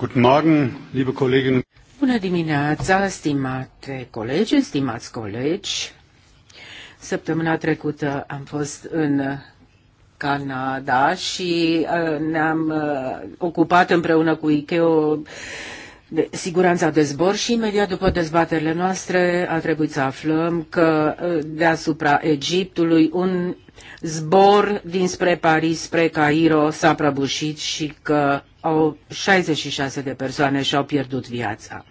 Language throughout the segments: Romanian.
Guten Morgen, liebe Kolleginnen. Bună dimineața, stimate colegi, stimați colegi. Săptămâna trecută am fost în Canada și uh, ne-am uh, ocupat împreună cu Ikeo de siguranța de zbor și imediat după dezbaterile noastre a trebuit să aflăm că ă, deasupra Egiptului un zbor dinspre Paris spre Cairo s-a prăbușit și că au 66 de persoane și-au pierdut viața.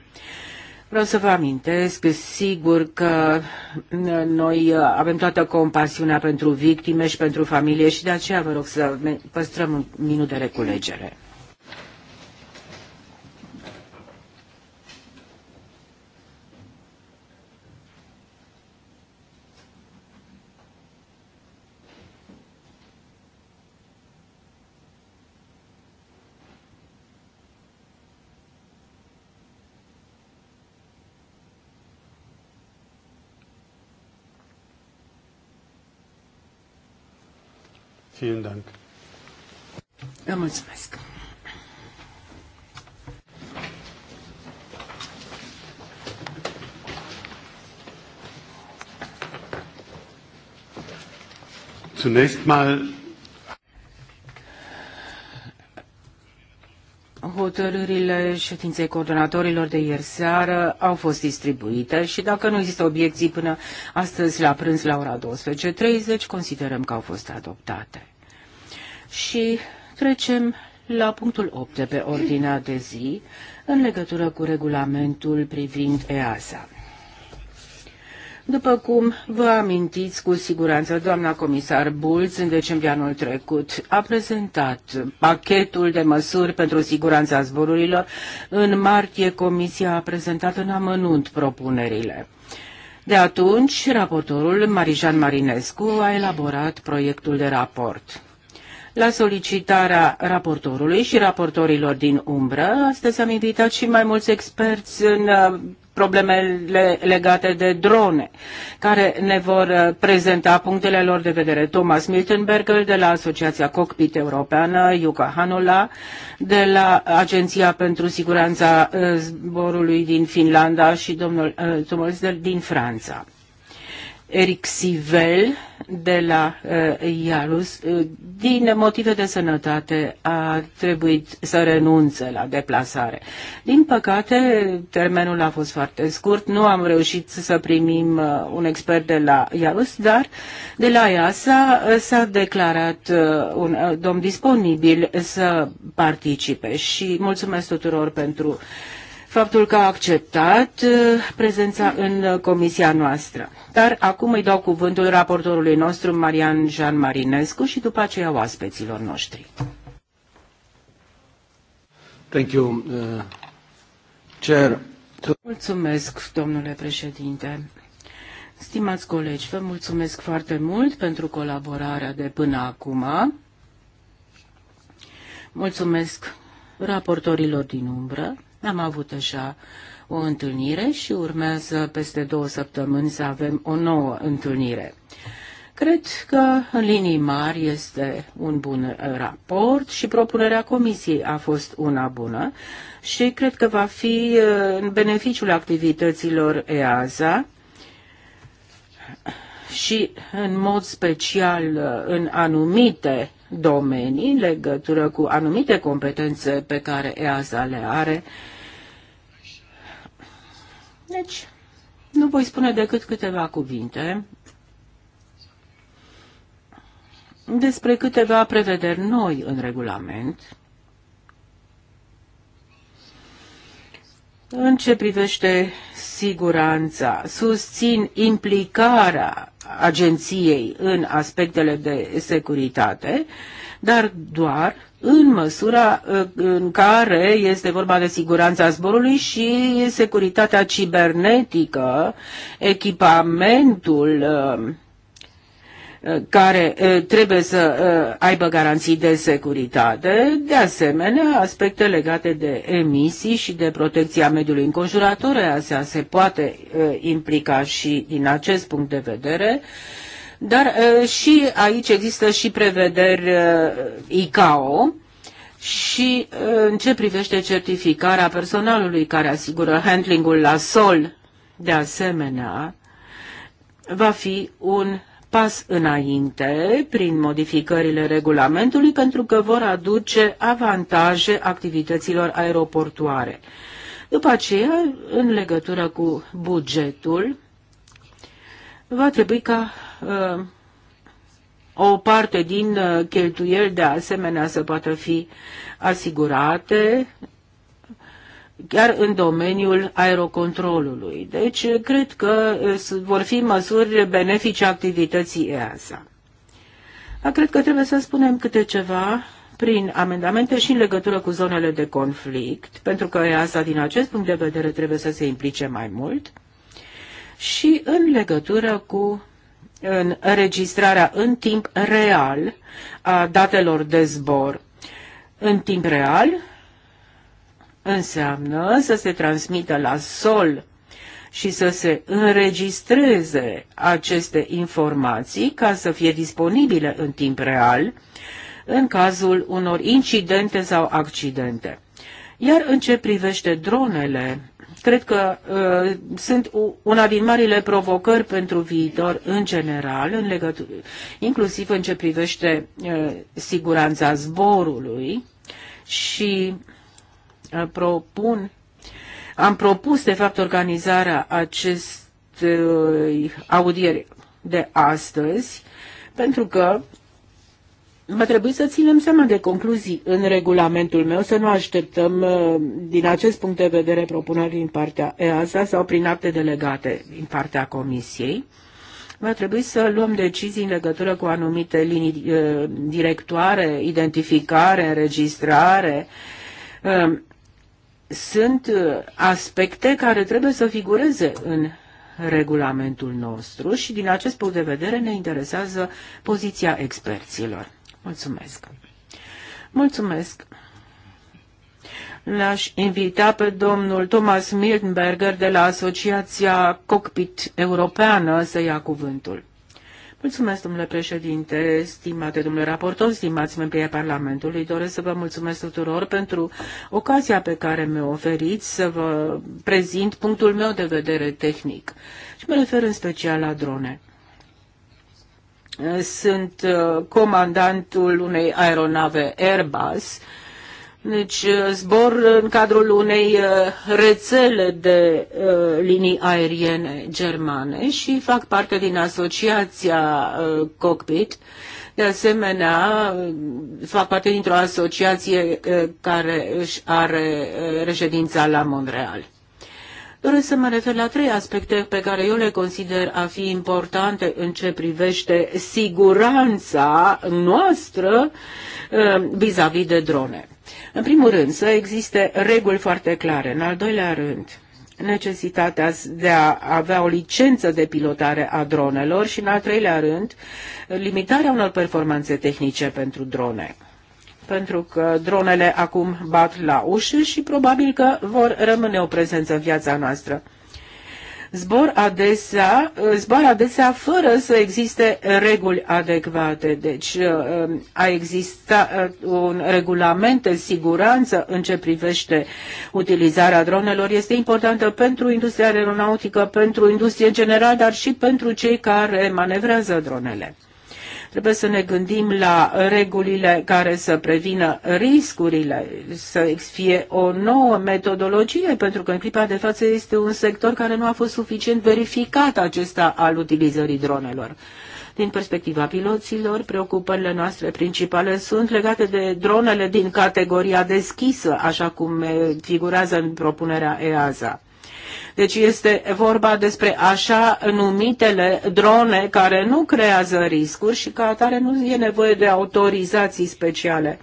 Vreau să vă amintesc, sigur că ă, noi ă, avem toată compasiunea pentru victime și pentru familie și de aceea vă rog să păstrăm un minut de reculegere. Vielen Dank. Vă mulțumesc. Zunächst mal Hotărârile ședinței coordonatorilor de ieri seară au fost distribuite și dacă nu există obiecții până astăzi la prânz la ora 12.30, considerăm că au fost adoptate. Și trecem la punctul 8 de pe ordinea de zi în legătură cu regulamentul privind EASA. După cum vă amintiți cu siguranță, doamna comisar Bulț, în decembrie anul trecut, a prezentat pachetul de măsuri pentru siguranța zborurilor. În martie, Comisia a prezentat în amănunt propunerile. De atunci, raportorul Marijan Marinescu a elaborat proiectul de raport. La solicitarea raportorului și raportorilor din umbră, astăzi am invitat și mai mulți experți în uh, problemele legate de drone, care ne vor uh, prezenta punctele lor de vedere. Thomas Miltenberger de la Asociația Cockpit Europeană, Iuca Hanola de la Agenția pentru Siguranța uh, Zborului din Finlanda și domnul uh, Tumolsder din Franța. Eric Sivel de la uh, Ialus, uh, din motive de sănătate, a trebuit să renunțe la deplasare. Din păcate, termenul a fost foarte scurt, nu am reușit să primim uh, un expert de la Ialus, dar de la IASA uh, s-a declarat uh, un uh, domn disponibil să participe și mulțumesc tuturor pentru uh, faptul că a acceptat uh, prezența în uh, comisia noastră. Dar acum îi dau cuvântul raportorului nostru, Marian Jean Marinescu, și după aceea oaspeților noștri. Thank you, uh, chair. Mulțumesc, domnule președinte. Stimați colegi, vă mulțumesc foarte mult pentru colaborarea de până acum. Mulțumesc raportorilor din umbră am avut deja o întâlnire și urmează peste două săptămâni să avem o nouă întâlnire. Cred că în linii mari este un bun uh, raport și propunerea comisiei a fost una bună și cred că va fi uh, în beneficiul activităților EASA și în mod special în anumite domenii, în legătură cu anumite competențe pe care EASA le are. Deci, nu voi spune decât câteva cuvinte despre câteva prevederi noi în regulament În ce privește siguranța, susțin implicarea agenției în aspectele de securitate, dar doar în măsura uh, în care este vorba de siguranța zborului și securitatea cibernetică, echipamentul uh, care trebuie să aibă garanții de securitate, de asemenea aspecte legate de emisii și de protecția mediului înconjurator, ASEA se poate implica și din acest punct de vedere, dar și aici există și prevederi ICAO, și în ce privește certificarea personalului care asigură handlingul la sol, de asemenea, va fi un pas înainte prin modificările regulamentului pentru că vor aduce avantaje activităților aeroportoare. După aceea, în legătură cu bugetul, va trebui ca uh, o parte din uh, cheltuieli de asemenea să poată fi asigurate chiar în domeniul aerocontrolului. Deci, cred că eh, vor fi măsuri benefice activității EASA. Dar cred că trebuie să spunem câte ceva prin amendamente și în legătură cu zonele de conflict, pentru că EASA, din acest punct de vedere, trebuie să se implice mai mult, și în legătură cu înregistrarea în timp real a datelor de zbor în timp real înseamnă să se transmită la sol și să se înregistreze aceste informații ca să fie disponibile în timp real în cazul unor incidente sau accidente. Iar în ce privește dronele, cred că uh, sunt una din marile provocări pentru viitor în general, în legătură, inclusiv în ce privește uh, siguranța zborului și uh, Uh, propun, am propus, de fapt, organizarea acestei uh, audieri de astăzi, pentru că va trebui să ținem seama de concluzii în regulamentul meu, să nu așteptăm uh, din acest punct de vedere propuneri din partea EASA sau prin acte delegate din partea Comisiei. Va trebui să luăm decizii în legătură cu anumite linii directoare, identificare, înregistrare, sunt uh, aspecte care trebuie să figureze în regulamentul nostru și din acest punct de vedere ne interesează poziția experților. Mulțumesc! Mulțumesc! L-aș invita pe domnul Thomas Miltenberger de la Asociația Cockpit Europeană să ia cuvântul. Mulțumesc, domnule președinte, stimate domnule raportor, stimați membrii Parlamentului. Doresc să vă mulțumesc tuturor pentru ocazia pe care mi-o oferiți să vă prezint punctul meu de vedere tehnic. Și mă refer în special la drone. Sunt uh, comandantul unei aeronave Airbus, deci uh, zbor în cadrul unei uh, rețele de uh, linii aeriene germane și fac parte din asociația Cockpit. De asemenea, fac parte dintr-o asociație care își are reședința la Montreal. Doresc să mă refer la trei aspecte pe care eu le consider a fi importante în ce privește siguranța noastră vis-a-vis -vis de drone. În primul rând, să existe reguli foarte clare. În al doilea rând, necesitatea de a avea o licență de pilotare a dronelor și, în al treilea rând, limitarea unor performanțe tehnice pentru drone. Pentru că dronele acum bat la ușă și probabil că vor rămâne o prezență în viața noastră zbor adesea, uh, zbor adesea fără să existe reguli adecvate. Deci uh, um, a existat uh, un regulament de siguranță în ce privește utilizarea dronelor. Este importantă pentru industria aeronautică, pentru industrie în general, dar și pentru cei care manevrează dronele. Trebuie să ne gândim la regulile care să prevină riscurile, să fie o nouă metodologie, pentru că în clipa de față este un sector care nu a fost suficient verificat acesta al utilizării dronelor. Din perspectiva piloților, preocupările noastre principale sunt legate de dronele din categoria deschisă, așa cum figurează în propunerea EASA. Deci este vorba despre așa numitele drone care nu creează riscuri și ca atare nu e nevoie de autorizații speciale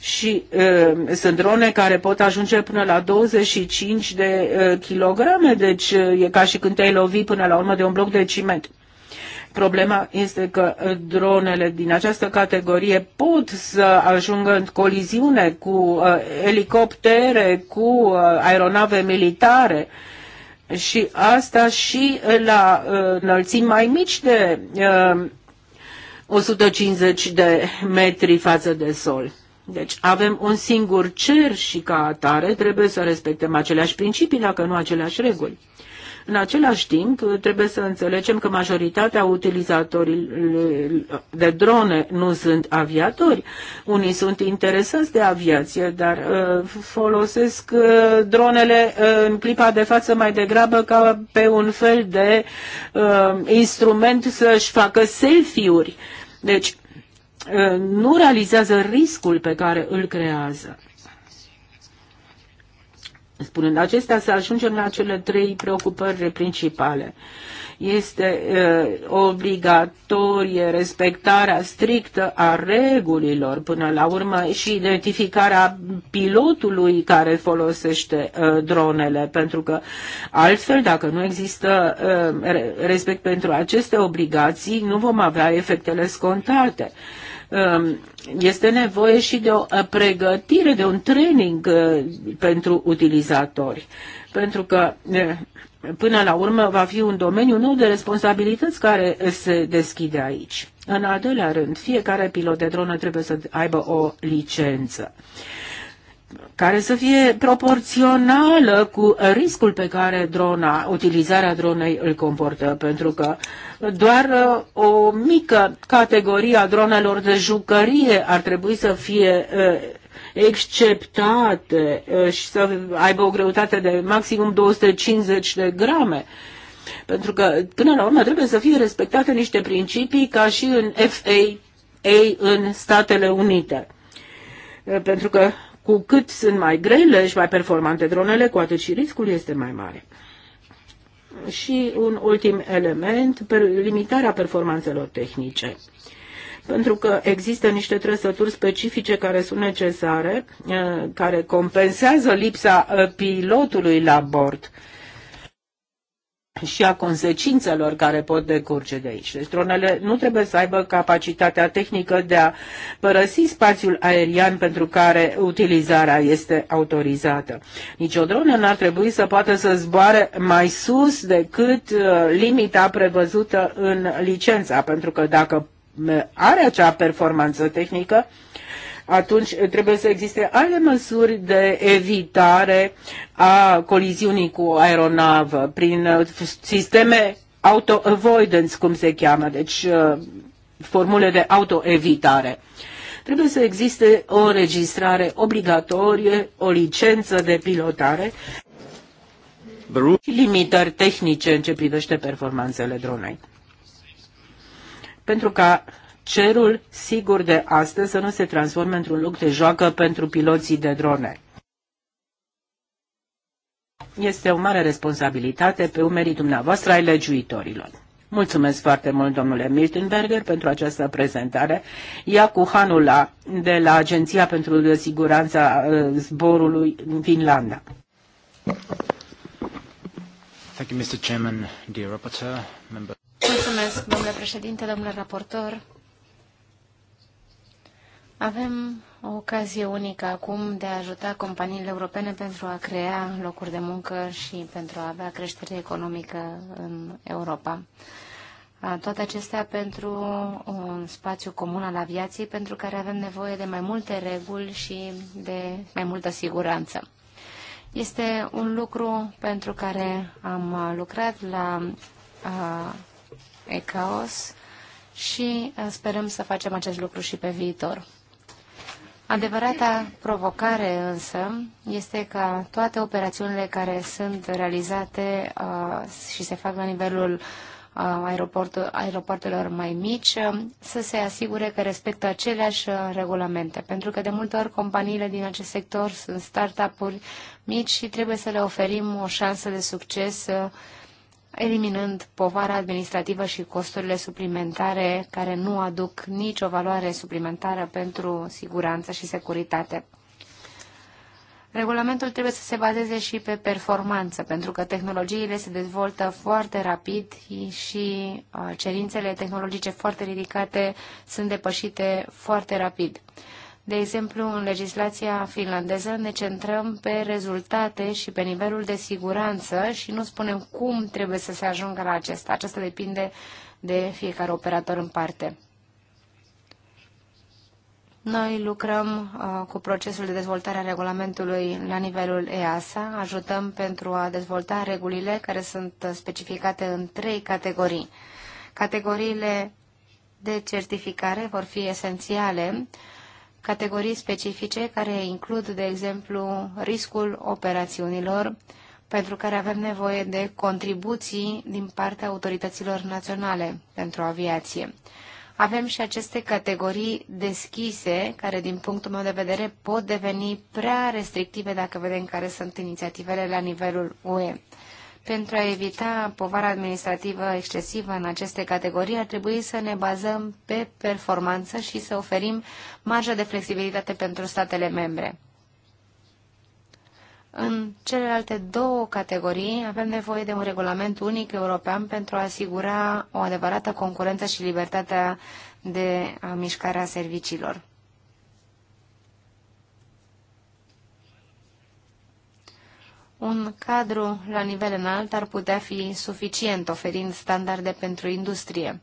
și e, sunt drone care pot ajunge până la 25 de e, kilograme, deci e ca și când te-ai lovit până la urmă de un bloc de ciment. Problema este că dronele din această categorie pot să ajungă în coliziune cu uh, elicoptere, cu uh, aeronave militare și asta și la uh, înălțimi mai mici de uh, 150 de metri față de sol. Deci avem un singur cer și ca atare trebuie să respectăm aceleași principii, dacă nu aceleași reguli. În același timp, trebuie să înțelegem că majoritatea utilizatorilor de drone nu sunt aviatori. Unii sunt interesați de aviație, dar uh, folosesc uh, dronele uh, în clipa de față mai degrabă ca pe un fel de instrument să-și facă selfie-uri. Deci, nu realizează riscul pe care îl creează. Spunând acestea, să ajungem la cele trei preocupări principale. Este uh, obligatorie respectarea strictă a regulilor până la urmă și identificarea pilotului care folosește uh, dronele, pentru că altfel, dacă nu există uh, respect pentru aceste obligații, nu vom avea efectele scontate. Uh, Um, este nevoie și de o uh, pregătire, de un training uh, pentru utilizatori. Pentru că uh, până la urmă va fi un domeniu nou de responsabilități care se deschide aici. În al doilea rând, fiecare pilot de dronă trebuie să aibă o licență care să fie proporțională cu riscul pe care drona, utilizarea dronei îl comportă, pentru că doar uh, o mică categorie a dronelor de jucărie ar trebui să fie uh, exceptate uh, și să aibă o greutate de maximum 250 de grame. Pentru că, până la urmă, trebuie să fie respectate niște principii ca și în FAA în Statele Unite. Pentru că cu cât sunt mai grele și mai performante dronele, cu atât și riscul este mai mare. Și un ultim element, limitarea performanțelor tehnice pentru că există niște trăsături specifice care sunt necesare, eh, care compensează lipsa eh, pilotului la bord și a consecințelor care pot decurge de aici. Deci dronele nu trebuie să aibă capacitatea tehnică de a părăsi spațiul aerian pentru care utilizarea este autorizată. Nici o dronă n-ar trebui să poată să zboare mai sus decât uh, limita prevăzută în licența, pentru că dacă uh, are acea performanță tehnică, uh, atunci trebuie să existe alte măsuri de evitare a coliziunii cu aeronavă prin uh, sisteme auto-avoidance, cum se cheamă, deci uh, formule de autoevitare. Trebuie să existe o înregistrare obligatorie, o licență de pilotare și limitări tehnice în ce privește performanțele dronei. Pentru ca cerul sigur de astăzi să nu se transforme într-un loc de joacă pentru piloții de drone. Este o mare responsabilitate pe umerii dumneavoastră ai legiuitorilor. Mulțumesc foarte mult, domnule Miltenberger, pentru această prezentare. Iacu Hanula, de la Agenția pentru Siguranța uh, Zborului în Finlanda. Thank you, Mr. Chairman, dear rapporteur, member. Mulțumesc, domnule președinte, domnule raportor, avem o ocazie unică acum de a ajuta companiile europene pentru a crea locuri de muncă și pentru a avea creștere economică în Europa. Toate acestea pentru un spațiu comun al aviației, pentru care avem nevoie de mai multe reguli și de mai multă siguranță. Este un lucru pentru care am lucrat la ECAOS și sperăm să facem acest lucru și pe viitor. Adevărata provocare însă este ca toate operațiunile care sunt realizate uh, și se fac la nivelul uh, aeroportelor mai mici uh, să se asigure că respectă aceleași regulamente. Pentru că de multe ori companiile din acest sector sunt startup-uri mici și trebuie să le oferim o șansă de succes eliminând povara administrativă și costurile suplimentare care nu aduc nicio valoare suplimentară pentru siguranță și securitate. Regulamentul trebuie să se bazeze și pe performanță, pentru că tehnologiile se dezvoltă foarte rapid și uh, cerințele tehnologice foarte ridicate sunt depășite foarte rapid. De exemplu, în legislația finlandeză ne centrăm pe rezultate și pe nivelul de siguranță și nu spunem cum trebuie să se ajungă la acesta. Acesta depinde de fiecare operator în parte. Noi lucrăm uh, cu procesul de dezvoltare a regulamentului la nivelul EASA, ajutăm pentru a dezvolta regulile care sunt uh, specificate în trei categorii. Categoriile de certificare vor fi esențiale uh, categorii specifice care includ, de exemplu, riscul operațiunilor, pentru care avem nevoie de contribuții din partea autorităților naționale pentru aviație. Avem și aceste categorii deschise, care din punctul meu de vedere pot deveni prea restrictive dacă vedem care sunt inițiativele la nivelul UE. Pentru a evita povara administrativă excesivă în aceste categorii, ar trebui să ne bazăm pe performanță și să oferim marjă de flexibilitate pentru statele membre. În celelalte două categorii avem nevoie de un regulament unic european pentru a asigura o adevărată concurență și libertatea de mișcare a serviciilor. Un cadru la nivel înalt ar putea fi suficient, oferind standarde pentru industrie.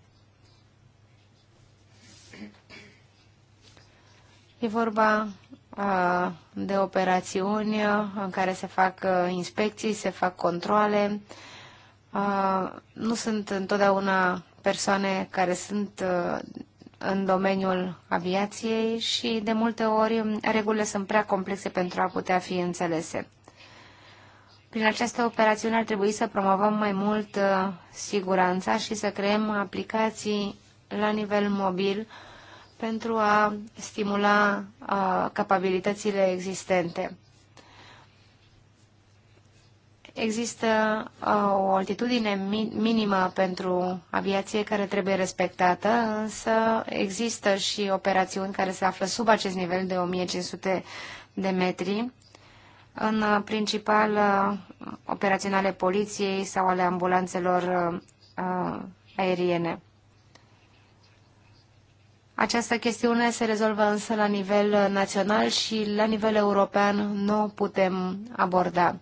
E vorba de operațiuni în care se fac inspecții, se fac controle. Nu sunt întotdeauna persoane care sunt în domeniul aviației și de multe ori regulile sunt prea complexe pentru a putea fi înțelese. Prin această operațiune ar trebui să promovăm mai mult uh, siguranța și să creăm aplicații la nivel mobil pentru a stimula uh, capabilitățile existente. Există uh, o altitudine minimă pentru aviație care trebuie respectată, însă există și operațiuni care se află sub acest nivel de 1500 de metri în principal uh, operaționale poliției sau ale ambulanțelor uh, uh, aeriene. Această chestiune se rezolvă însă la nivel național și la nivel european nu o putem aborda.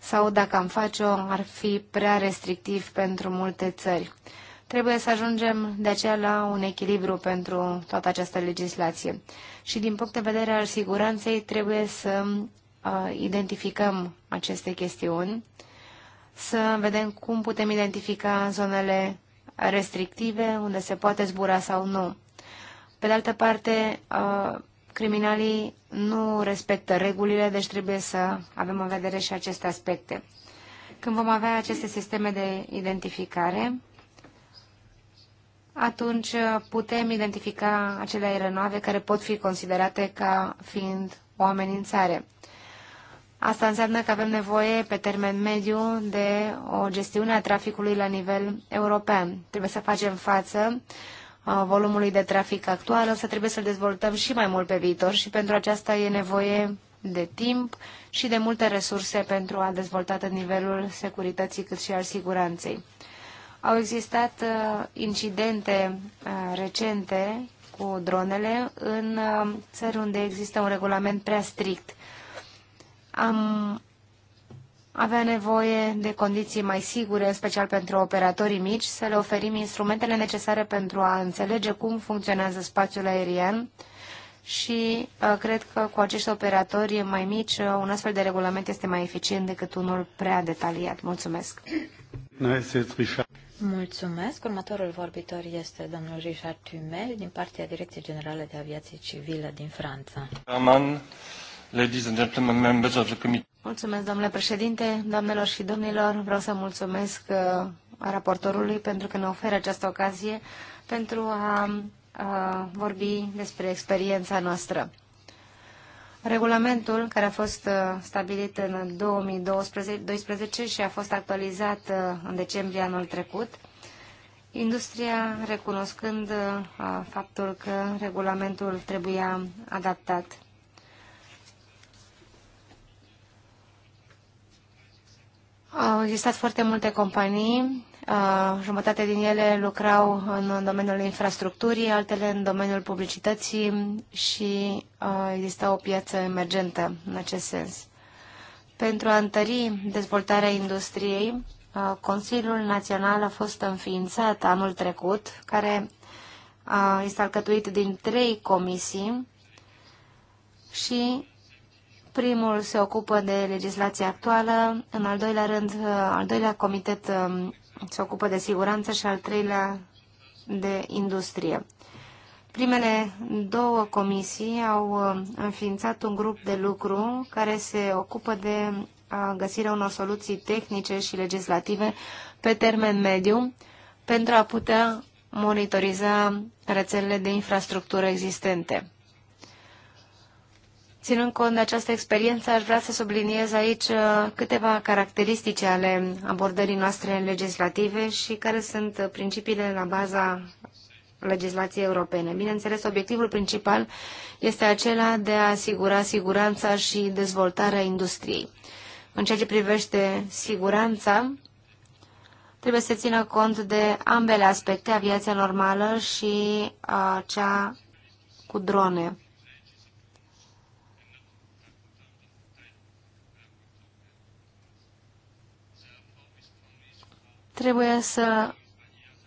Sau dacă am face-o, ar fi prea restrictiv pentru multe țări. Trebuie să ajungem de aceea la un echilibru pentru toată această legislație. Și din punct de vedere al siguranței trebuie să identificăm aceste chestiuni, să vedem cum putem identifica zonele restrictive, unde se poate zbura sau nu. Pe de altă parte, criminalii nu respectă regulile, deci trebuie să avem în vedere și aceste aspecte. Când vom avea aceste sisteme de identificare, atunci putem identifica acele aeronave care pot fi considerate ca fiind o amenințare. Asta înseamnă că avem nevoie pe termen mediu de o gestiune a traficului la nivel european. Trebuie să facem față uh, volumului de trafic actual, să trebuie să-l dezvoltăm și mai mult pe viitor și pentru aceasta e nevoie de timp și de multe resurse pentru a dezvolta atât nivelul securității cât și al siguranței. Au existat uh, incidente uh, recente cu dronele în țări unde există un regulament prea strict am avea nevoie de condiții mai sigure, în special pentru operatorii mici, să le oferim instrumentele necesare pentru a înțelege cum funcționează spațiul aerian și uh, cred că cu acești operatori mai mici uh, un astfel de regulament este mai eficient decât unul prea detaliat. Mulțumesc! Mulțumesc! Următorul vorbitor este domnul Richard Tumel din partea Direcției Generale de Aviație Civilă din Franța. Aman ladies and gentlemen, members of the committee. Mulțumesc, domnule președinte, doamnelor și domnilor. Vreau să mulțumesc uh, raportorului pentru că ne oferă această ocazie pentru a uh, vorbi despre experiența noastră. Regulamentul care a fost uh, stabilit în 2012 și a fost actualizat uh, în decembrie anul trecut, industria recunoscând uh, faptul că regulamentul trebuia adaptat. Au existat foarte multe companii, uh, jumătate din ele lucrau în domeniul infrastructurii, altele în domeniul publicității și uh, exista o piață emergentă în acest sens. Pentru a întări dezvoltarea industriei, uh, Consiliul Național a fost înființat anul trecut, care este alcătuit din trei comisii și Primul se ocupă de legislația actuală, în al doilea rând, al doilea comitet um, se ocupă de siguranță și al treilea de industrie. Primele două comisii au um, înființat un grup de lucru care se ocupă de găsirea unor soluții tehnice și legislative pe termen mediu pentru a putea monitoriza rețelele de infrastructură existente. Ținând cont de această experiență, aș vrea să subliniez aici uh, câteva caracteristici ale abordării noastre legislative și care sunt principiile la baza legislației europene. Bineînțeles, obiectivul principal este acela de a asigura siguranța și dezvoltarea industriei. În ceea ce privește siguranța, trebuie să țină cont de ambele aspecte, aviația normală și a, uh, cea cu drone. Trebuie să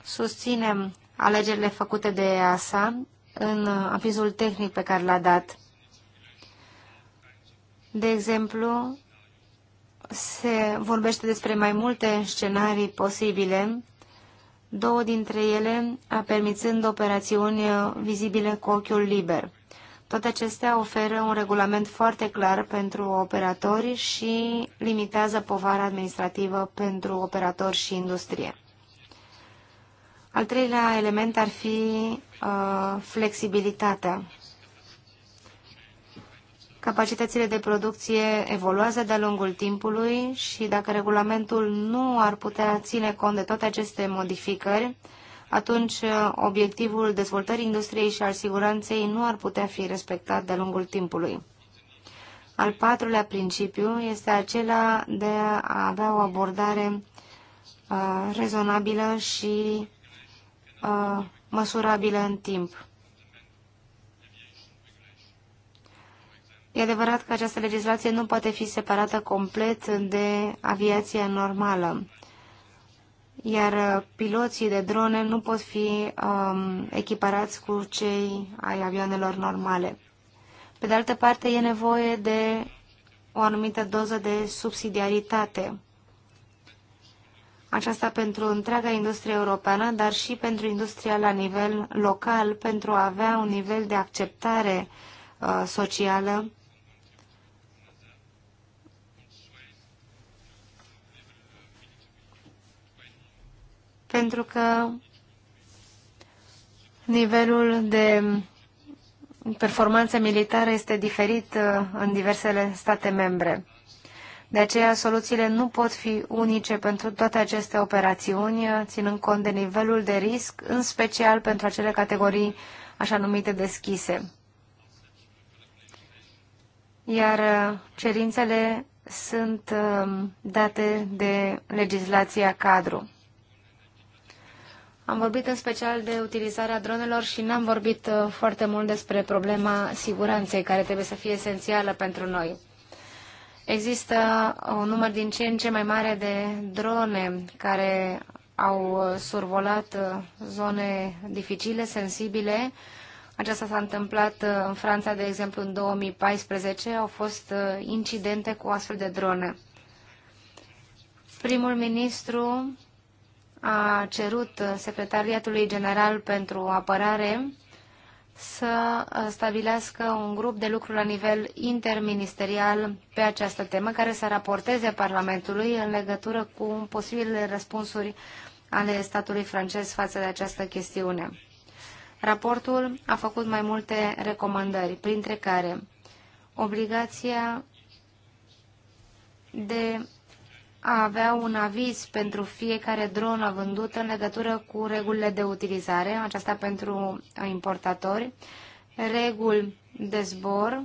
susținem alegerile făcute de EASA în avizul tehnic pe care l-a dat. De exemplu, se vorbește despre mai multe scenarii posibile, două dintre ele permițând operațiuni vizibile cu ochiul liber. Toate acestea oferă un regulament foarte clar pentru operatori și limitează povara administrativă pentru operatori și industrie. Al treilea element ar fi uh, flexibilitatea. Capacitățile de producție evoluează de-a lungul timpului și dacă regulamentul nu ar putea ține cont de toate aceste modificări, uh, atunci uh, obiectivul dezvoltării industriei și al siguranței nu ar putea fi respectat de-a lungul timpului. Al patrulea principiu este acela de a avea o abordare uh, rezonabilă și uh, măsurabilă în timp. E adevărat că această legislație nu poate fi separată complet de aviația normală iar uh, piloții de drone nu pot fi um, echiparați cu cei ai avioanelor normale. Pe de altă parte, e nevoie de o anumită doză de subsidiaritate. Aceasta pentru întreaga industrie europeană, dar și pentru industria la nivel local, pentru a avea un nivel de acceptare uh, socială pentru că nivelul de performanță militară este diferit uh, în diversele state membre. De aceea, soluțiile nu pot fi unice pentru toate aceste operațiuni, uh, ținând cont de nivelul de risc, în special pentru acele categorii așa numite deschise. Iar uh, cerințele sunt date de legislația cadru. Am vorbit în special de utilizarea dronelor și n-am vorbit uh, foarte mult despre problema siguranței, care trebuie să fie esențială pentru noi. Există uh, un număr din ce în ce mai mare de drone care au uh, survolat zone dificile, sensibile. Aceasta s-a întâmplat în Franța, de exemplu, în 2014. Au fost incidente cu astfel de drone. Primul ministru a cerut Secretariatului General pentru Apărare să uh, stabilească un grup de lucru la nivel interministerial pe această temă, care să raporteze Parlamentului în legătură cu posibilele răspunsuri ale statului francez față de această chestiune. Raportul a făcut mai multe recomandări, printre care obligația de a avea un aviz pentru fiecare dronă vândută în legătură cu regulile de utilizare, aceasta pentru importatori, reguli de zbor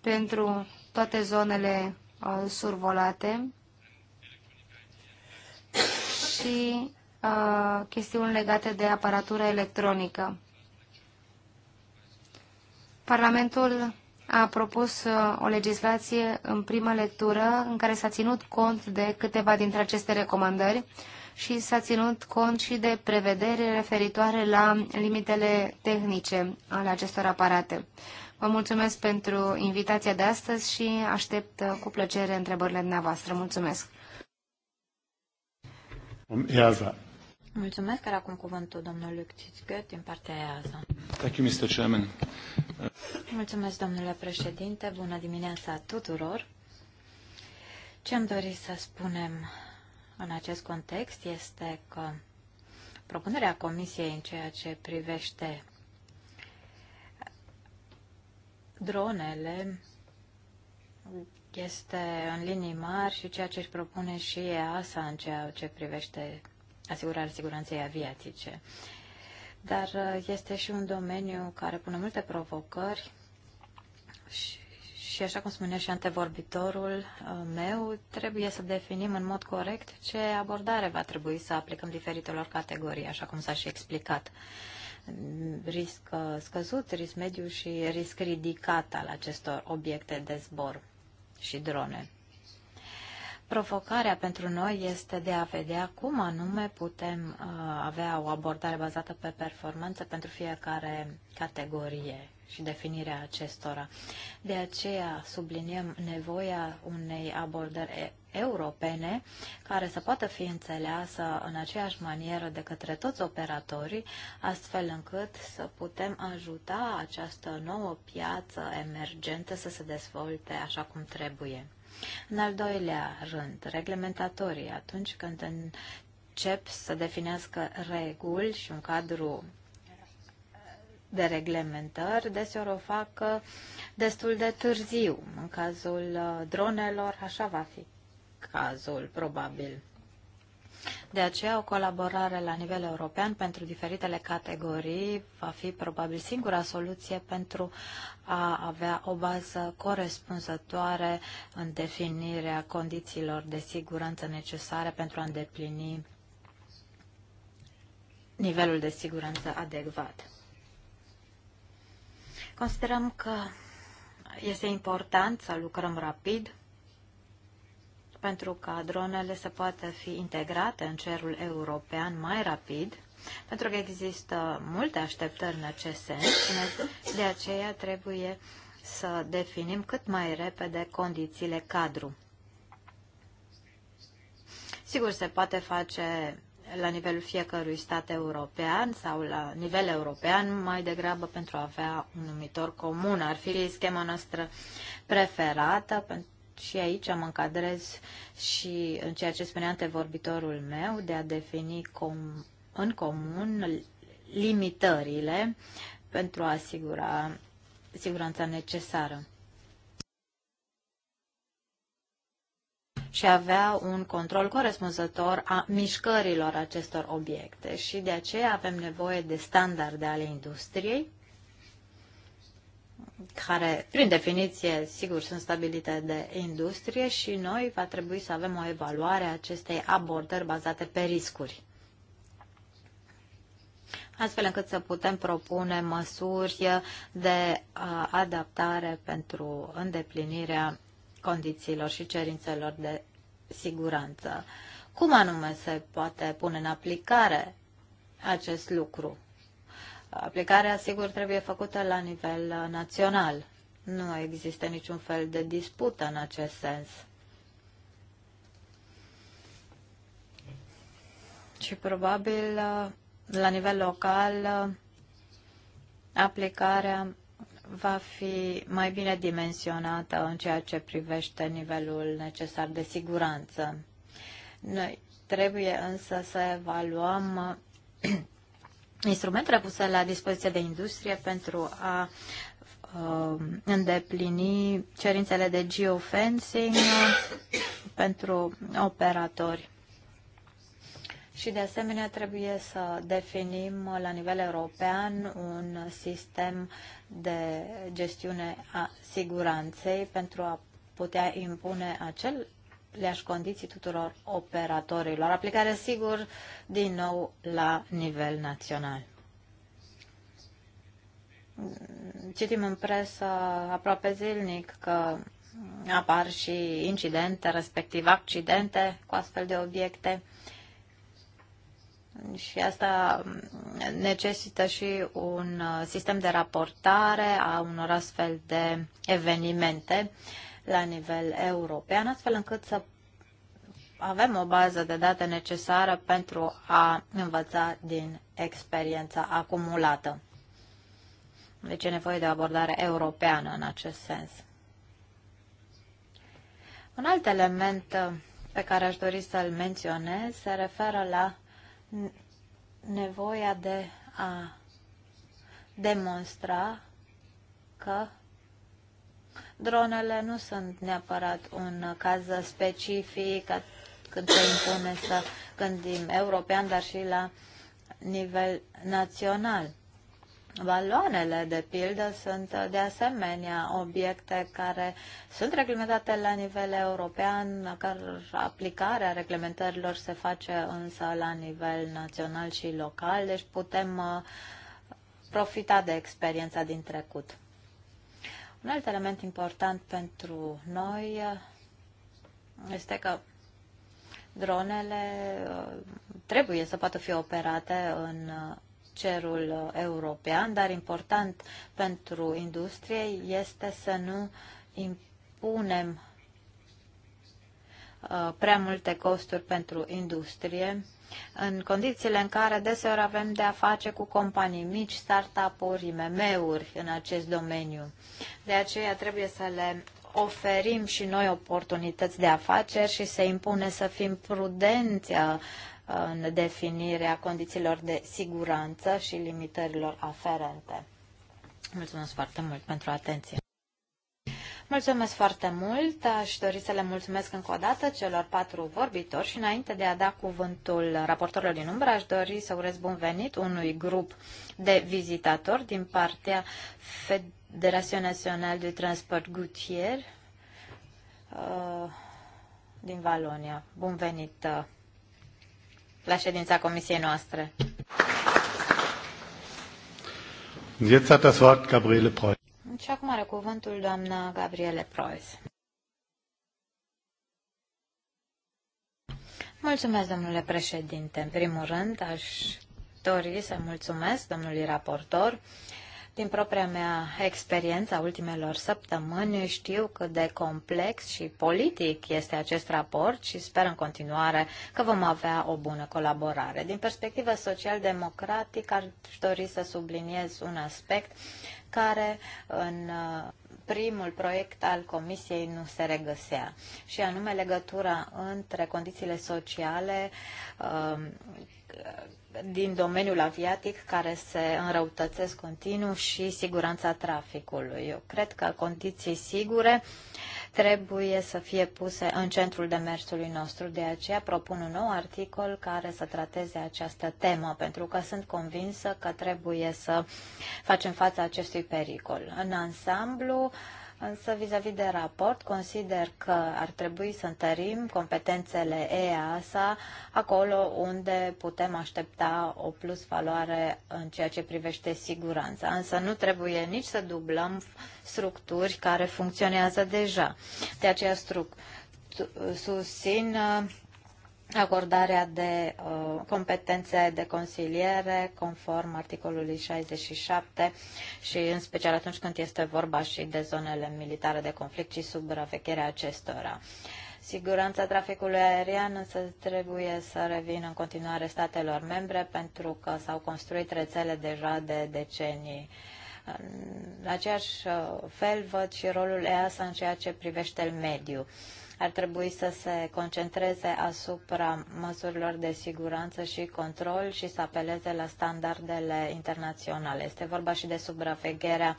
pentru toate zonele uh, survolate și uh, chestiuni legate de aparatură electronică. Parlamentul a propus uh, o legislație în prima lectură în care s-a ținut cont de câteva dintre aceste recomandări și s-a ținut cont și de prevedere referitoare la limitele tehnice ale acestor aparate. Vă mulțumesc pentru invitația de astăzi și aștept uh, cu plăcere întrebările dumneavoastră. Mulțumesc! EASA. Mulțumesc, că acum cuvântul domnul Cicicăt din partea EASA. Thank you, Mr. Chairman. Mulțumesc, domnule președinte. Bună dimineața tuturor. Ce am dorit să spunem în acest context este că propunerea Comisiei în ceea ce privește dronele este în linii mari și ceea ce își propune și EASA în ceea ce privește asigurarea siguranței aviatice dar uh, este și un domeniu care pune multe provocări și, și așa cum spunea și antevorbitorul uh, meu, trebuie să definim în mod corect ce abordare va trebui să aplicăm diferitelor categorii, așa cum s-a și explicat. Risc uh, scăzut, risc mediu și risc ridicat al acestor obiecte de zbor și drone. Provocarea pentru noi este de a vedea cum anume putem uh, avea o abordare bazată pe performanță pentru fiecare categorie și definirea acestora. De aceea subliniem nevoia unei abordări europene care să poată fi înțeleasă în aceeași manieră de către toți operatorii, astfel încât să putem ajuta această nouă piață emergentă să se dezvolte așa cum trebuie. În al doilea rând, reglementatorii, atunci când încep să definească reguli și un cadru de reglementări, deseori o fac uh, destul de târziu. În cazul uh, dronelor, așa va fi cazul, probabil. De aceea, o colaborare la nivel european pentru diferitele categorii va fi probabil singura soluție pentru a avea o bază corespunzătoare în definirea condițiilor de siguranță necesare pentru a îndeplini nivelul de siguranță adecvat. Considerăm că este important să lucrăm rapid pentru ca dronele să poată fi integrate în cerul european mai rapid, pentru că există multe așteptări în acest sens. De aceea trebuie să definim cât mai repede condițiile cadru. Sigur, se poate face la nivelul fiecărui stat european sau la nivel european, mai degrabă pentru a avea un numitor comun. Ar fi schema noastră preferată pentru și aici mă încadrez și în ceea ce spunea antevorbitorul meu de a defini com- în comun limitările pentru a asigura siguranța necesară. și avea un control corespunzător a mișcărilor acestor obiecte și de aceea avem nevoie de standarde ale industriei care, prin definiție, sigur, sunt stabilite de industrie și noi va trebui să avem o evaluare a acestei abordări bazate pe riscuri. Astfel încât să putem propune măsuri de uh, adaptare pentru îndeplinirea condițiilor și cerințelor de siguranță. Cum anume se poate pune în aplicare acest lucru? Aplicarea, sigur, trebuie făcută la nivel uh, național. Nu există niciun fel de dispută în acest sens. Și probabil uh, la nivel local uh, aplicarea va fi mai bine dimensionată în ceea ce privește nivelul necesar de siguranță. Noi trebuie însă să evaluăm instrumentele puse la dispoziție de industrie pentru a uh, îndeplini cerințele de geofencing pentru operatori. Și de asemenea trebuie să definim la nivel european un sistem de gestiune a siguranței pentru a putea impune acel aceleași condiții tuturor operatorilor. Aplicare, sigur, din nou la nivel național. Citim în presă aproape zilnic că apar și incidente, respectiv accidente cu astfel de obiecte și asta necesită și un sistem de raportare a unor astfel de evenimente la nivel european, astfel încât să avem o bază de date necesară pentru a învăța din experiența acumulată. Deci e nevoie de o abordare europeană în acest sens. Un alt element uh, pe care aș dori să-l menționez se referă la nevoia de a demonstra că Dronele nu sunt neapărat un caz specific când se impune să gândim european, dar și la nivel național. Baloanele, de pildă, sunt de asemenea obiecte care sunt reglementate la nivel european, care aplicarea reglementărilor se face însă la nivel național și local, deci putem uh, profita de experiența din trecut. Un alt element important pentru noi uh, este că dronele uh, trebuie să poată fi operate în uh, cerul european, dar important pentru industrie este să nu impunem prea multe costuri pentru industrie în condițiile în care deseori avem de a face cu companii mici, startup-uri, IMM-uri în acest domeniu. De aceea trebuie să le oferim și noi oportunități de afaceri și se impune să fim prudenți uh, în definirea condițiilor de siguranță și limitărilor aferente. Mulțumesc foarte mult pentru atenție. Mulțumesc foarte mult. Aș dori să le mulțumesc încă o dată celor patru vorbitori și înainte de a da cuvântul raportorilor din umbră, aș dori să urez bun venit unui grup de vizitatori din partea Federației Naționale de Transport Gutier uh, din Valonia. Bun venit uh, la ședința comisiei noastre. Jetzt hat das Wort Gabriele Preuß. Și acum are cuvântul doamna Gabriele Proes. Mulțumesc, domnule președinte. În primul rând, aș dori să mulțumesc domnului raportor din propria mea experiență a ultimelor săptămâni știu cât de complex și politic este acest raport și sper în continuare că vom avea o bună colaborare. Din perspectivă social-democratică aș dori să subliniez un aspect care în uh, primul proiect al Comisiei nu se regăsea, și anume legătura între condițiile sociale uh, din domeniul aviatic care se înrăutățesc continuu și siguranța traficului. Eu cred că condiții sigure trebuie să fie puse în centrul demersului nostru. De aceea propun un nou articol care să trateze această temă, pentru că sunt convinsă că trebuie să facem fața acestui pericol. În ansamblu, uh, Însă, vis-a-vis -vis de raport, consider că ar trebui să întărim competențele EASA acolo unde putem aștepta o plus valoare în ceea ce privește siguranța. Însă nu trebuie nici să dublăm structuri care funcționează deja. De aceea struc- susțin uh, acordarea de uh, competențe de consiliere conform articolului 67 și în special atunci când este vorba și de zonele militare de conflict și supravegherea acestora. Siguranța traficului aerian însă trebuie să revină în continuare statelor membre pentru că s-au construit rețele deja de decenii. În aceeași uh, fel văd și rolul EASA în ceea ce privește mediul ar trebui să se concentreze asupra măsurilor de siguranță și control și să apeleze la standardele internaționale. Este vorba și de supravegherea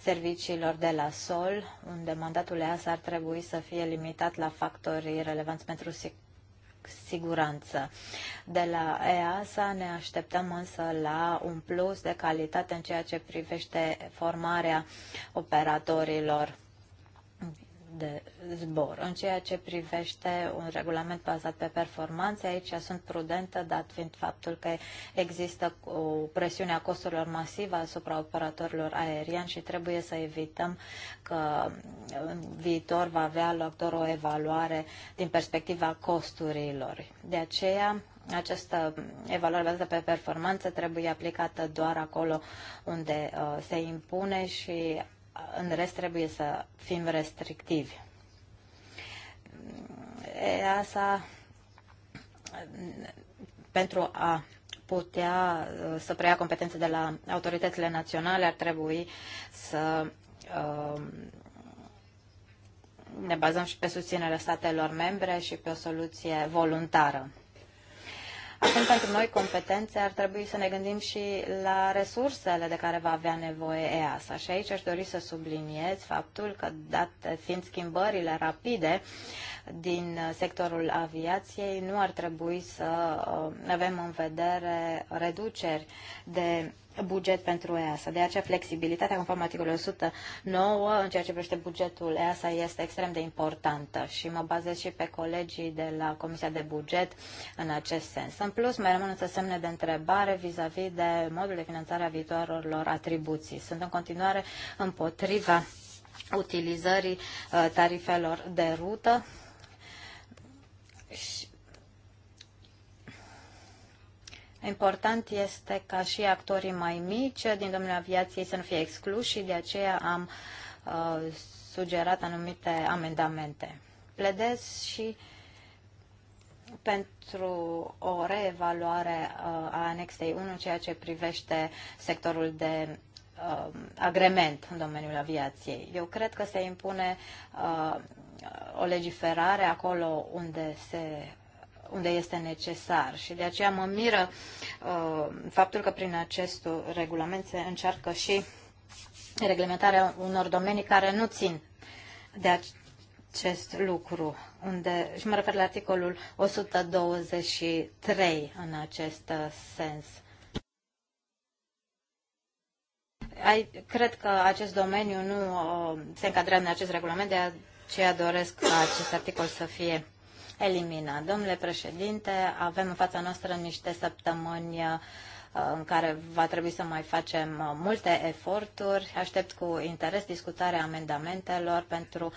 serviciilor de la sol, unde mandatul EAS ar trebui să fie limitat la factorii relevanți pentru siguranță siguranță. De la EASA ne așteptăm însă la un plus de calitate în ceea ce privește formarea operatorilor de zbor. În ceea ce privește un regulament bazat pe performanțe, aici sunt prudentă, dat fiind faptul că există o presiune a costurilor masivă asupra operatorilor aerieni și trebuie să evităm că în viitor va avea loc doar o evaluare din perspectiva costurilor. De aceea, această evaluare bazată pe performanță trebuie aplicată doar acolo unde uh, se impune și în rest trebuie să fim restrictivi. asta pentru a putea uh, să preia competențe de la autoritățile naționale ar trebui să uh, ne bazăm și pe susținerea statelor membre și pe o soluție voluntară. Acum, pentru noi competențe, ar trebui să ne gândim și la resursele de care va avea nevoie EASA. Și aici aș dori să subliniez faptul că, dat fiind schimbările rapide din sectorul aviației, nu ar trebui să uh, avem în vedere reduceri de buget pentru EASA. De aceea, flexibilitatea conform articolului 109 în ceea ce privește bugetul EASA este extrem de importantă și mă bazez și pe colegii de la Comisia de Buget în acest sens. În plus, mai rămân însă semne de întrebare vis-a-vis -vis de modul de finanțare a viitoarelor atribuții. Sunt în continuare împotriva utilizării uh, tarifelor de rută Important este ca și actorii mai mici din domeniul aviației să nu fie excluși și de aceea am uh, sugerat anumite amendamente. Pledez și pentru o reevaluare uh, a anexei 1 ceea ce privește sectorul de uh, agrement în domeniul aviației. Eu cred că se impune uh, o legiferare acolo unde se unde este necesar și de aceea mă miră uh, faptul că prin acest regulament se încearcă și reglementarea unor domenii care nu țin de acest lucru, unde, și mă refer la articolul 123 în acest uh, sens. cred că acest domeniu nu uh, se încadrează în acest regulament, de aceea doresc ca acest articol să fie eliminat. Domnule președinte, avem în fața noastră niște săptămâni uh, în care va trebui să mai facem uh, multe eforturi. Aștept cu interes discutarea amendamentelor pentru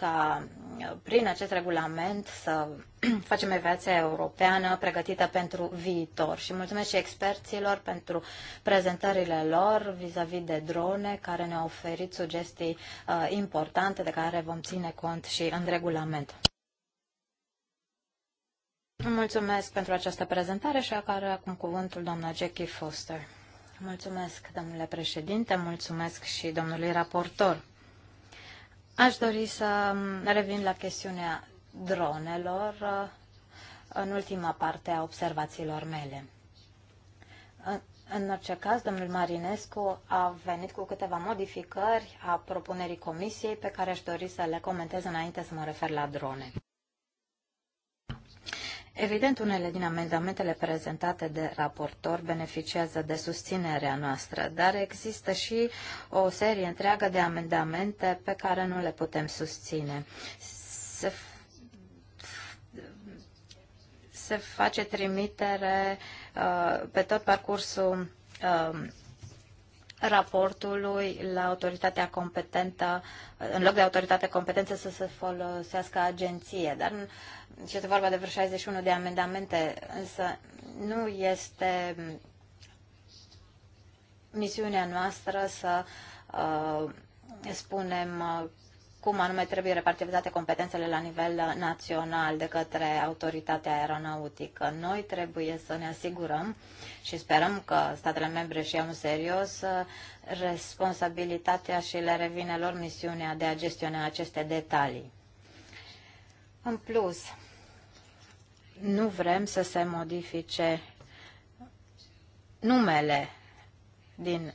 ca uh, prin acest regulament să facem aviația europeană pregătită pentru viitor. Și mulțumesc și experților pentru prezentările lor vis-a-vis -vis de drone, care ne-au oferit sugestii uh, importante de care vom ține cont și în regulament. Mulțumesc pentru această prezentare și care acum cuvântul doamna Jackie Foster. Mulțumesc, domnule președinte, mulțumesc și domnului raportor. Aș dori să revin la chestiunea dronelor uh, în ultima parte a observațiilor mele. În orice caz, domnul Marinescu a venit cu câteva modificări a propunerii comisiei pe care aș dori să le comentez înainte să mă refer la drone. Evident, unele din amendamentele prezentate de raportor beneficiază de susținerea noastră, dar există și o serie întreagă de amendamente pe care nu le putem susține. Se, se face trimitere uh, pe tot parcursul uh, raportului la autoritatea competentă, în loc de autoritate competentă să se folosească agenție. Dar și este vorba de vreo 61 de amendamente, însă nu este misiunea noastră să uh, spunem uh, cum anume trebuie repartizate competențele la nivel național de către autoritatea aeronautică. Noi trebuie să ne asigurăm uh, și sperăm că statele membre și iau în serios uh, responsabilitatea și le revine lor misiunea de a gestiona aceste detalii. În plus, nu vrem să se modifice numele din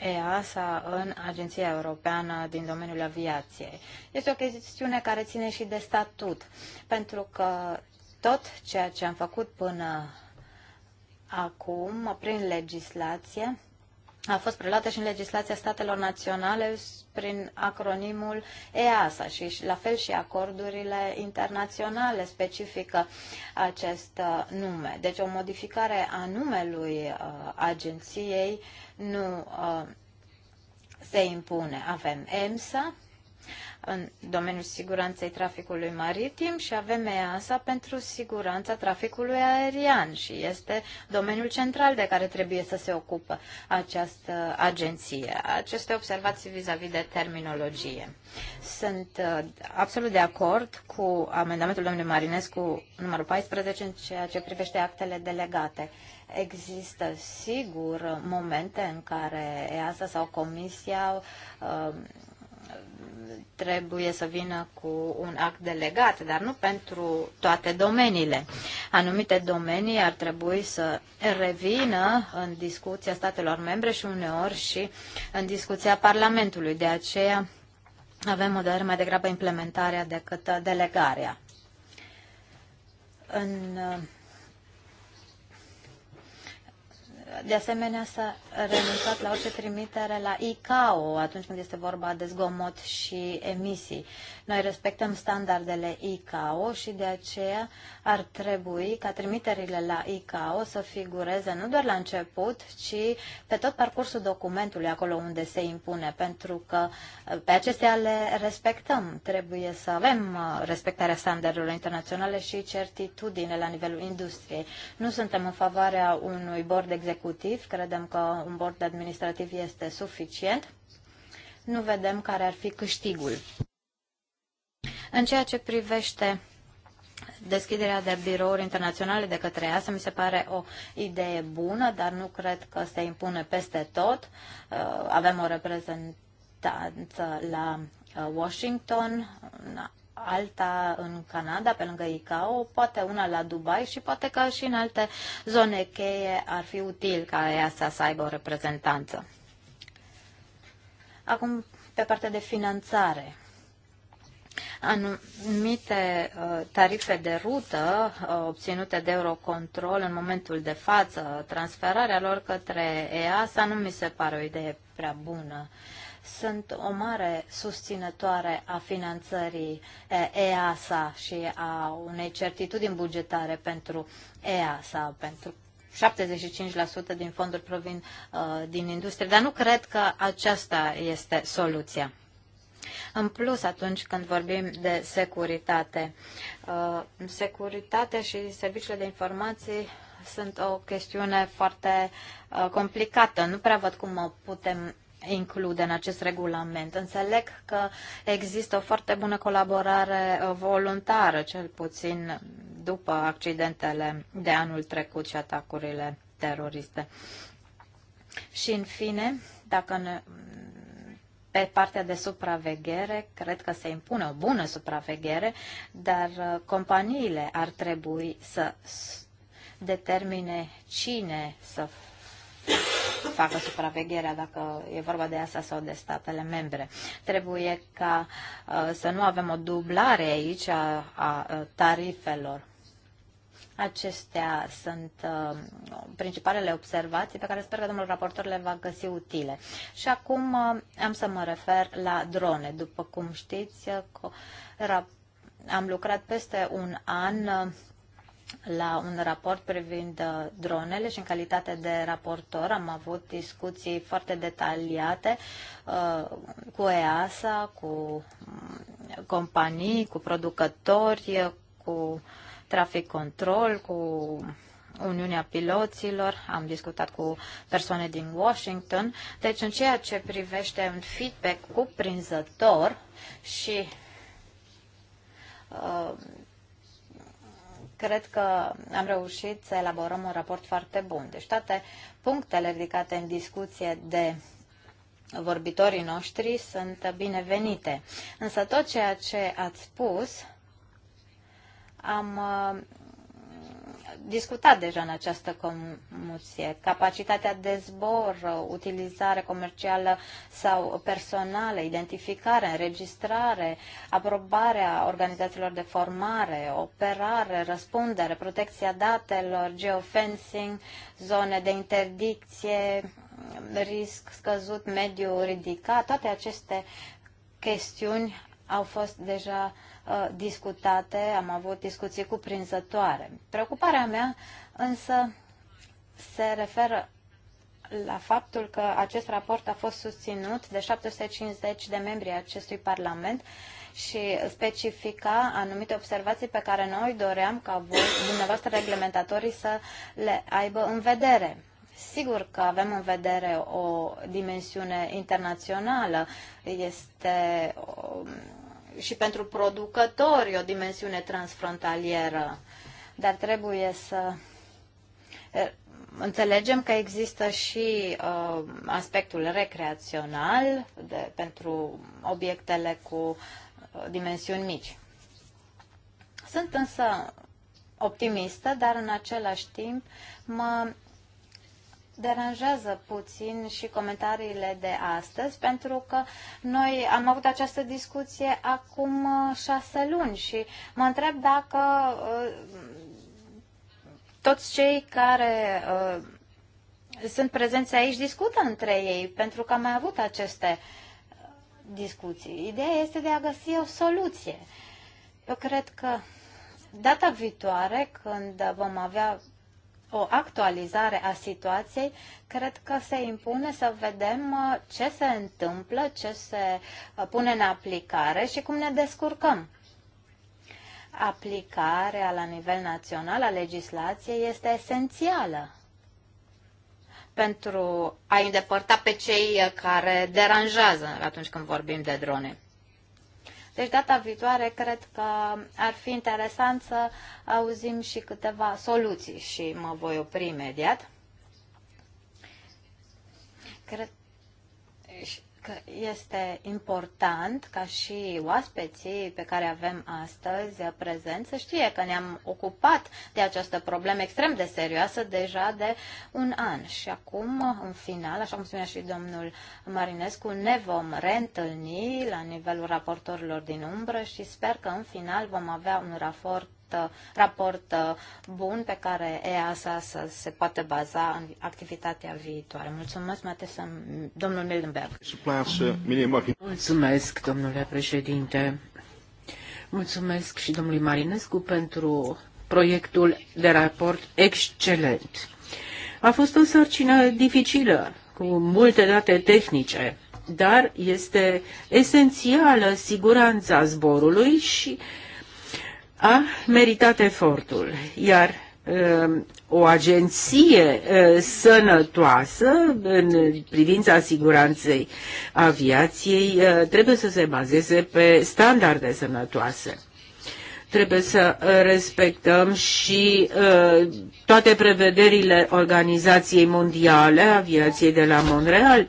EASA în Agenția Europeană din domeniul aviației. Este o chestiune care ține și de statut, pentru că tot ceea ce am făcut până acum, prin legislație, a fost preluată și în legislația statelor naționale prin acronimul EASA și la fel și acordurile internaționale specifică acest uh, nume. Deci o modificare a numelui uh, agenției nu uh, se impune. Avem EMSA, în domeniul siguranței traficului maritim și avem EASA pentru siguranța traficului aerian și este domeniul central de care trebuie să se ocupă această agenție. Aceste observații vis-a-vis -vis de terminologie. Sunt uh, absolut de acord cu amendamentul domnului Marinescu numărul 14 în ceea ce privește actele delegate. Există, sigur, momente în care EASA sau Comisia uh, trebuie să vină cu un act delegat, dar nu pentru toate domeniile. Anumite domenii ar trebui să revină în discuția statelor membre și uneori și în discuția Parlamentului. De aceea avem o dare mai degrabă implementarea decât delegarea. În de asemenea s-a renunțat la orice trimitere la ICAO atunci când este vorba de zgomot și emisii. Noi respectăm standardele ICAO și de aceea ar trebui ca trimiterile la ICAO să figureze nu doar la început, ci pe tot parcursul documentului, acolo unde se impune, pentru că uh, pe acestea le respectăm. Trebuie să avem uh, respectarea standardelor internaționale și certitudine la nivelul industriei. Nu suntem în favoarea unui bord executiv executiv. Credem că un bord administrativ este suficient. Nu vedem care ar fi câștigul. În ceea ce privește deschiderea de birouri internaționale de către asta mi se pare o idee bună, dar nu cred că se impune peste tot. Uh, avem o reprezentanță la uh, Washington, alta în Canada, pe lângă ICAO, poate una la Dubai și poate că și în alte zone cheie ar fi util ca ea să aibă o reprezentanță. Acum, pe partea de finanțare. Anumite uh, tarife de rută uh, obținute de Eurocontrol în momentul de față, transferarea lor către EASA nu mi se pare o idee prea bună. Uh, sunt o mare susținătoare a finanțării EASA eh, și a unei certitudini bugetare pentru EASA, pentru 75% din fonduri provin uh, din industrie, dar nu cred că aceasta este soluția. În plus, atunci când vorbim de securitate, uh, securitatea și serviciile de informații sunt o chestiune foarte uh, complicată. Nu prea văd cum o putem include în acest regulament. Înțeleg că există o foarte bună colaborare uh, voluntară, cel puțin după accidentele de anul trecut și atacurile teroriste. Și în fine, dacă ne, pe partea de supraveghere, cred că se impune o bună supraveghere, dar uh, companiile ar trebui să determine cine să facă supravegherea dacă e vorba de asta sau de statele membre. Trebuie ca uh, să nu avem o dublare aici a, a uh, tarifelor. Acestea sunt uh, principalele observații pe care sper că domnul raportor le va găsi utile. Și acum uh, am să mă refer la drone. După cum știți, uh, am lucrat peste un an uh, la un raport privind uh, dronele și în calitate de raportor am avut discuții foarte detaliate uh, cu EASA, cu mm, companii, cu producători, cu trafic control, cu Uniunea Piloților, am discutat cu persoane din Washington. Deci în ceea ce privește un feedback cuprinzător și uh, cred că am reușit să elaborăm un raport foarte bun. Deci toate punctele ridicate în discuție de vorbitorii noștri sunt binevenite. Însă tot ceea ce ați spus am discutat deja în această comisie. Capacitatea de zbor, utilizare comercială sau personală, identificare, înregistrare, aprobarea organizațiilor de formare, operare, răspundere, protecția datelor, geofencing, zone de interdicție, risc scăzut, mediu ridicat, toate aceste chestiuni au fost deja uh, Uh, discutate, am avut discuții cuprinzătoare. Preocuparea mea însă se referă la faptul că acest raport a fost susținut de 750 de membri acestui Parlament și specifica anumite observații pe care noi doream ca voi, dumneavoastră reglementatorii, să le aibă în vedere. Sigur că avem în vedere o dimensiune internațională, este um, și pentru producători o dimensiune transfrontalieră. Dar trebuie să înțelegem că există și uh, aspectul recreațional de, pentru obiectele cu uh, dimensiuni mici. Sunt însă optimistă, dar în același timp mă deranjează puțin și comentariile de astăzi, pentru că noi am avut această discuție acum uh, șase luni și mă întreb dacă uh, toți cei care uh, sunt prezenți aici discută între ei, pentru că am mai avut aceste discuții. Ideea este de a găsi o soluție. Eu cred că data viitoare, când vom avea o actualizare a situației, cred că se impune să vedem uh, ce se întâmplă, ce se uh, pune în aplicare și cum ne descurcăm. Aplicarea la nivel național a legislației este esențială pentru a îndepărta pe cei uh, care deranjează atunci când vorbim de drone. Deci data viitoare cred că ar fi interesant să auzim și câteva soluții și mă voi opri imediat. Cred că este important ca și oaspeții pe care avem astăzi prezent să știe că ne-am ocupat de această problemă extrem de serioasă deja de un an. Și acum, în final, așa cum spunea și domnul Marinescu, ne vom reîntâlni la nivelul raportorilor din umbră și sper că în final vom avea un raport raport uh, uh, bun pe care EASA să se poate baza în activitatea viitoare. Mulțumesc, Matesa, domnul Mildenberg. Mulțumesc, domnule președinte. Mulțumesc și domnului Marinescu pentru proiectul de raport excelent. A fost o sarcină dificilă, cu multe date tehnice, dar este esențială siguranța zborului și uh, a meritat efortul, iar um, o agenție uh, sănătoasă în privința siguranței aviației uh, trebuie să se bazeze pe standarde sănătoase. Trebuie să respectăm și uh, toate prevederile Organizației Mondiale Aviației de la Montreal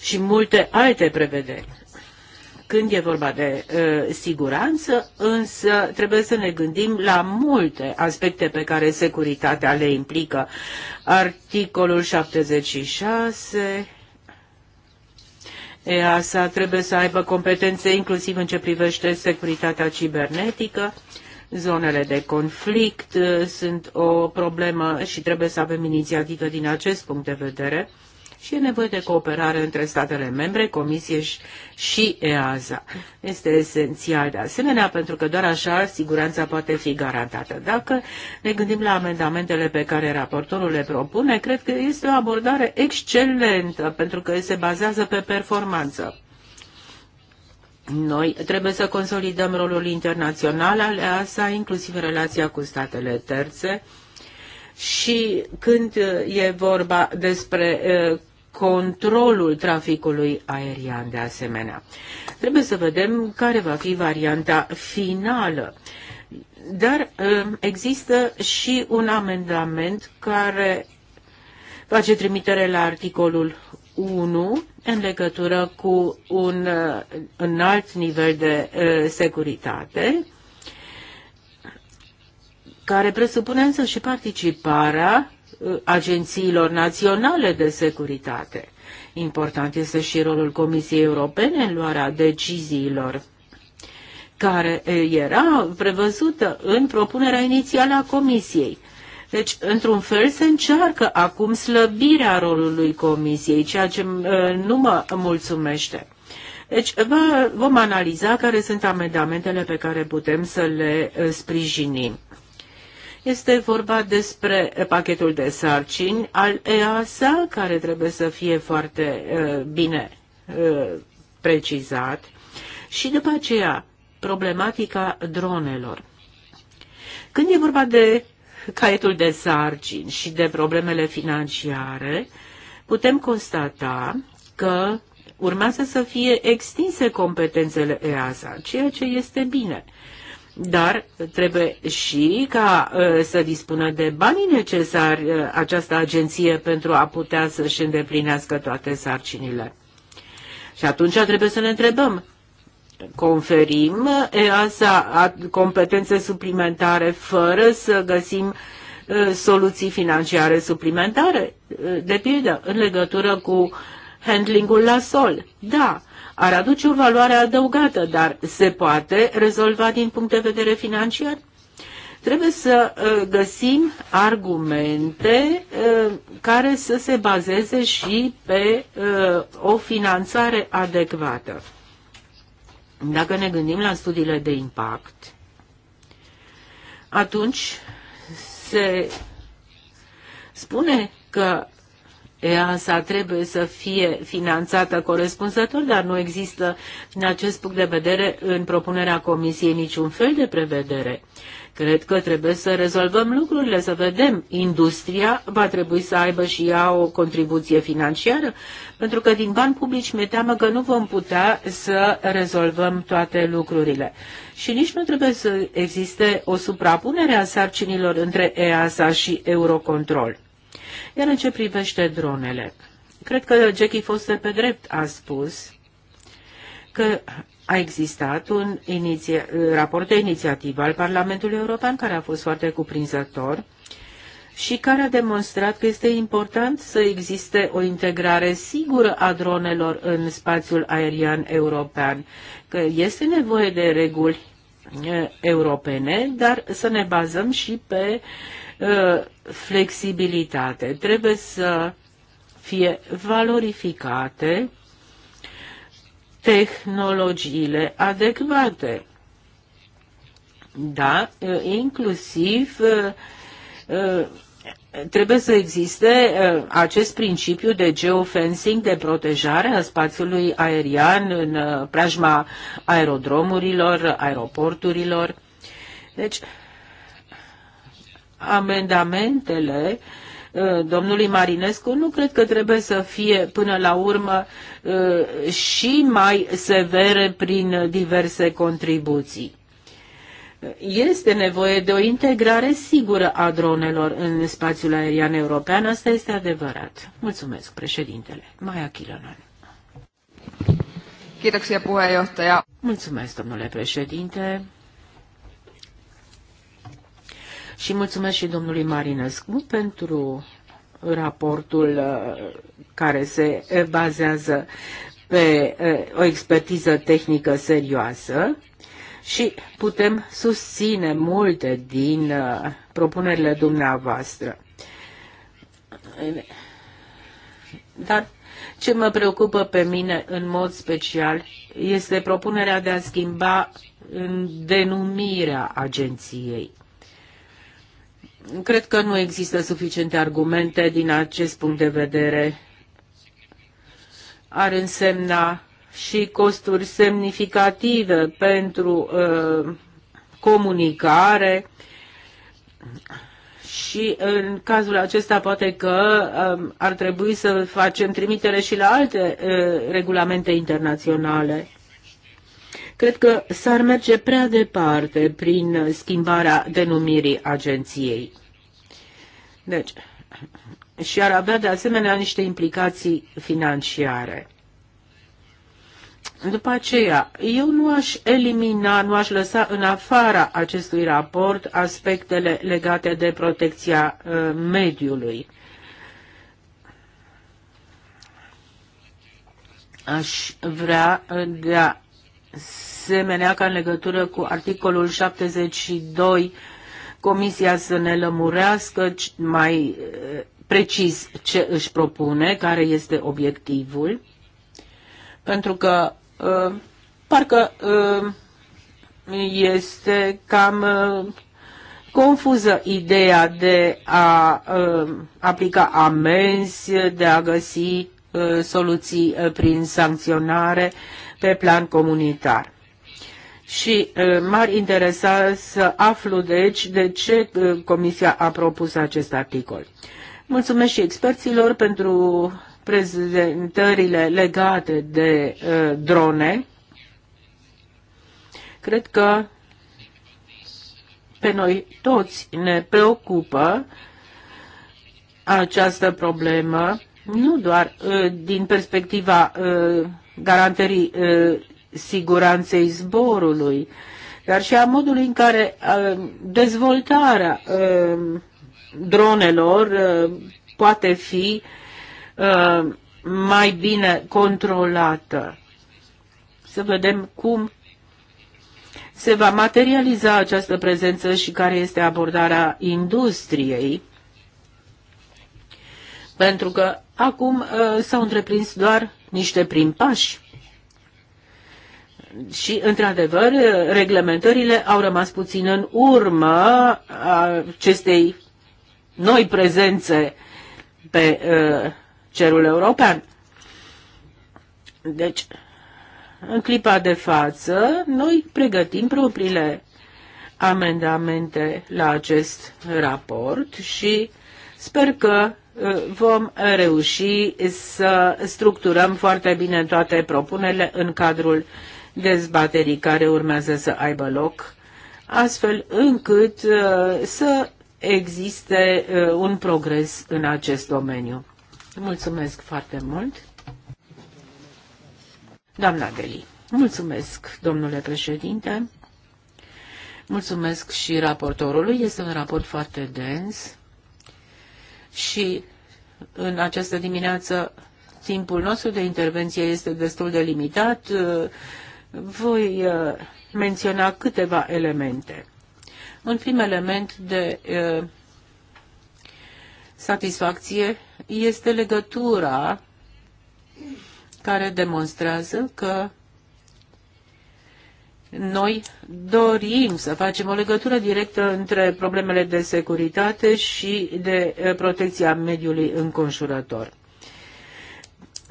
și multe alte prevederi când e vorba de uh, siguranță, însă trebuie să ne gândim la multe aspecte pe care securitatea le implică. Articolul 76 EASA trebuie să aibă competențe inclusiv în ce privește securitatea cibernetică. Zonele de conflict sunt o problemă și trebuie să avem inițiativă din acest punct de vedere și e nevoie de cooperare între statele membre, Comisie și EASA. Este esențial de asemenea pentru că doar așa siguranța poate fi garantată. Dacă ne gândim la amendamentele pe care raportorul le propune, cred că este o abordare excelentă pentru că se bazează pe performanță. Noi trebuie să consolidăm rolul internațional al EASA, inclusiv relația cu statele terțe, și când e vorba despre controlul traficului aerian de asemenea. Trebuie să vedem care va fi varianta finală. Dar um, există și un amendament care face trimitere la articolul 1 în legătură cu un înalt uh, nivel de uh, securitate, care presupune însă și participarea agențiilor naționale de securitate. Important este și rolul Comisiei Europene în luarea deciziilor care era prevăzută în propunerea inițială a Comisiei. Deci, într-un fel, se încearcă acum slăbirea rolului Comisiei, ceea ce nu mă mulțumește. Deci vom analiza care sunt amendamentele pe care putem să le sprijinim. Este vorba despre pachetul de sarcini al EASA, care trebuie să fie foarte bine precizat. Și după aceea, problematica dronelor. Când e vorba de caietul de sarcini și de problemele financiare, putem constata că urmează să fie extinse competențele EASA, ceea ce este bine dar trebuie și ca uh, să dispună de banii necesari uh, această agenție pentru a putea să-și îndeplinească toate sarcinile. Și atunci trebuie să ne întrebăm, conferim uh, EASA competențe suplimentare fără să găsim soluții financiare suplimentare, de pildă, în legătură cu handlingul la sol. Da, ar aduce o valoare adăugată, dar se poate rezolva din punct de vedere financiar? Trebuie să uh, găsim argumente uh, care să se bazeze și pe uh, o finanțare adecvată. Dacă ne gândim la studiile de impact, atunci se spune că EASA trebuie să fie finanțată corespunzător, dar nu există din acest punct de vedere în propunerea Comisiei niciun fel de prevedere. Cred că trebuie să rezolvăm lucrurile, să vedem. Industria va trebui să aibă și ea o contribuție financiară, pentru că din bani publici mi-e teamă că nu vom putea să rezolvăm toate lucrurile. Și nici nu trebuie să existe o suprapunere a sarcinilor între EASA și Eurocontrol. Iar în ce privește dronele, cred că Jackie Foster pe drept a spus că a existat un raport de inițiativă al Parlamentului European care a fost foarte cuprinzător și care a demonstrat că este important să existe o integrare sigură a dronelor în spațiul aerian european, că este nevoie de reguli eh, europene, dar să ne bazăm și pe uh, Uh, flexibilitate. Trebuie să fie valorificate tehnologiile adecvate. Da, uh, inclusiv uh, trebuie să existe acest principiu de geofencing, de protejare a spațiului aerian în preajma aerodromurilor, aeroporturilor. Deci, amendamentele uh, domnului Marinescu nu cred că trebuie să fie până la urmă uh, și mai severe prin diverse contribuții. Este nevoie de o integrare sigură a dronelor în spațiul aerian european, asta este adevărat. Mulțumesc, președintele. Maia Chilonan. Mulțumesc, domnule președinte și mulțumesc și domnului Marinescu pentru raportul uh, care se bazează pe uh, o expertiză tehnică serioasă și putem susține multe din uh, propunerile dumneavoastră. Dar ce mă preocupă pe mine în mod special este propunerea de a schimba denumirea agenției. Cred că nu există suficiente argumente din acest punct de vedere. Ar însemna și costuri semnificative pentru uh, comunicare și în cazul acesta poate că uh, ar trebui să facem trimitere și la alte uh, regulamente internaționale. Cred că s-ar merge prea departe prin schimbarea denumirii agenției. Deci, și ar avea de asemenea niște implicații financiare. După aceea, eu nu aș elimina, nu aș lăsa în afara acestui raport aspectele legate de protecția uh, mediului. Aș vrea de asemenea ca în legătură cu articolul 72 Comisia să ne lămurească mai eh, precis ce își propune, care este obiectivul, pentru că eh, parcă eh, este cam confuză ideea de a aplica amenzi, de a găsi soluții prin sancționare pe plan comunitar. Și uh, m-ar interesa să aflu, deci, de ce uh, Comisia a propus acest articol. Mulțumesc și experților pentru prezentările legate de uh, drone. Cred că pe noi toți ne preocupă această problemă, nu doar uh, din perspectiva uh, garantării siguranței zborului, dar și a modului în care dezvoltarea dronelor poate fi mai bine controlată. Să vedem cum se va materializa această prezență și care este abordarea industriei pentru că acum uh, s-au întreprins doar niște prim pași. Și, într-adevăr, reglementările au rămas puțin în urmă acestei noi prezențe pe uh, cerul european. Deci, în clipa de față, noi pregătim propriile amendamente la acest raport și sper că vom reuși să structurăm foarte bine toate propunerile în cadrul dezbaterii care urmează să aibă loc, astfel încât uh, să existe uh, un progres în acest domeniu. Mulțumesc foarte mult. Doamna Deli, mulțumesc, domnule președinte. Mulțumesc și raportorului. Este un raport foarte dens și în această dimineață timpul nostru de intervenție este destul de limitat. Voi uh, menționa câteva elemente. Un prim element de uh, satisfacție este legătura care demonstrează că noi dorim să facem o legătură directă între problemele de securitate și de eh, protecția mediului înconjurător.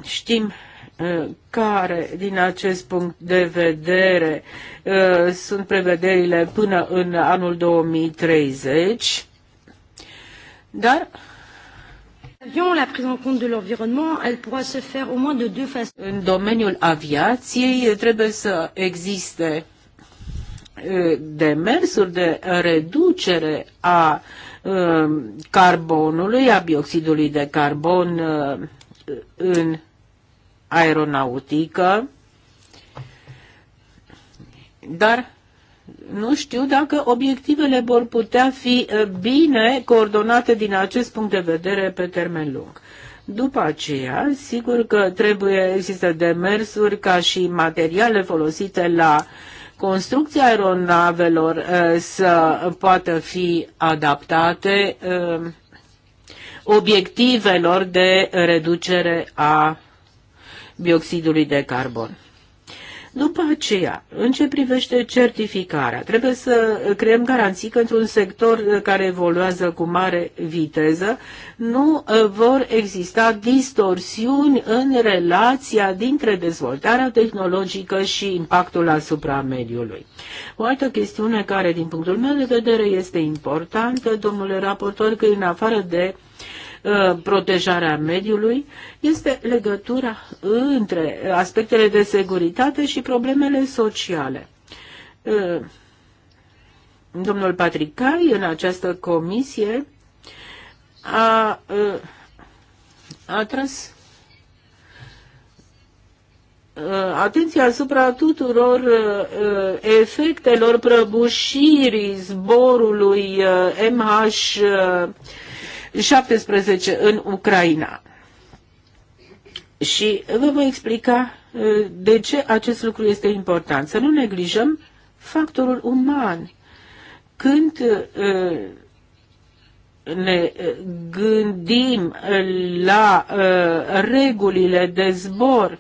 Știm eh, care, din acest punct de vedere, eh, sunt prevederile până în anul 2030, dar de se de În domeniul aviației trebuie să existe demersuri de reducere a uh, carbonului, a bioxidului de carbon uh, în aeronautică, dar nu știu dacă obiectivele vor putea fi uh, bine coordonate din acest punct de vedere pe termen lung. După aceea, sigur că trebuie, există demersuri ca și materiale folosite la uh, construcția aeronavelor uh, să poată fi adaptate uh, obiectivelor de reducere a bioxidului de carbon. După aceea, în ce privește certificarea, trebuie să creăm garanții că într-un sector uh, care evoluează cu mare viteză nu uh, vor exista distorsiuni în relația dintre dezvoltarea tehnologică și impactul asupra mediului. O altă chestiune care, din punctul meu de vedere, este importantă, domnule raportor, că în afară de uh, Uh, protejarea mediului este legătura între aspectele de securitate și problemele sociale. Uh, domnul Patricai, în această comisie, a uh, atras atenția asupra tuturor efectelor prăbușirii zborului MH 17 în Ucraina. Și vă voi explica uh, de ce acest lucru este important. Să nu neglijăm factorul uman. Când uh, ne uh, gândim la regulile de zbor,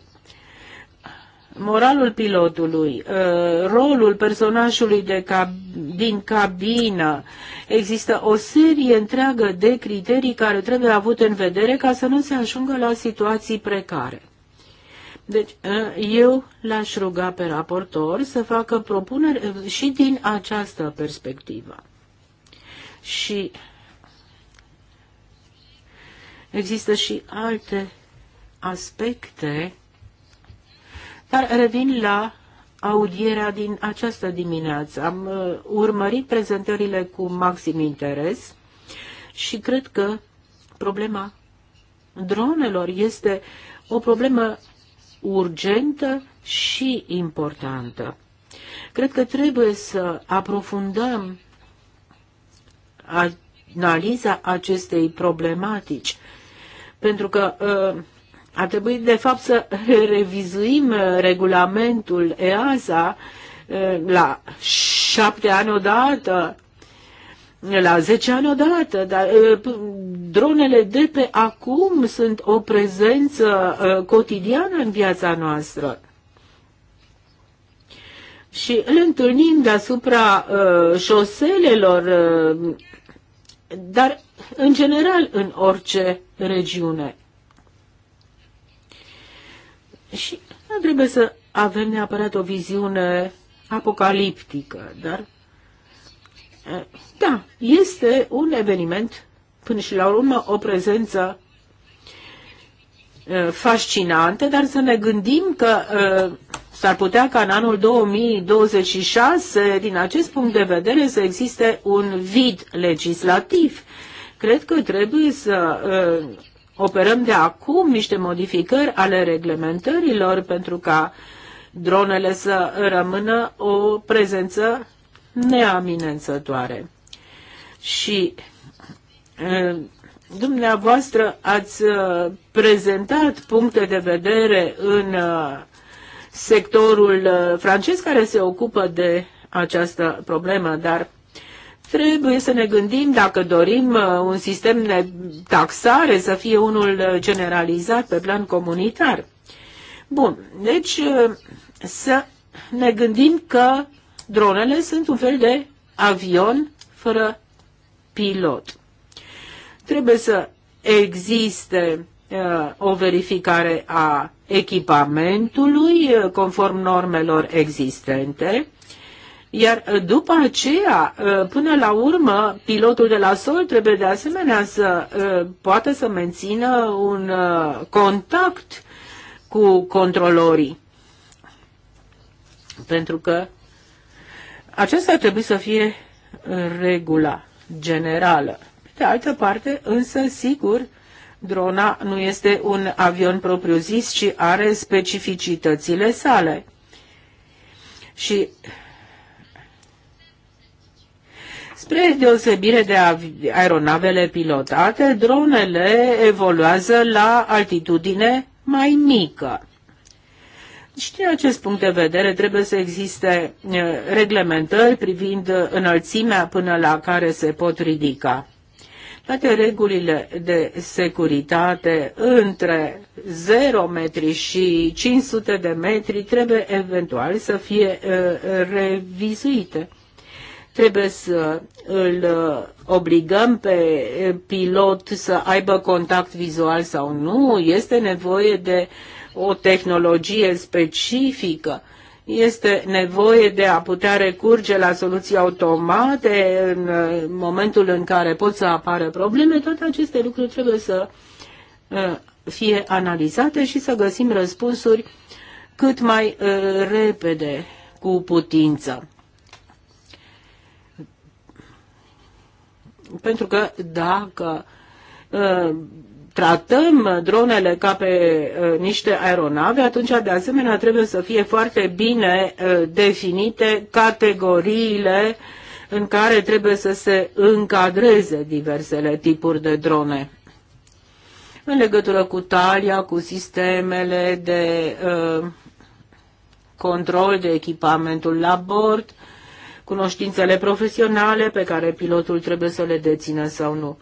moralul pilotului, ă, rolul personajului de cab- din cabină. Există o serie întreagă de criterii care trebuie avut în vedere ca să nu se ajungă la situații precare. Deci, ă, eu l-aș ruga pe raportor să facă propuneri ă, și din această perspectivă. Și există și alte aspecte dar revin la audierea din această dimineață. Am uh, urmărit prezentările cu maxim interes și cred că problema dronelor este o problemă urgentă și importantă. Cred că trebuie să aprofundăm analiza acestei problematici, pentru că uh, ar trebui, de fapt, să revizuim uh, regulamentul EASA uh, la șapte ani odată, la zece ani odată, dar uh, dronele de pe acum sunt o prezență cotidiană în viața noastră și îl întâlnim deasupra uh, șoselelor, uh, dar în general în orice regiune. Și nu trebuie să avem neapărat o viziune apocaliptică, dar da, este un eveniment, până și la urmă, o prezență fascinantă, dar să ne gândim că s-ar putea ca în anul 2026, din acest punct de vedere, să existe un vid legislativ. Cred că trebuie să operăm de acum niște modificări ale reglementărilor pentru ca dronele să rămână o prezență neaminențătoare. Și dumneavoastră ați prezentat puncte de vedere în sectorul francez care se ocupă de această problemă, dar Trebuie să ne gândim dacă dorim uh, un sistem de taxare să fie unul uh, generalizat pe plan comunitar. Bun, deci uh, să ne gândim că dronele sunt un fel de avion fără pilot. Trebuie să existe o verificare a echipamentului conform normelor existente iar uh, după aceea, uh, până la urmă, pilotul de la sol trebuie de asemenea să uh, poată să mențină un contact cu controlorii. Pentru că acesta ar trebui să fie regula generală. Pe de altă parte, însă, sigur, drona nu este un avion propriu-zis, ci are specificitățile sale. Și Spre deosebire de aeronavele pilotate, dronele evoluează la altitudine mai mică. Și din acest punct de vedere trebuie să existe reglementări privind înălțimea până la care se pot ridica. Toate regulile de securitate între 0 metri și 500 de metri trebuie eventual să fie revizuite. Trebuie să îl uh, obligăm pe uh, pilot să aibă contact vizual sau nu. Este nevoie de o tehnologie specifică este nevoie de a putea recurge la soluții automate în uh, momentul în care pot să apară probleme, toate aceste lucruri trebuie să fie analizate și să găsim răspunsuri cât mai repede cu putință. Pentru că dacă uh, tratăm dronele ca pe uh, niște aeronave, atunci de asemenea trebuie să fie foarte bine uh, definite categoriile în care trebuie să se încadreze diversele tipuri de drone. În legătură cu talia, cu sistemele de uh, control de echipamentul la bord, uh, cunoștințele profesionale pe care pilotul trebuie să le dețină sau nu.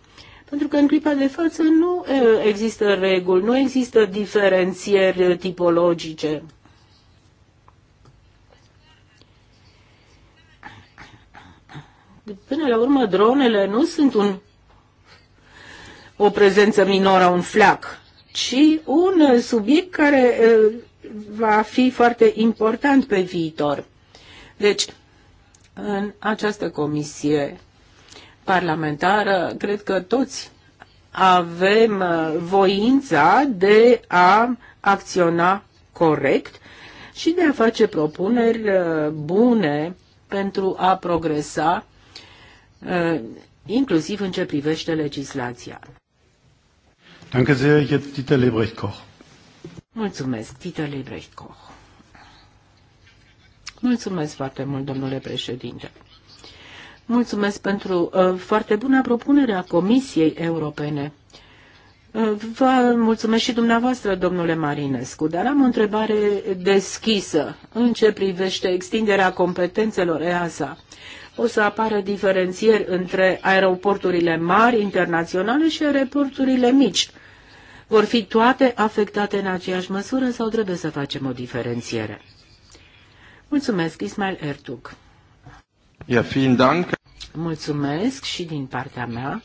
Pentru că în clipa de față nu există reguli, nu există diferențieri tipologice. Până la urmă, dronele nu sunt un, o prezență minoră, un flac, ci un subiect care va fi foarte important pe viitor. Deci, în această comisie parlamentară, cred că toți avem uh, voința de a acționa corect și de a face propuneri uh, bune pentru a progresa, uh, inclusiv în ce privește legislația. Danke sehr, jetzt Dieter Lebrecht Koch. Mulțumesc, Dieter Lebrecht Koch. Mulțumesc foarte mult, domnule președinte. Mulțumesc pentru uh, foarte bună propunere a Comisiei Europene. Uh, vă mulțumesc și dumneavoastră, domnule Marinescu, dar am o întrebare deschisă în ce privește extinderea competențelor EASA. O să apară diferențieri între aeroporturile mari internaționale și aeroporturile mici. Vor fi toate afectate în aceeași măsură sau trebuie să facem o diferențiere? Mulțumesc, Ismail Ertug. Ia fiind Dank. Mulțumesc și din partea mea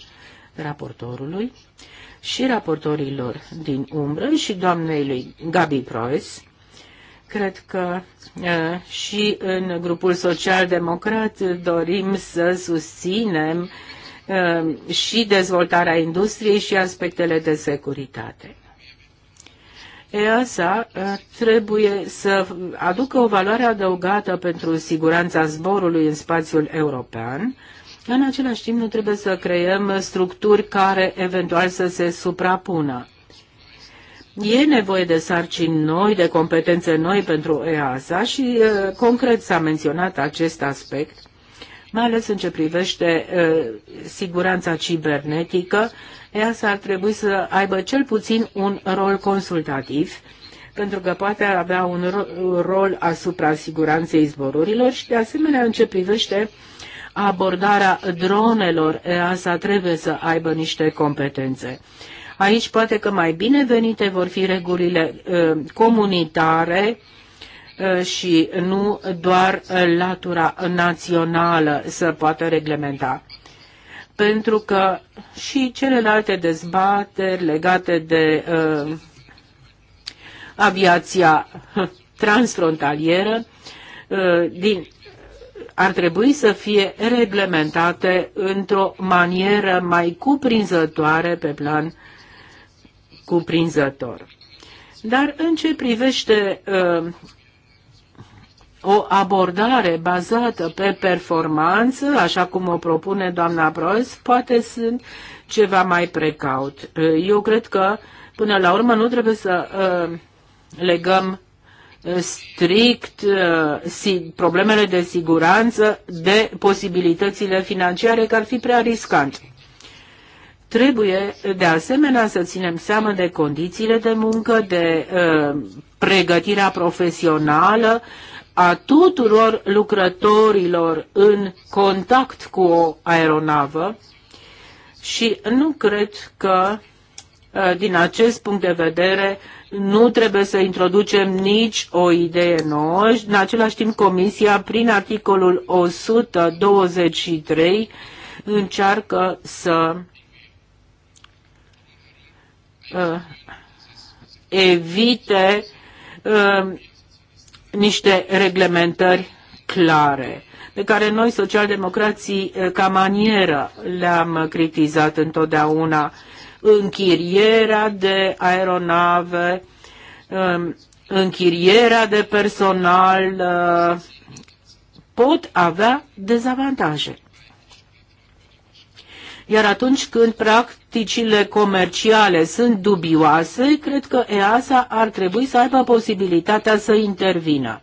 raportorului și raportorilor din umbră și doamnei lui Gabi Proes. Cred că uh, și în grupul social-democrat dorim să susținem uh, și dezvoltarea industriei și aspectele de securitate. EASA uh, trebuie să aducă o valoare adăugată pentru siguranța zborului în spațiul european. În același timp, nu trebuie să creăm structuri care eventual să se suprapună. E nevoie de sarcini noi, de competențe noi pentru EASA și uh, concret s-a menționat acest aspect mai ales în ce privește siguranța cibernetică, EASA ar trebui să aibă cel puțin un rol consultativ, pentru că poate avea un rol asupra siguranței zborurilor și, de asemenea, în ce privește abordarea dronelor, EASA trebuie să aibă niște competențe. Aici poate că mai binevenite vor fi regulile comunitare și nu doar latura națională să poată reglementa. Pentru că și celelalte dezbateri legate de uh, aviația transfrontalieră uh, din ar trebui să fie reglementate într-o manieră mai cuprinzătoare pe plan cuprinzător. Dar în ce privește uh, o abordare bazată pe performanță, așa cum o propune doamna Brois, poate sunt ceva mai precaut. Eu cred că, până la urmă, nu trebuie să uh, legăm uh, strict uh, problemele de siguranță de posibilitățile financiare, că ar fi prea riscant. Trebuie, de asemenea, să ținem seama de condițiile de muncă, de uh, pregătirea profesională, uh, a tuturor lucrătorilor în contact cu o aeronavă și nu cred că ă, din acest punct de vedere, nu trebuie să introducem nici o idee nouă. În același timp, Comisia, prin articolul 123, încearcă să ă, evite ă, niște reglementări clare pe care noi, socialdemocrații, ca manieră le-am critizat întotdeauna. Închirierea de aeronave, um, închirierea de personal uh, pot avea dezavantaje. Iar atunci când, practic, practicile comerciale sunt dubioase, cred că EASA ar trebui să aibă posibilitatea să intervină.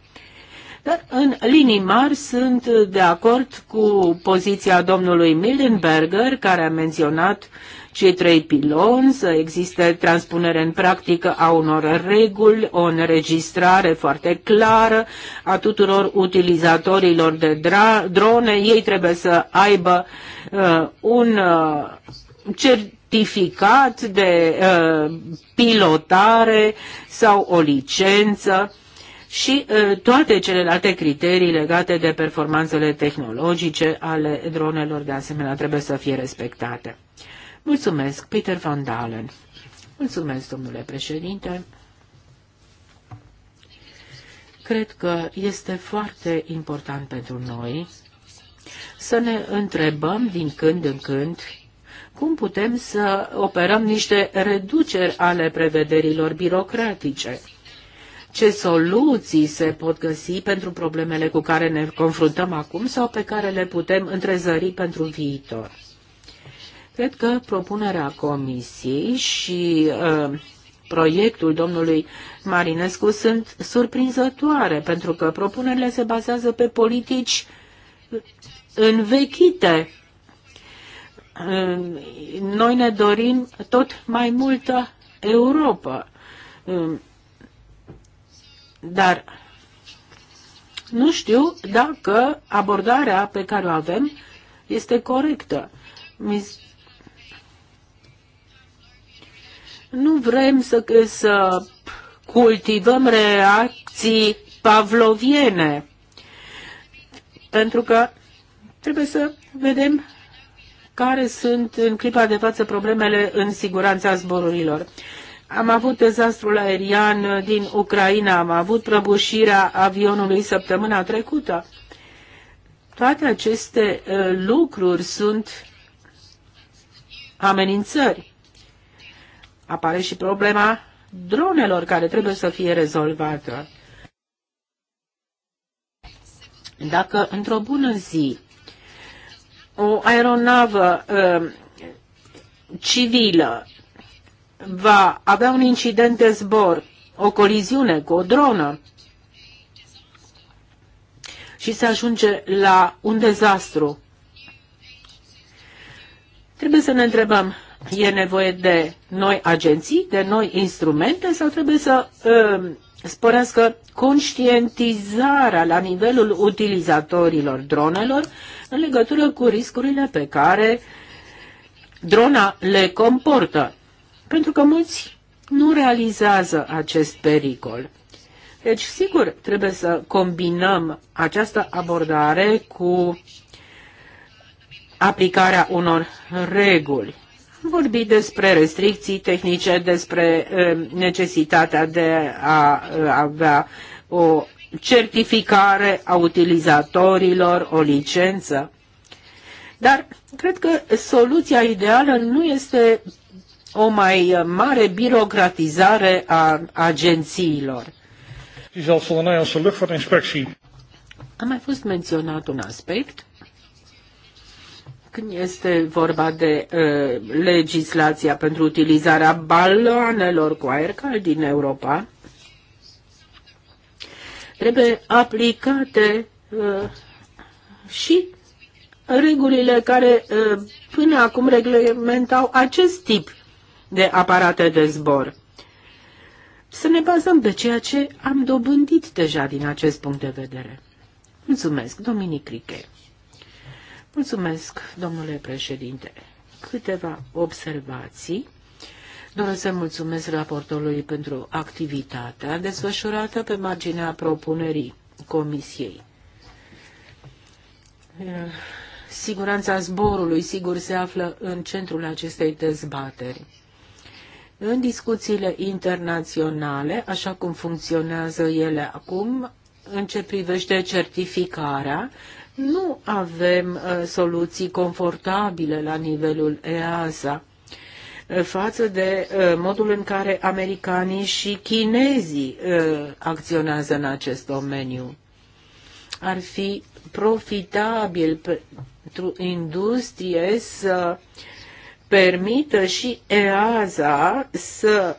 Dar în linii mari sunt de acord cu poziția domnului Millenberger, care a menționat cei trei piloni, să existe transpunere în practică a unor reguli, o înregistrare foarte clară a tuturor utilizatorilor de drone. Ei trebuie să aibă uh, un uh, cer certificat de uh, pilotare sau o licență și uh, toate celelalte criterii legate de performanțele tehnologice ale dronelor de asemenea trebuie să fie respectate. Mulțumesc, Peter Van Dalen. Mulțumesc, domnule președinte. Cred că este foarte important pentru noi să ne întrebăm din când în când cum putem să operăm niște reduceri ale prevederilor birocratice? Ce soluții se pot găsi pentru problemele cu care ne confruntăm acum sau pe care le putem întrezări pentru viitor? Cred că propunerea Comisiei și uh, proiectul domnului Marinescu sunt surprinzătoare, pentru că propunerile se bazează pe politici învechite noi ne dorim tot mai multă Europa. Dar nu știu dacă abordarea pe care o avem este corectă. Nu vrem să, să cultivăm reacții pavloviene, pentru că trebuie să vedem care sunt în clipa de față problemele în siguranța zborurilor. Am avut dezastrul aerian din Ucraina, am avut prăbușirea avionului săptămâna trecută. Toate aceste uh, lucruri sunt amenințări. Apare și problema dronelor care trebuie să fie rezolvată. Dacă într-o bună zi o aeronavă um, civilă va avea un incident de zbor, o coliziune cu o dronă și se ajunge la un dezastru. Trebuie să ne întrebăm, e nevoie de noi agenții, de noi instrumente sau trebuie să uh, sporească conștientizarea la nivelul utilizatorilor dronelor în legătură cu riscurile pe care drona le comportă. Pentru că mulți nu realizează acest pericol. Deci, sigur, trebuie să combinăm această abordare cu aplicarea unor reguli. Am vorbit despre restricții tehnice, despre eh, necesitatea de a eh, avea o certificare a utilizatorilor, o licență. Dar cred că soluția ideală nu este o mai mare birocratizare a agențiilor. A mai fost menționat un aspect când este vorba de uh, legislația pentru utilizarea baloanelor cu aer cald din Europa. Trebuie aplicate uh, și regulile care uh, până acum reglementau acest tip de aparate de zbor. Să ne bazăm pe ceea ce am dobândit deja din acest punct de vedere. Mulțumesc, Dominic Riche. Mulțumesc, domnule președinte. Câteva observații Doresc să mulțumesc raportorului pentru activitatea desfășurată pe marginea propunerii Comisiei. Eh, siguranța zborului, sigur, se află în centrul acestei dezbateri. În discuțiile internaționale, așa cum funcționează ele acum, în ce privește certificarea, nu avem uh, soluții confortabile la nivelul EASA. Eh, față de eh, modul în care americanii și chinezii eh, acționează în acest domeniu. Ar fi profitabil pentru industrie să permită și EASA să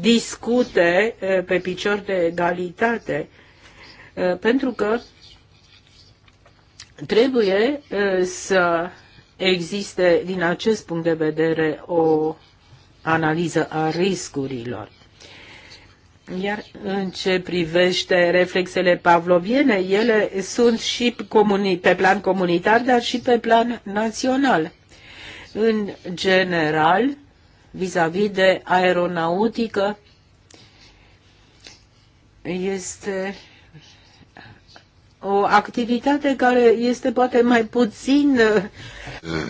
discute pe picior de egalitate, pentru că trebuie să existe din acest punct de vedere o analiză a riscurilor. Iar în ce privește reflexele pavloviene, ele sunt și pe plan comunitar, dar și pe plan național. În general, vis-a-vis -vis de aeronautică, este o activitate care este poate mai puțin uh,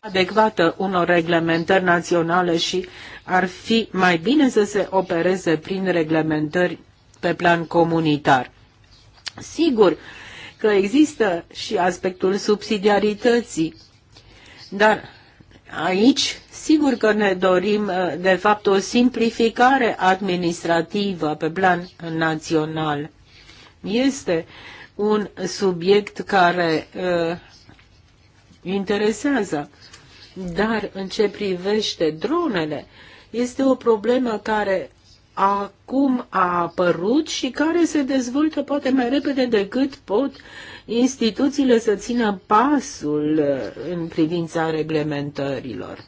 adecvată unor reglementări naționale și ar fi mai bine să se opereze prin reglementări pe plan comunitar. Sigur că există și aspectul subsidiarității, dar aici sigur că ne dorim uh, de fapt o simplificare administrativă pe plan național. Este un subiect care uh, interesează. Dar în ce privește dronele, este o problemă care acum a apărut și care se dezvoltă poate mai repede decât pot instituțiile să țină pasul uh, în privința reglementărilor.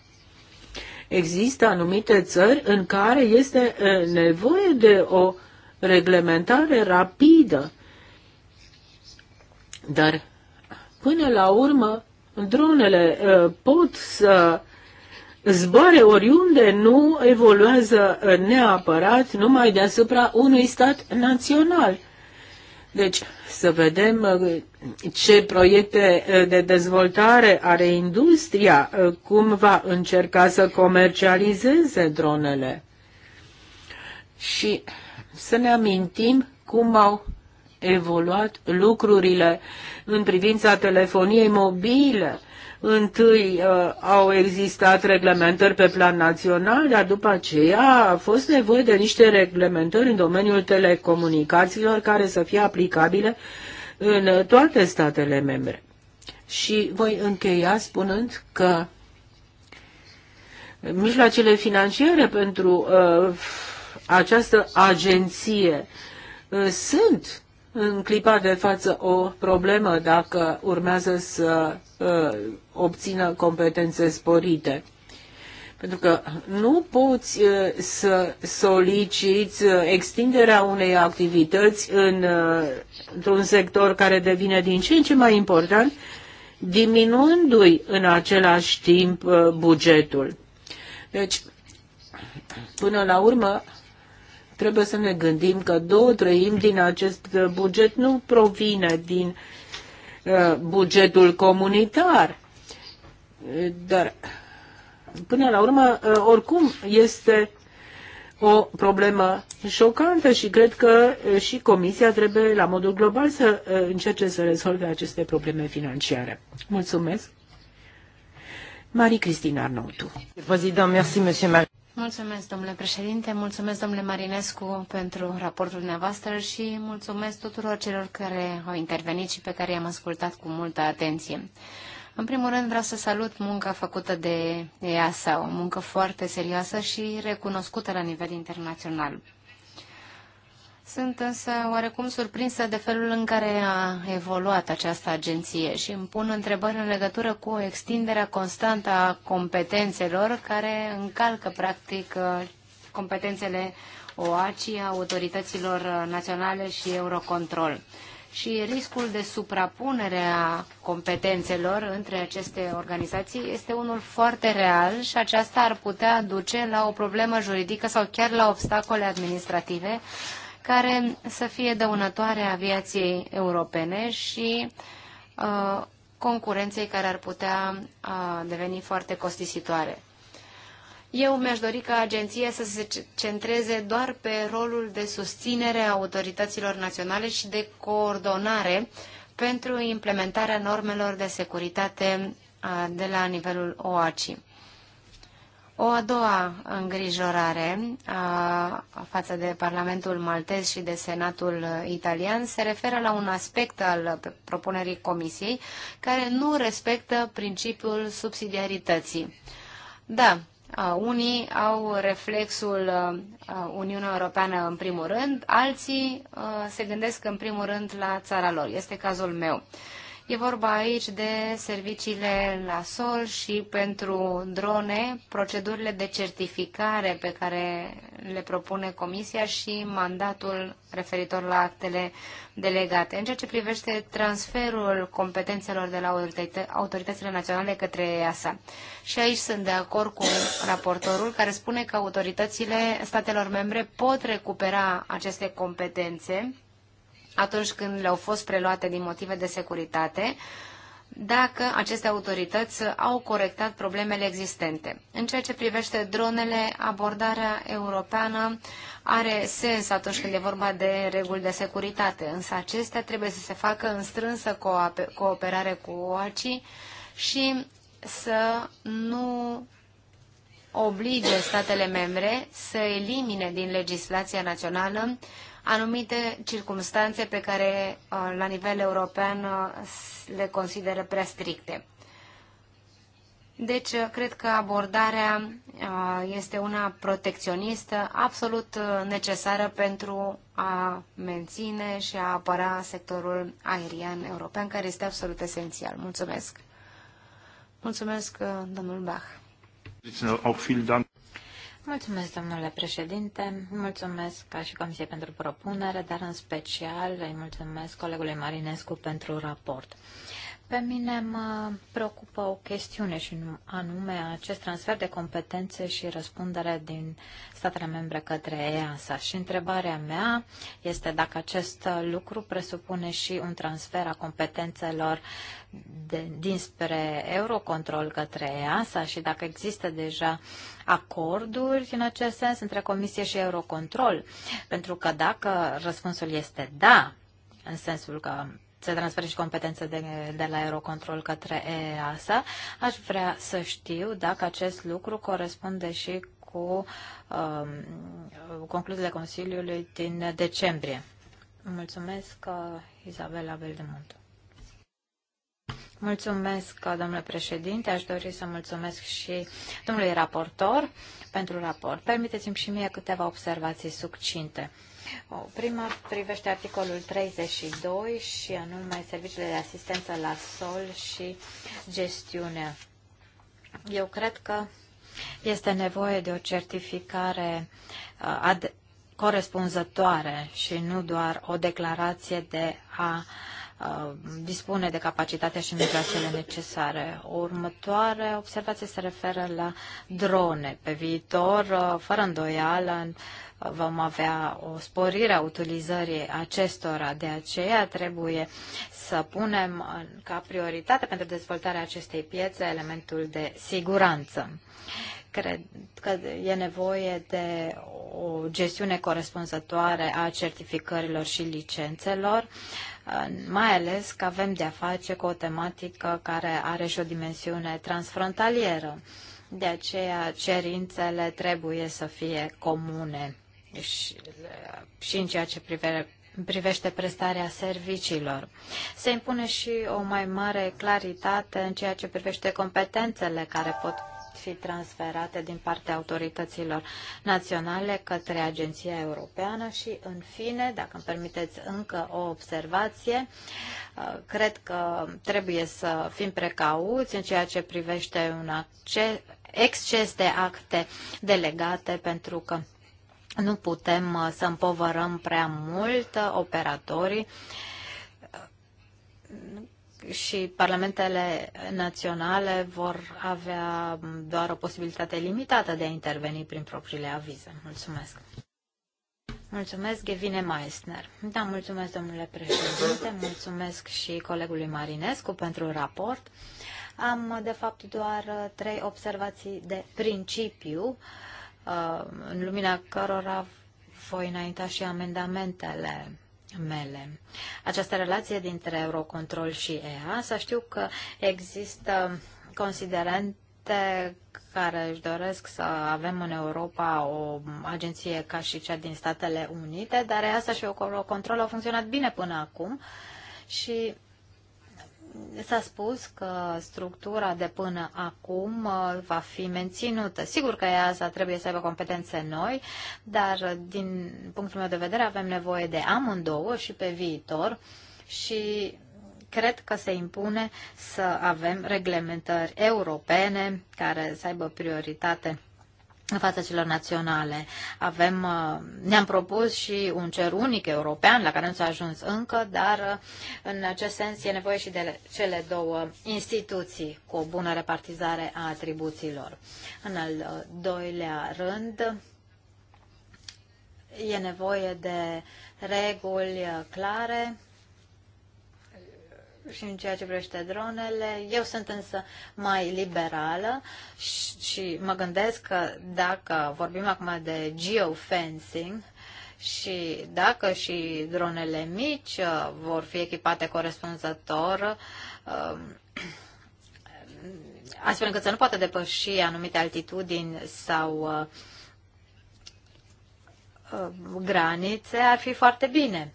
Există anumite țări în care este uh, nevoie de o uh, reglementare rapidă. Dar, până la urmă, dronele uh, pot să zboare oriunde, nu evoluează neapărat numai deasupra unui stat național. Deci, să vedem uh, ce proiecte uh, de dezvoltare are industria, cum va încerca să comercializeze dronele. Și să ne amintim cum au evoluat lucrurile în privința telefoniei mobile. Întâi uh, au existat reglementări pe plan național, dar după aceea a fost nevoie de niște reglementări în domeniul telecomunicațiilor care să fie aplicabile în toate statele membre. Și voi încheia spunând că mijloacele financiare pentru uh, această agenție uh, sunt în clipa de față o problemă dacă urmează să uh, obțină competențe sporite. Pentru că nu poți uh, să soliciți uh, extinderea unei activități în, uh, într-un sector care devine din ce în ce mai important, diminuându-i în același timp uh, bugetul. Deci, până la urmă, Trebuie să ne gândim că două treimi din acest buget nu provine din uh, bugetul comunitar. Dar, până la urmă, uh, oricum este o problemă șocantă și cred că uh, și Comisia trebuie, la modul global, să încerce să rezolve aceste probleme financiare. Mulțumesc! Marie-Christine Arnautu. Mulțumesc, domnule președinte, mulțumesc, domnule Marinescu, pentru raportul dumneavoastră și mulțumesc tuturor celor care au intervenit și pe care i-am ascultat cu multă atenție. În primul rând vreau să salut munca făcută de EASA, o muncă foarte serioasă și recunoscută la nivel internațional. Sunt însă oarecum surprinsă de felul în care a evoluat această agenție și îmi pun întrebări în legătură cu extinderea constantă a competențelor care încalcă practic competențele OACI, a autorităților naționale și Eurocontrol și riscul de suprapunere a competențelor între aceste organizații este unul foarte real și aceasta ar putea duce la o problemă juridică sau chiar la obstacole administrative care să fie dăunătoare aviației europene și uh, concurenței care ar putea uh, deveni foarte costisitoare. Eu mi-aș dori ca agenția să se centreze doar pe rolul de susținere a autorităților naționale și de coordonare pentru implementarea normelor de securitate uh, de la nivelul OACI. O a doua îngrijorare a, față de Parlamentul maltez și de Senatul italian se referă la un aspect al propunerii Comisiei care nu respectă principiul subsidiarității. Da, unii au reflexul Uniunea Europeană în primul rând, alții se gândesc în primul rând la țara lor. Este cazul meu. E vorba aici de serviciile la sol și pentru drone, procedurile de certificare pe care le propune Comisia și mandatul referitor la actele delegate. În ceea ce privește transferul competențelor de la autoritățile naționale către EASA. Și aici sunt de acord cu raportorul care spune că autoritățile statelor membre pot recupera aceste competențe atunci când le-au fost preluate din motive de securitate, dacă aceste autorități au corectat problemele existente. În ceea ce privește dronele, abordarea europeană are sens atunci când e vorba de reguli de securitate, însă acestea trebuie să se facă în strânsă cooperare cu OACI și să nu oblige statele membre să elimine din legislația națională anumite circumstanțe pe care uh, la nivel european uh, le consideră prea stricte. Deci, uh, cred că abordarea este una protecționistă, absolut necesară pentru a menține și a apăra sectorul aerian european, care este absolut esențial. Mulțumesc! Mulțumesc, domnul Bach! Mulțumesc, domnule președinte, mulțumesc ca și Comisie pentru propunere, dar în special îi mulțumesc colegului Marinescu pentru raport. Pe mine mă preocupă o chestiune și anume acest transfer de competențe și răspundere din statele membre către EASA. Și întrebarea mea este dacă acest lucru presupune și un transfer a competențelor de, dinspre Eurocontrol către EASA și dacă există deja acorduri în acest sens între Comisie și Eurocontrol. Pentru că dacă răspunsul este da, în sensul că se transferă și competențe de, de la Eurocontrol către EASA. Aș vrea să știu dacă acest lucru corespunde și cu um, concluziile Consiliului din decembrie. Mulțumesc, uh, Isabela Beldemont. Mulțumesc, uh, domnule președinte. Aș dori să mulțumesc și domnului raportor pentru raport. Permiteți-mi și mie câteva observații succinte. Prima privește articolul 32 și anume serviciile de asistență la sol și gestiunea. Eu cred că este nevoie de o certificare uh, ad- corespunzătoare și nu doar o declarație de a uh, dispune de capacitatea și mijloacele necesare. O următoare observație se referă la drone. Pe viitor, uh, fără îndoială, vom avea o sporire a utilizării acestora. De aceea trebuie să punem ca prioritate pentru dezvoltarea acestei piețe elementul de siguranță. Cred că e nevoie de o gestiune corespunzătoare a certificărilor și licențelor, mai ales că avem de-a face cu o tematică care are și o dimensiune transfrontalieră. De aceea cerințele trebuie să fie comune și, și în ceea ce prive, privește prestarea serviciilor. Se impune și o mai mare claritate în ceea ce privește competențele care pot fi transferate din partea autorităților naționale către Agenția Europeană și, în fine, dacă îmi permiteți încă o observație, cred că trebuie să fim precauți în ceea ce privește un acces, exces de acte delegate pentru că nu putem uh, să împovărăm prea mult uh, operatorii și parlamentele naționale vor avea doar o posibilitate limitată de a interveni prin propriile avize. Mulțumesc! Mulțumesc, Gevine Meissner. Da, mulțumesc, domnule președinte, mulțumesc și colegului Marinescu pentru raport. Am, de fapt, doar trei observații de principiu. Uh, Uh, în lumina cărora voi înainta și amendamentele mele. Această relație dintre Eurocontrol și EA, să știu că există considerente care își doresc să avem în Europa o agenție ca și cea din Statele Unite, dar EASA și Eurocontrol au funcționat bine până acum și s-a spus că structura de până acum uh, va fi menținută. Sigur că EASA trebuie să aibă competențe noi, dar din punctul meu de vedere avem nevoie de amândouă și pe viitor și cred că se impune să avem reglementări europene care să aibă prioritate în fața celor naționale. Avem, uh, ne-am propus și un cer unic european, la care nu s-a ajuns încă, dar uh, în acest sens e nevoie și de cele două instituții cu o bună repartizare a atribuțiilor. În al uh, doilea rând, e nevoie de reguli clare și în ceea ce privește dronele. Eu sunt însă mai liberală și, și mă gândesc că dacă vorbim acum de geofencing, și dacă și dronele mici uh, vor fi echipate corespunzător, um, astfel încât să nu poată depăși anumite altitudini sau uh, uh, granițe, ar fi foarte bine.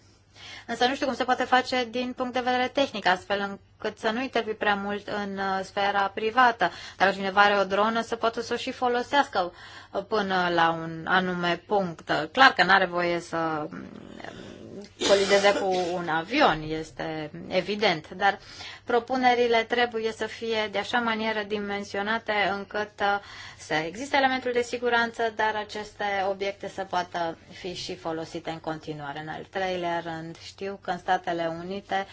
Însă nu știu cum se poate face din punct de vedere tehnic, astfel încât să nu intervi prea mult în uh, sfera privată. Dacă cineva are o dronă, să poată să o și folosească uh, până la un anume punct. Clar că nu are voie să colideze cu un avion, este evident, dar propunerile trebuie să fie de așa manieră dimensionate încât uh, să existe elementul de siguranță, dar aceste obiecte să poată fi și folosite în continuare. În al treilea rând, știu că în Statele Unite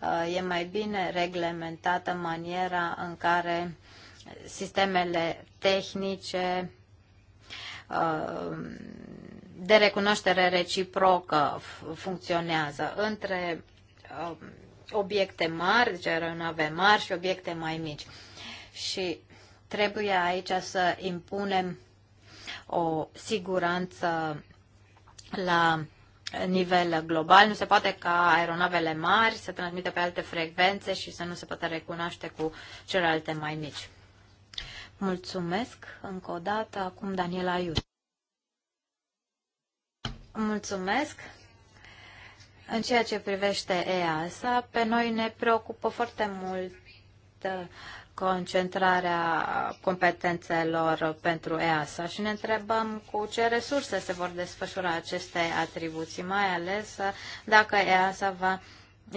uh, e mai bine reglementată maniera în care sistemele tehnice uh, de recunoaștere reciprocă funcționează între um, obiecte mari, deci aeronave mari și obiecte mai mici. Și trebuie aici să impunem o siguranță la nivel global. Nu se poate ca aeronavele mari să transmită pe alte frecvențe și să nu se poată recunoaște cu celelalte mai mici. Mulțumesc încă o dată. Acum Daniela Iud. Mulțumesc. În ceea ce privește EASA, pe noi ne preocupă foarte mult uh, concentrarea competențelor pentru EASA și ne întrebăm cu ce resurse se vor desfășura aceste atribuții, mai ales uh, dacă EASA va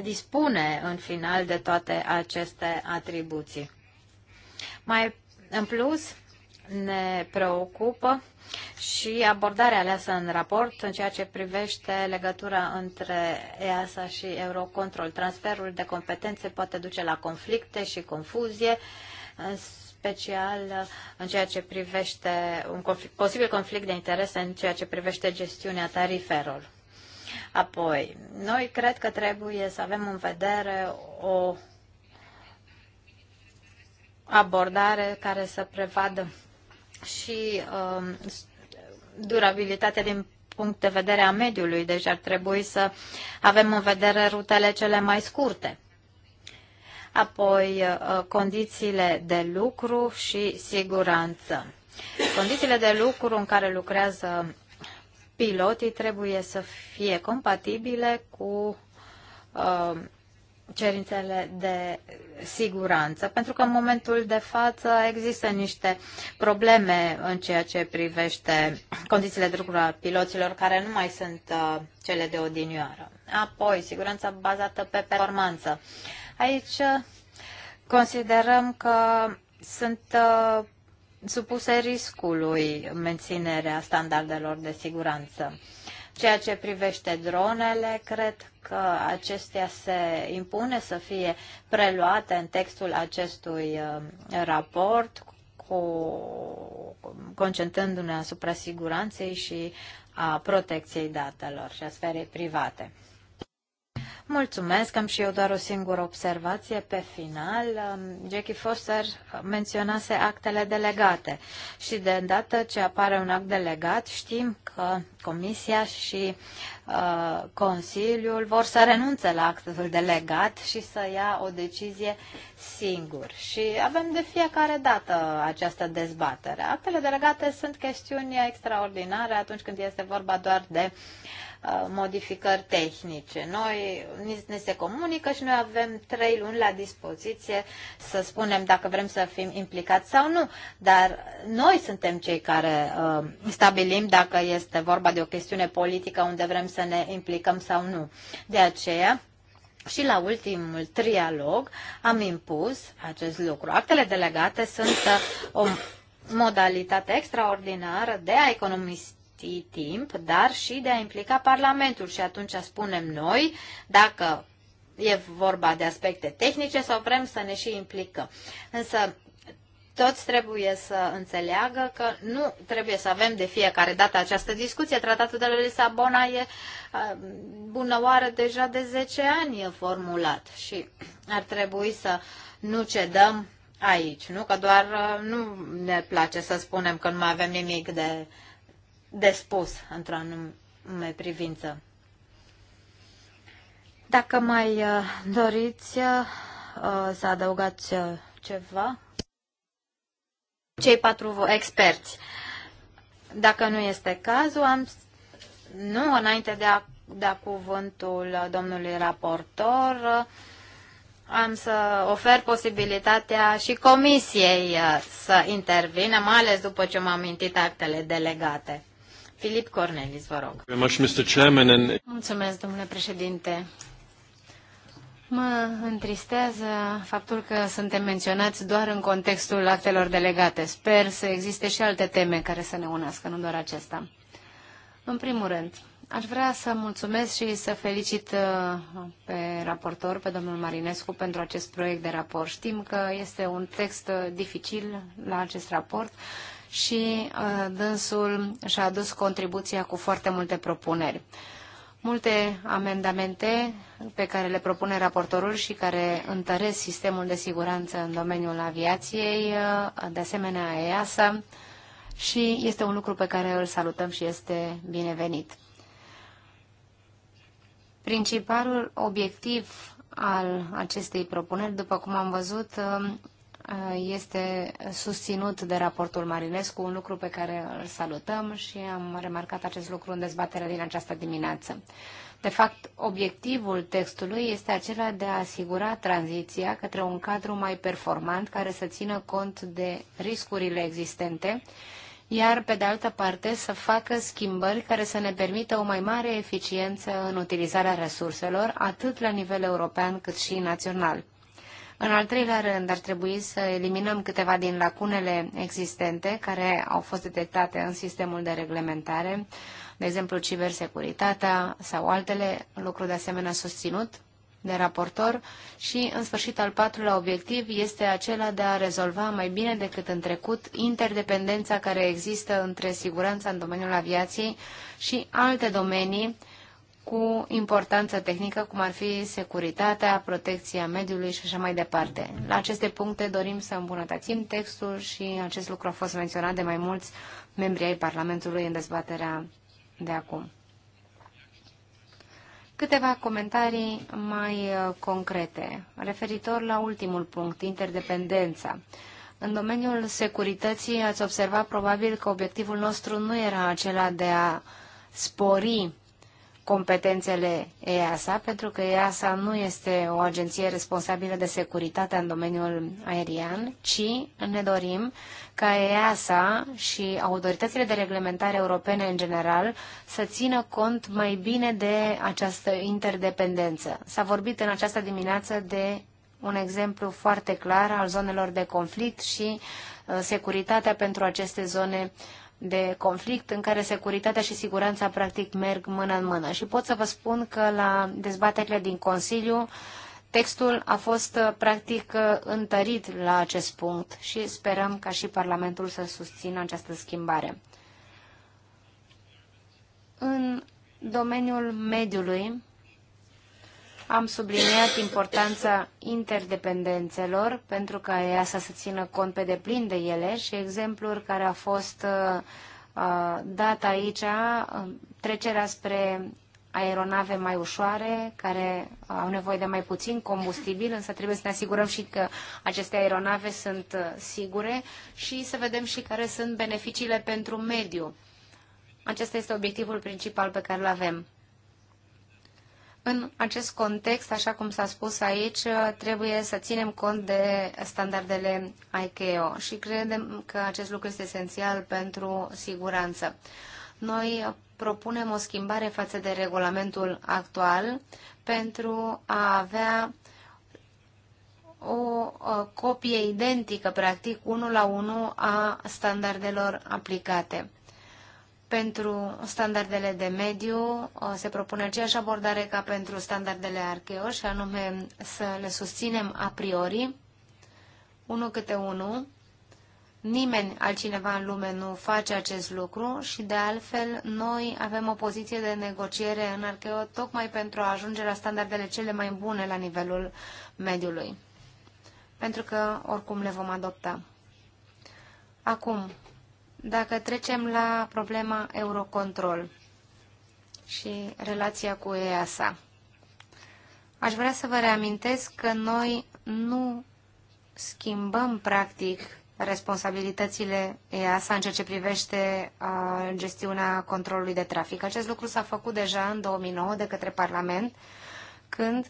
dispune în final de toate aceste atribuții. Mai în plus, ne preocupă și abordarea aleasă în raport în ceea ce privește legătura între EASA și Eurocontrol. Transferul de competențe poate duce la conflicte și confuzie, în special în ceea ce privește un conflict, posibil conflict de interese în ceea ce privește gestiunea tariferelor. Apoi, noi cred că trebuie să avem în vedere o abordare care să prevadă și um, durabilitatea din punct de vedere a mediului, deci ar trebui să avem în vedere rutele cele mai scurte. Apoi, uh, condițiile de lucru și siguranță. Condițiile de lucru în care lucrează pilotii trebuie să fie compatibile cu uh, cerințele de siguranță, pentru că în momentul de față există niște probleme în ceea ce privește condițiile de lucru a piloților care nu mai sunt uh, cele de odinioară. Apoi, siguranța bazată pe performanță. Aici uh, considerăm că sunt uh, supuse riscului menținerea standardelor de siguranță. Uh, Ceea ce privește dronele, cred că acestea se impune să fie preluate în textul acestui uh, raport, cu, concentrându-ne asupra siguranței și a protecției datelor și a sferei private. Mulțumesc, am și eu doar o singură observație pe final. Um, Jackie Foster menționase actele delegate și de îndată ce apare un act delegat știm că Comisia și uh, Consiliul vor să renunțe la actul delegat și să ia o decizie singur. Și avem de fiecare dată această dezbatere. Actele delegate sunt chestiuni extraordinare atunci când este vorba doar de uh, Uh, modificări tehnice. Noi ne se comunică și noi avem trei luni la dispoziție să spunem dacă vrem să fim implicați sau nu, dar noi suntem cei care uh, stabilim dacă este vorba de o chestiune politică unde vrem să ne implicăm sau nu. De aceea, și la ultimul trialog am impus acest lucru. Actele delegate sunt uh, o modalitate extraordinară de a economisi investi timp, dar și de a implica Parlamentul. Și atunci spunem noi dacă e vorba de aspecte tehnice sau vrem să ne și implicăm. Însă toți trebuie să înțeleagă că nu trebuie să avem de fiecare dată această discuție. Tratatul de la Lisabona e bună oară deja de 10 ani e formulat și ar trebui să nu cedăm aici, nu? Că doar nu ne place să spunem că nu mai avem nimic de de spus într-o anume privință. Dacă mai uh, doriți uh, uh, să adăugați ceva, cei patru experți. Dacă nu este cazul, am nu înainte de a da cuvântul domnului raportor, am să ofer posibilitatea și comisiei să intervină, mai ales după ce m-am mintit actele delegate. Filip Cornelis, vă rog. Mulțumesc, domnule președinte. Mă întristează faptul că suntem menționați doar în contextul actelor delegate. Sper să existe și alte teme care să ne unească, nu doar acesta. În primul rând, aș vrea să mulțumesc și să felicit uh, pe raportor, pe domnul Marinescu, pentru acest proiect de raport. Știm că este un text uh, dificil la acest raport și uh, dânsul și-a adus contribuția cu foarte multe propuneri. Multe amendamente pe care le propune raportorul și care întăresc sistemul de siguranță în domeniul aviației, uh, de asemenea EASA, și este un lucru pe care îl salutăm și este binevenit. Principalul obiectiv al acestei propuneri, după cum am văzut, uh, este susținut de raportul Marinescu, un lucru pe care îl salutăm și am remarcat acest lucru în dezbaterea din această dimineață. De fapt, obiectivul textului este acela de a asigura tranziția către un cadru mai performant care să țină cont de riscurile existente, iar, pe de altă parte, să facă schimbări care să ne permită o mai mare eficiență în utilizarea resurselor, atât la nivel european cât și național. În al treilea rând, ar trebui să eliminăm câteva din lacunele existente care au fost detectate în sistemul de reglementare, de exemplu cibersecuritatea sau altele, lucru de asemenea susținut de raportor și, în sfârșit, al patrulea obiectiv este acela de a rezolva mai bine decât în trecut interdependența care există între siguranța în domeniul aviației și alte domenii cu importanță tehnică, cum ar fi securitatea, protecția mediului și așa mai departe. La aceste puncte dorim să îmbunătățim textul și acest lucru a fost menționat de mai mulți membri ai Parlamentului în dezbaterea de acum. Câteva comentarii mai uh, concrete, referitor la ultimul punct, interdependența. În domeniul securității ați observat probabil că obiectivul nostru nu era acela de a spori competențele EASA, pentru că EASA nu este o agenție responsabilă de securitate în domeniul aerian, ci ne dorim ca EASA și autoritățile de reglementare europene în general să țină cont mai bine de această interdependență. S-a vorbit în această dimineață de un exemplu foarte clar al zonelor de conflict și uh, securitatea pentru aceste zone de conflict în care securitatea și siguranța practic merg mână în mână. Și pot să vă spun că la dezbaterile din Consiliu textul a fost uh, practic uh, întărit la acest punct și sperăm ca și Parlamentul să susțină această schimbare. În domeniul mediului, am subliniat importanța interdependențelor pentru ca ea să se țină cont pe deplin de ele și exemplul care a fost uh, uh dat aici, uh, trecerea spre aeronave mai ușoare, care au nevoie de mai puțin combustibil, însă trebuie să ne asigurăm și că aceste aeronave sunt uh, sigure și să vedem și care sunt beneficiile pentru mediu. Acesta este obiectivul principal pe care îl avem. În acest context, așa cum s-a spus aici, trebuie să ținem cont de standardele ICAO și credem că acest lucru este esențial pentru siguranță. Noi propunem o schimbare față de regulamentul actual pentru a avea o copie identică, practic, unul la unul a standardelor aplicate pentru standardele de mediu uh, se propune aceeași abordare ca pentru standardele archeo și anume să le susținem a priori, unul câte unul. Nimeni altcineva în lume nu face acest lucru și de altfel noi avem o poziție de negociere în archeo tocmai pentru a ajunge la standardele cele mai bune la nivelul mediului, pentru că oricum le vom adopta. Acum, dacă trecem la problema Eurocontrol și relația cu EASA, aș vrea să vă reamintesc că noi nu schimbăm practic responsabilitățile EASA în ceea ce privește uh, gestiunea controlului de trafic. Acest lucru s-a făcut deja în 2009 de către Parlament, când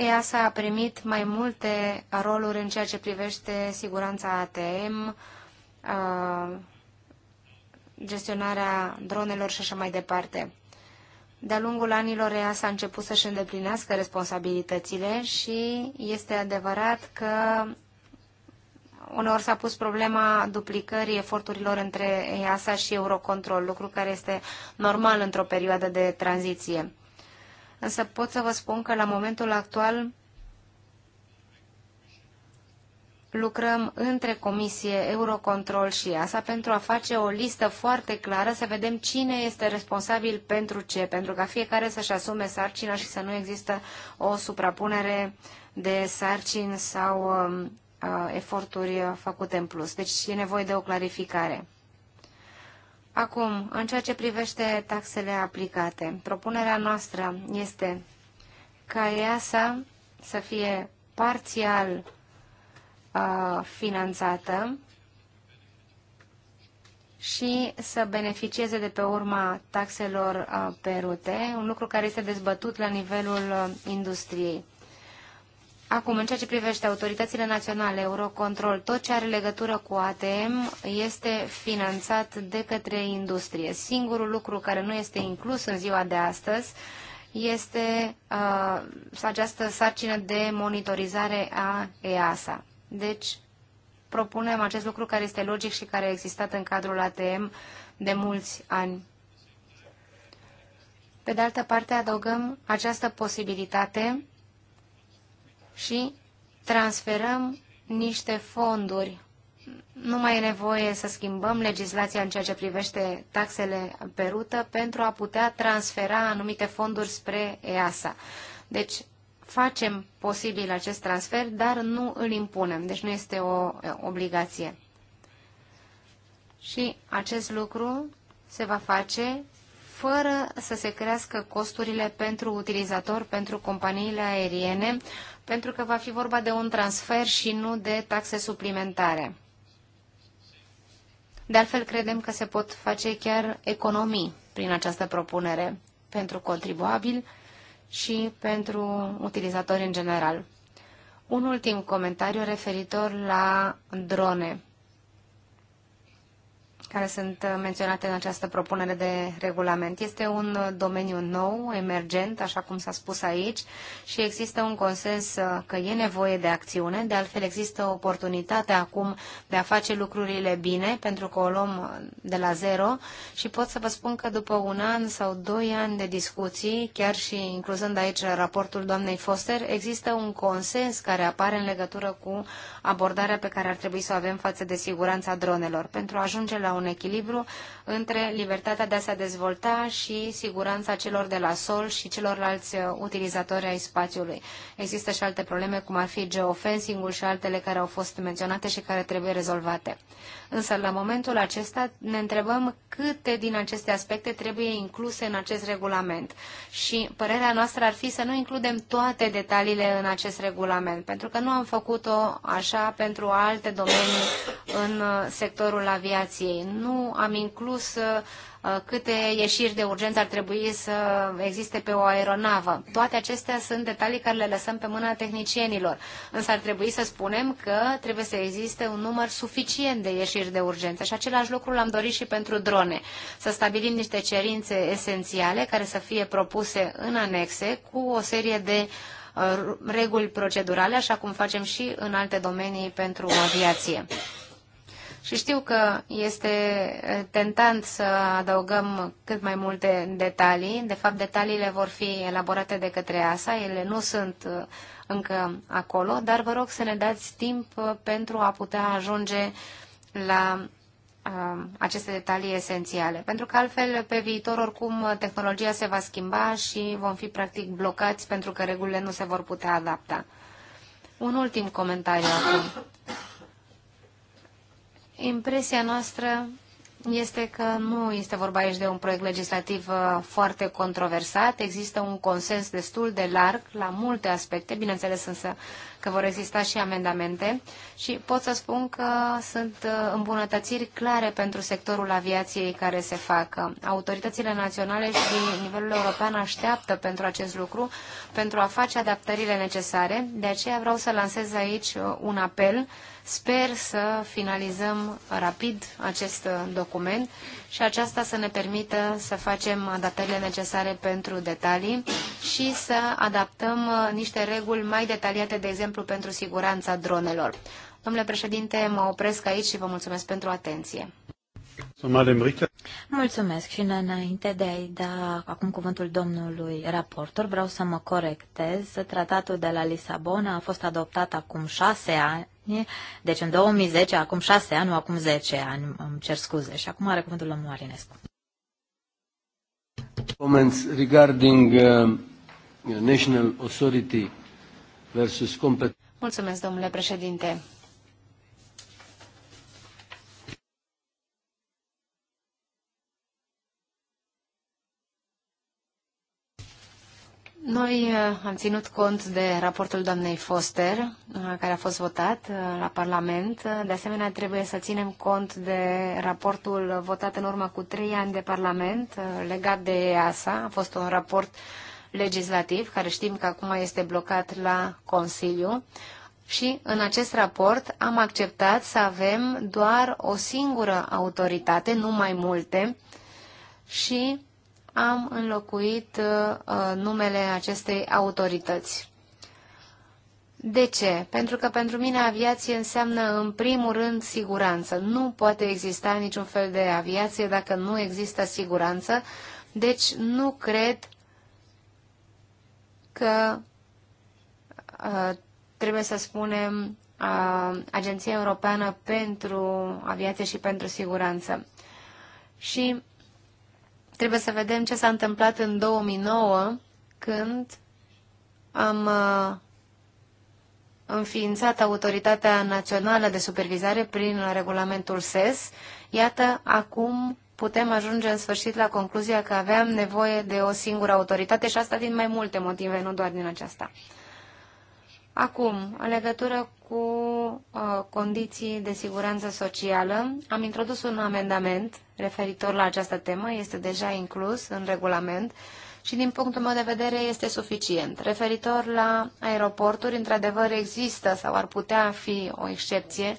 EASA a primit mai multe roluri în ceea ce privește siguranța ATM, gestionarea dronelor și așa mai departe. De-a lungul anilor, ea s-a început să-și îndeplinească responsabilitățile și este adevărat că uneori s-a pus problema duplicării eforturilor între EASA și Eurocontrol, lucru care este normal într-o perioadă de tranziție însă pot să vă spun că la momentul actual lucrăm între Comisie, Eurocontrol și EASA pentru a face o listă foarte clară, să vedem cine este responsabil pentru ce, pentru ca fiecare să-și asume sarcina și să nu există o suprapunere de sarcini sau um, uh, eforturi făcute în plus. Deci e nevoie de o clarificare. Acum, în ceea ce privește taxele aplicate, propunerea noastră este ca EASA să fie parțial uh, finanțată și să beneficieze de pe urma taxelor uh, pe rute, un lucru care este dezbătut la nivelul uh, industriei. Acum, în ceea ce privește autoritățile naționale, Eurocontrol, tot ce are legătură cu ATM este finanțat de către industrie. Singurul lucru care nu este inclus în ziua de astăzi este uh, această sarcină de monitorizare a EASA. Deci, propunem acest lucru care este logic și care a existat în cadrul ATM de mulți ani. Pe de altă parte, adăugăm această posibilitate și transferăm niște fonduri. Nu mai e nevoie să schimbăm legislația în ceea ce privește taxele pe rută pentru a putea transfera anumite fonduri spre EASA. Deci facem posibil acest transfer, dar nu îl impunem, deci nu este o obligație. Și acest lucru se va face fără să se crească costurile pentru utilizator, pentru companiile aeriene, pentru că va fi vorba de un transfer și nu de taxe suplimentare. De altfel, credem că se pot face chiar economii prin această propunere pentru contribuabil și pentru utilizatori în general. Un ultim comentariu referitor la drone care sunt uh, menționate în această propunere de regulament. Este un uh, domeniu nou, emergent, așa cum s-a spus aici, și există un consens uh, că e nevoie de acțiune, de altfel există oportunitatea acum de a face lucrurile bine, pentru că o luăm de la zero și pot să vă spun că după un an sau doi ani de discuții, chiar și incluzând aici raportul doamnei Foster, există un consens care apare în legătură cu abordarea pe care ar trebui să o avem față de siguranța dronelor. Pentru a ajunge la un echilibru între libertatea de a se dezvolta și siguranța celor de la sol și celorlalți uh, utilizatori ai spațiului. Există și alte probleme, cum ar fi geofencing-ul și altele care au fost menționate și care trebuie rezolvate. Însă, la momentul acesta, ne întrebăm câte din aceste aspecte trebuie incluse în acest regulament. Și părerea noastră ar fi să nu includem toate detaliile în acest regulament, pentru că nu am făcut-o așa pentru alte domenii în uh, sectorul aviației. Nu am inclus uh, câte ieșiri de urgență ar trebui să existe pe o aeronavă. Toate acestea sunt detalii care le lăsăm pe mâna tehnicienilor. Însă ar trebui să spunem că trebuie să existe un număr suficient de ieșiri de urgență și același lucru l-am dorit și pentru drone. Să stabilim niște cerințe esențiale care să fie propuse în anexe cu o serie de uh, reguli procedurale, așa cum facem și în alte domenii pentru aviație. Și știu că este tentant să adăugăm cât mai multe detalii. De fapt, detaliile vor fi elaborate de către ASA, ele nu sunt încă acolo, dar vă rog să ne dați timp pentru a putea ajunge la aceste detalii esențiale. Pentru că altfel, pe viitor, oricum, tehnologia se va schimba și vom fi practic blocați pentru că regulile nu se vor putea adapta. Un ultim comentariu acum. Impresia noastră este că nu este vorba aici de un proiect legislativ uh, foarte controversat. Există un consens destul de larg la multe aspecte, bineînțeles însă că vor exista și amendamente și pot să spun că sunt uh, îmbunătățiri clare pentru sectorul aviației care se fac. Autoritățile naționale și nivelul european așteaptă pentru acest lucru, pentru a face adaptările necesare. De aceea vreau să lansez aici uh, un apel Sper să finalizăm rapid acest document și aceasta să ne permită să facem adaptările necesare pentru detalii și să adaptăm niște reguli mai detaliate, de exemplu, pentru siguranța dronelor. Domnule președinte, mă opresc aici și vă mulțumesc pentru atenție. Mulțumesc și înainte de a-i da acum cuvântul domnului raportor, vreau să mă corectez. Tratatul de la Lisabona a fost adoptat acum șase ani, deci în 2010, acum 6 ani, nu acum 10 ani, îmi cer scuze. Și acum are cuvântul domnul Marinescu. Comments regarding uh, national authority versus competence. Mulțumesc, domnule președinte. Noi uh, am ținut cont de raportul doamnei Foster, uh, care a fost votat uh, la Parlament. De asemenea, trebuie să ținem cont de raportul votat în urmă cu trei ani de Parlament legat de EASA. A fost un raport legislativ, care știm că acum este blocat la Consiliu. Și în acest raport am acceptat să avem doar o singură autoritate, nu mai multe, și am înlocuit uh, numele acestei autorități. De ce? Pentru că pentru mine aviație înseamnă în primul rând siguranță. Nu poate exista niciun fel de aviație dacă nu există siguranță. Deci nu cred că uh, trebuie să spunem uh, Agenția Europeană pentru Aviație și pentru Siguranță. Și Trebuie să vedem ce s-a întâmplat în 2009, când am uh, înființat Autoritatea Națională de Supervizare prin regulamentul SES. Iată, acum putem ajunge în sfârșit la concluzia că aveam nevoie de o singură autoritate și asta din mai multe motive, nu doar din aceasta. Acum, în legătură cu uh, condiții de siguranță socială, am introdus un amendament referitor la această temă este deja inclus în regulament și din punctul meu de vedere este suficient. Referitor la aeroporturi, într-adevăr există sau ar putea fi o excepție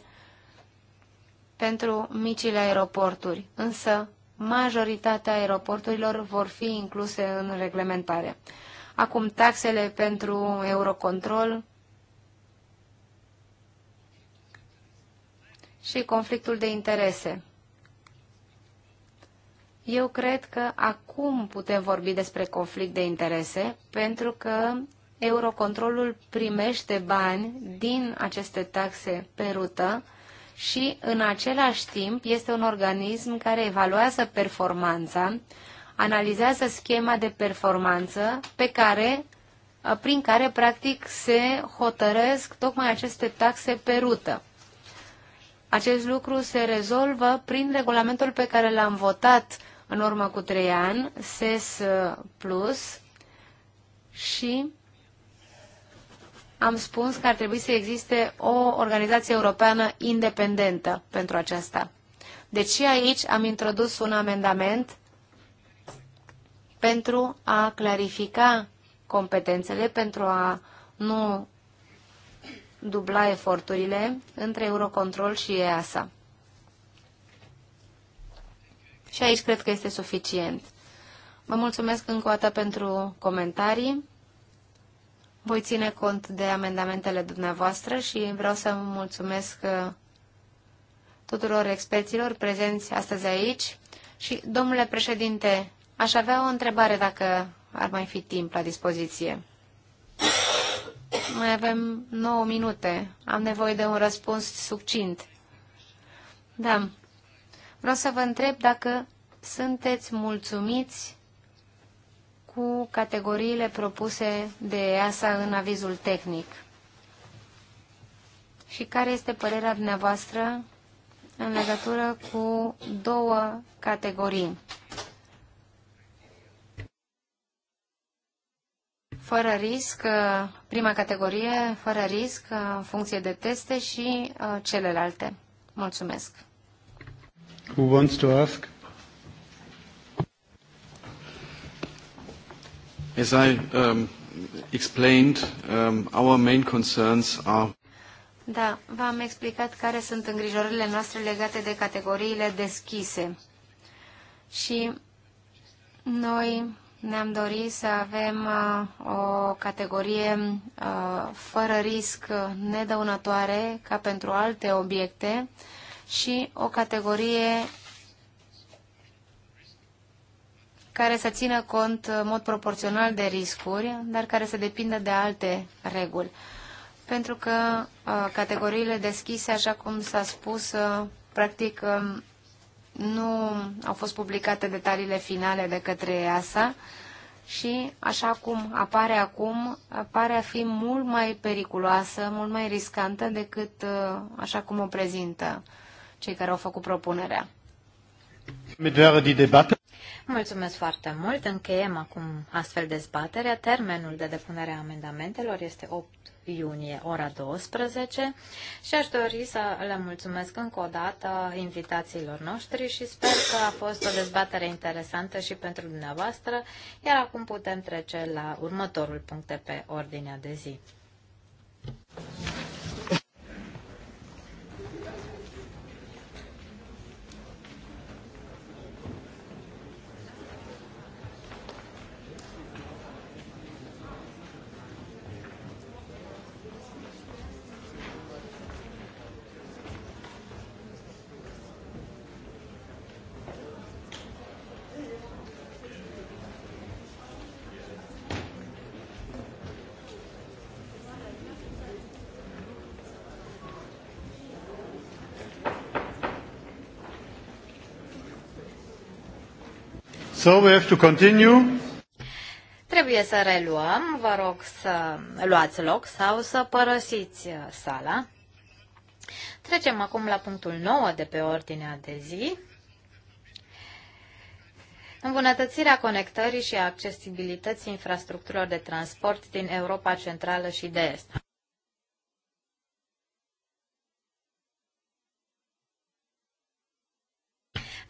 pentru micile aeroporturi, însă majoritatea aeroporturilor vor fi incluse în reglementare. Acum, taxele pentru Eurocontrol și conflictul de interese. Eu cred că acum putem vorbi despre conflict de interese, pentru că Eurocontrolul primește bani din aceste taxe pe rută și în același timp este un organism care evaluează performanța, analizează schema de performanță pe care, uh, prin care practic se hotărăsc tocmai aceste taxe pe rută. Acest lucru se rezolvă prin regulamentul pe care l-am votat în urmă cu trei ani, SES Plus, și am spus că ar trebui să existe o organizație europeană independentă pentru aceasta. Deci aici am introdus un amendament pentru a clarifica competențele, pentru a nu dubla eforturile între Eurocontrol și EASA. Și aici cred că este suficient. Vă mulțumesc încă o dată pentru comentarii. Voi ține cont de amendamentele dumneavoastră și vreau să mulțumesc uh, tuturor experților prezenți astăzi aici. Și, domnule președinte, aș avea o întrebare dacă ar mai fi timp la dispoziție. Mai avem 9 minute. Am nevoie de un răspuns succint. Da, Vreau să vă întreb dacă sunteți mulțumiți cu categoriile propuse de EASA în avizul tehnic. Și care este părerea dumneavoastră în legătură cu două categorii? Fără risc, prima categorie, fără risc, funcție de teste și uh, celelalte. Mulțumesc! Who wants to ask? As I um, explained, um, our main concerns are da, v-am explicat care sunt îngrijorările noastre legate de categoriile deschise. Și noi ne-am dorit să avem uh, o categorie uh, fără risc nedăunătoare ca pentru alte obiecte, și o categorie care să țină cont în mod proporțional de riscuri, dar care să depindă de alte reguli. Pentru că uh, categoriile deschise, așa cum s-a spus, uh, practic um, nu au fost publicate detaliile finale de către EASA și, așa cum apare acum, uh, pare a fi mult mai periculoasă, mult mai riscantă decât așa cum o prezintă cei care au făcut propunerea. Mulțumesc foarte mult. Încheiem acum astfel dezbaterea. Termenul de depunere a amendamentelor este 8 iunie, ora 12 și aș dori să le mulțumesc încă o dată invitațiilor noștri și sper că a fost o dezbatere interesantă și pentru dumneavoastră, iar acum putem trece la următorul punct pe ordinea de zi. So we have to continue. Trebuie să reluăm, vă rog să luați loc sau să părăsiți uh, sala. Trecem acum la punctul 9 de pe ordinea de zi. Îmbunătățirea conectării și accesibilității infrastructurilor de transport din Europa Centrală și de Est.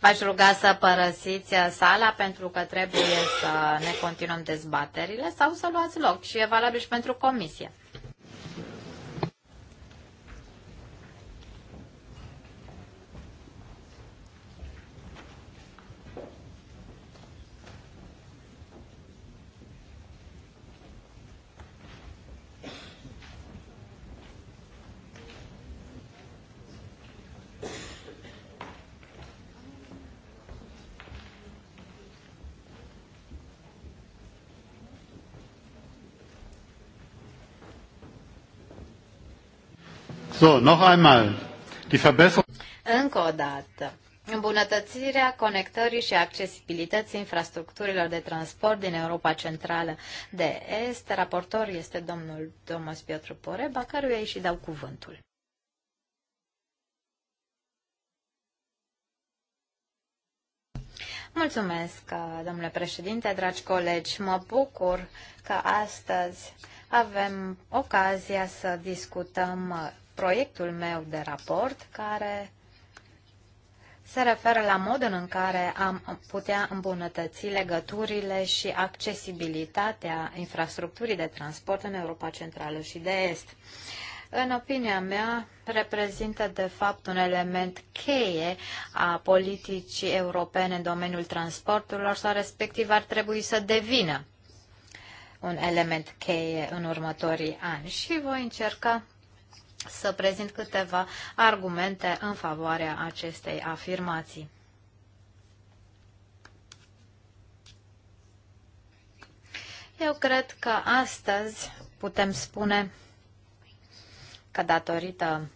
V-aș ruga să părăsiți uh, sala pentru că trebuie să ne continuăm dezbaterile sau să luați loc și e valabil și pentru comisie. So, noch einmal. Die Verbesserung. Încă o dată. Îmbunătățirea conectării și accesibilității infrastructurilor de transport din Europa Centrală de Est. Raportor este domnul Thomas Piotru Poreba, căruia îi și dau cuvântul. Mulțumesc, domnule președinte, dragi colegi. Mă bucur că astăzi avem ocazia să discutăm proiectul meu de raport care se referă la modul în care am putea îmbunătăți legăturile și accesibilitatea infrastructurii de transport în Europa Centrală și de Est. În opinia mea, reprezintă de fapt un element cheie a politicii europene în domeniul transporturilor sau respectiv ar trebui să devină un element cheie în următorii ani și voi încerca să prezint câteva argumente în favoarea acestei afirmații. Eu cred că astăzi putem spune că datorită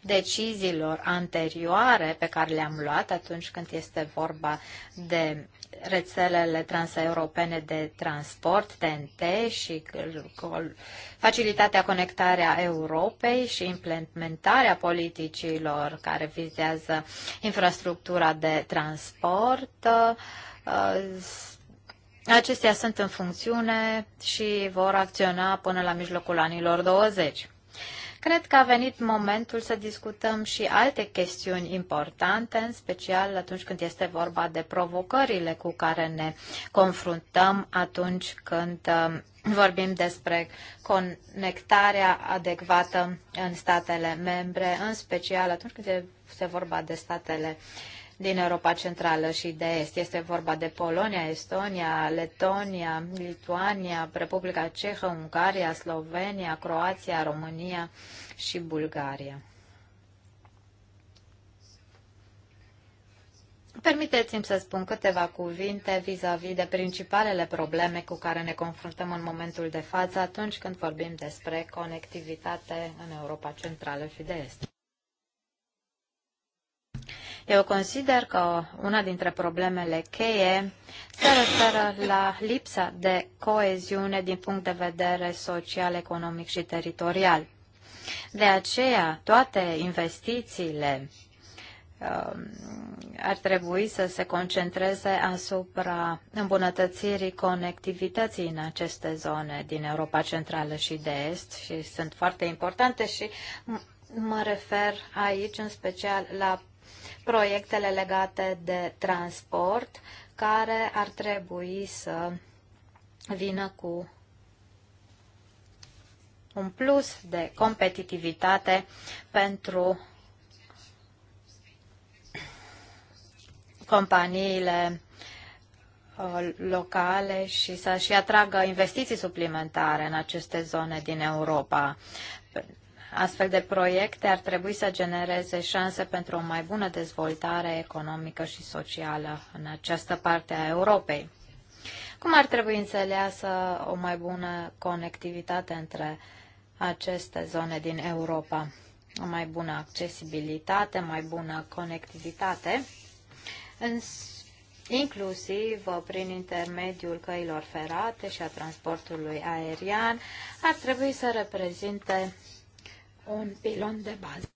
deciziilor anterioare pe care le-am luat atunci când este vorba de rețelele transeuropene de transport, TNT, și facilitatea conectarea Europei și implementarea politicilor care vizează infrastructura de transport. Uh, acestea sunt în funcțiune și vor acționa până la mijlocul anilor 20. Cred că a venit momentul să discutăm și alte chestiuni importante, în special atunci când este vorba de provocările cu care ne confruntăm atunci când um, vorbim despre conectarea adecvată în statele membre, în special atunci când este vorba de statele uh, din Europa Centrală și de Est. Este vorba de Polonia, Estonia, Letonia, Lituania, Republica Cehă, Ungaria, Slovenia, Croația, România și Bulgaria. Permiteți-mi să spun câteva cuvinte vis-a-vis -vis de principalele probleme cu care ne confruntăm în momentul de față atunci când vorbim despre conectivitate în Europa Centrală și de Est. Eu consider că una dintre problemele cheie se referă la lipsa de coeziune din punct de vedere social, economic și teritorial. De aceea, toate investițiile um, ar trebui să se concentreze asupra îmbunătățirii conectivității în aceste zone din Europa Centrală și de Est și sunt foarte importante și mă refer aici în special la proiectele legate de transport care ar trebui să vină cu un plus de competitivitate pentru companiile uh, locale și să și atragă investiții suplimentare în aceste zone din Europa astfel de proiecte ar trebui să genereze șanse pentru o mai bună dezvoltare economică și socială în această parte a Europei. Cum ar trebui înțeleasă o mai bună conectivitate între aceste zone din Europa? O mai bună accesibilitate, mai bună conectivitate, inclusiv prin intermediul căilor ferate și a transportului aerian, ar trebui să reprezinte un pilon de bază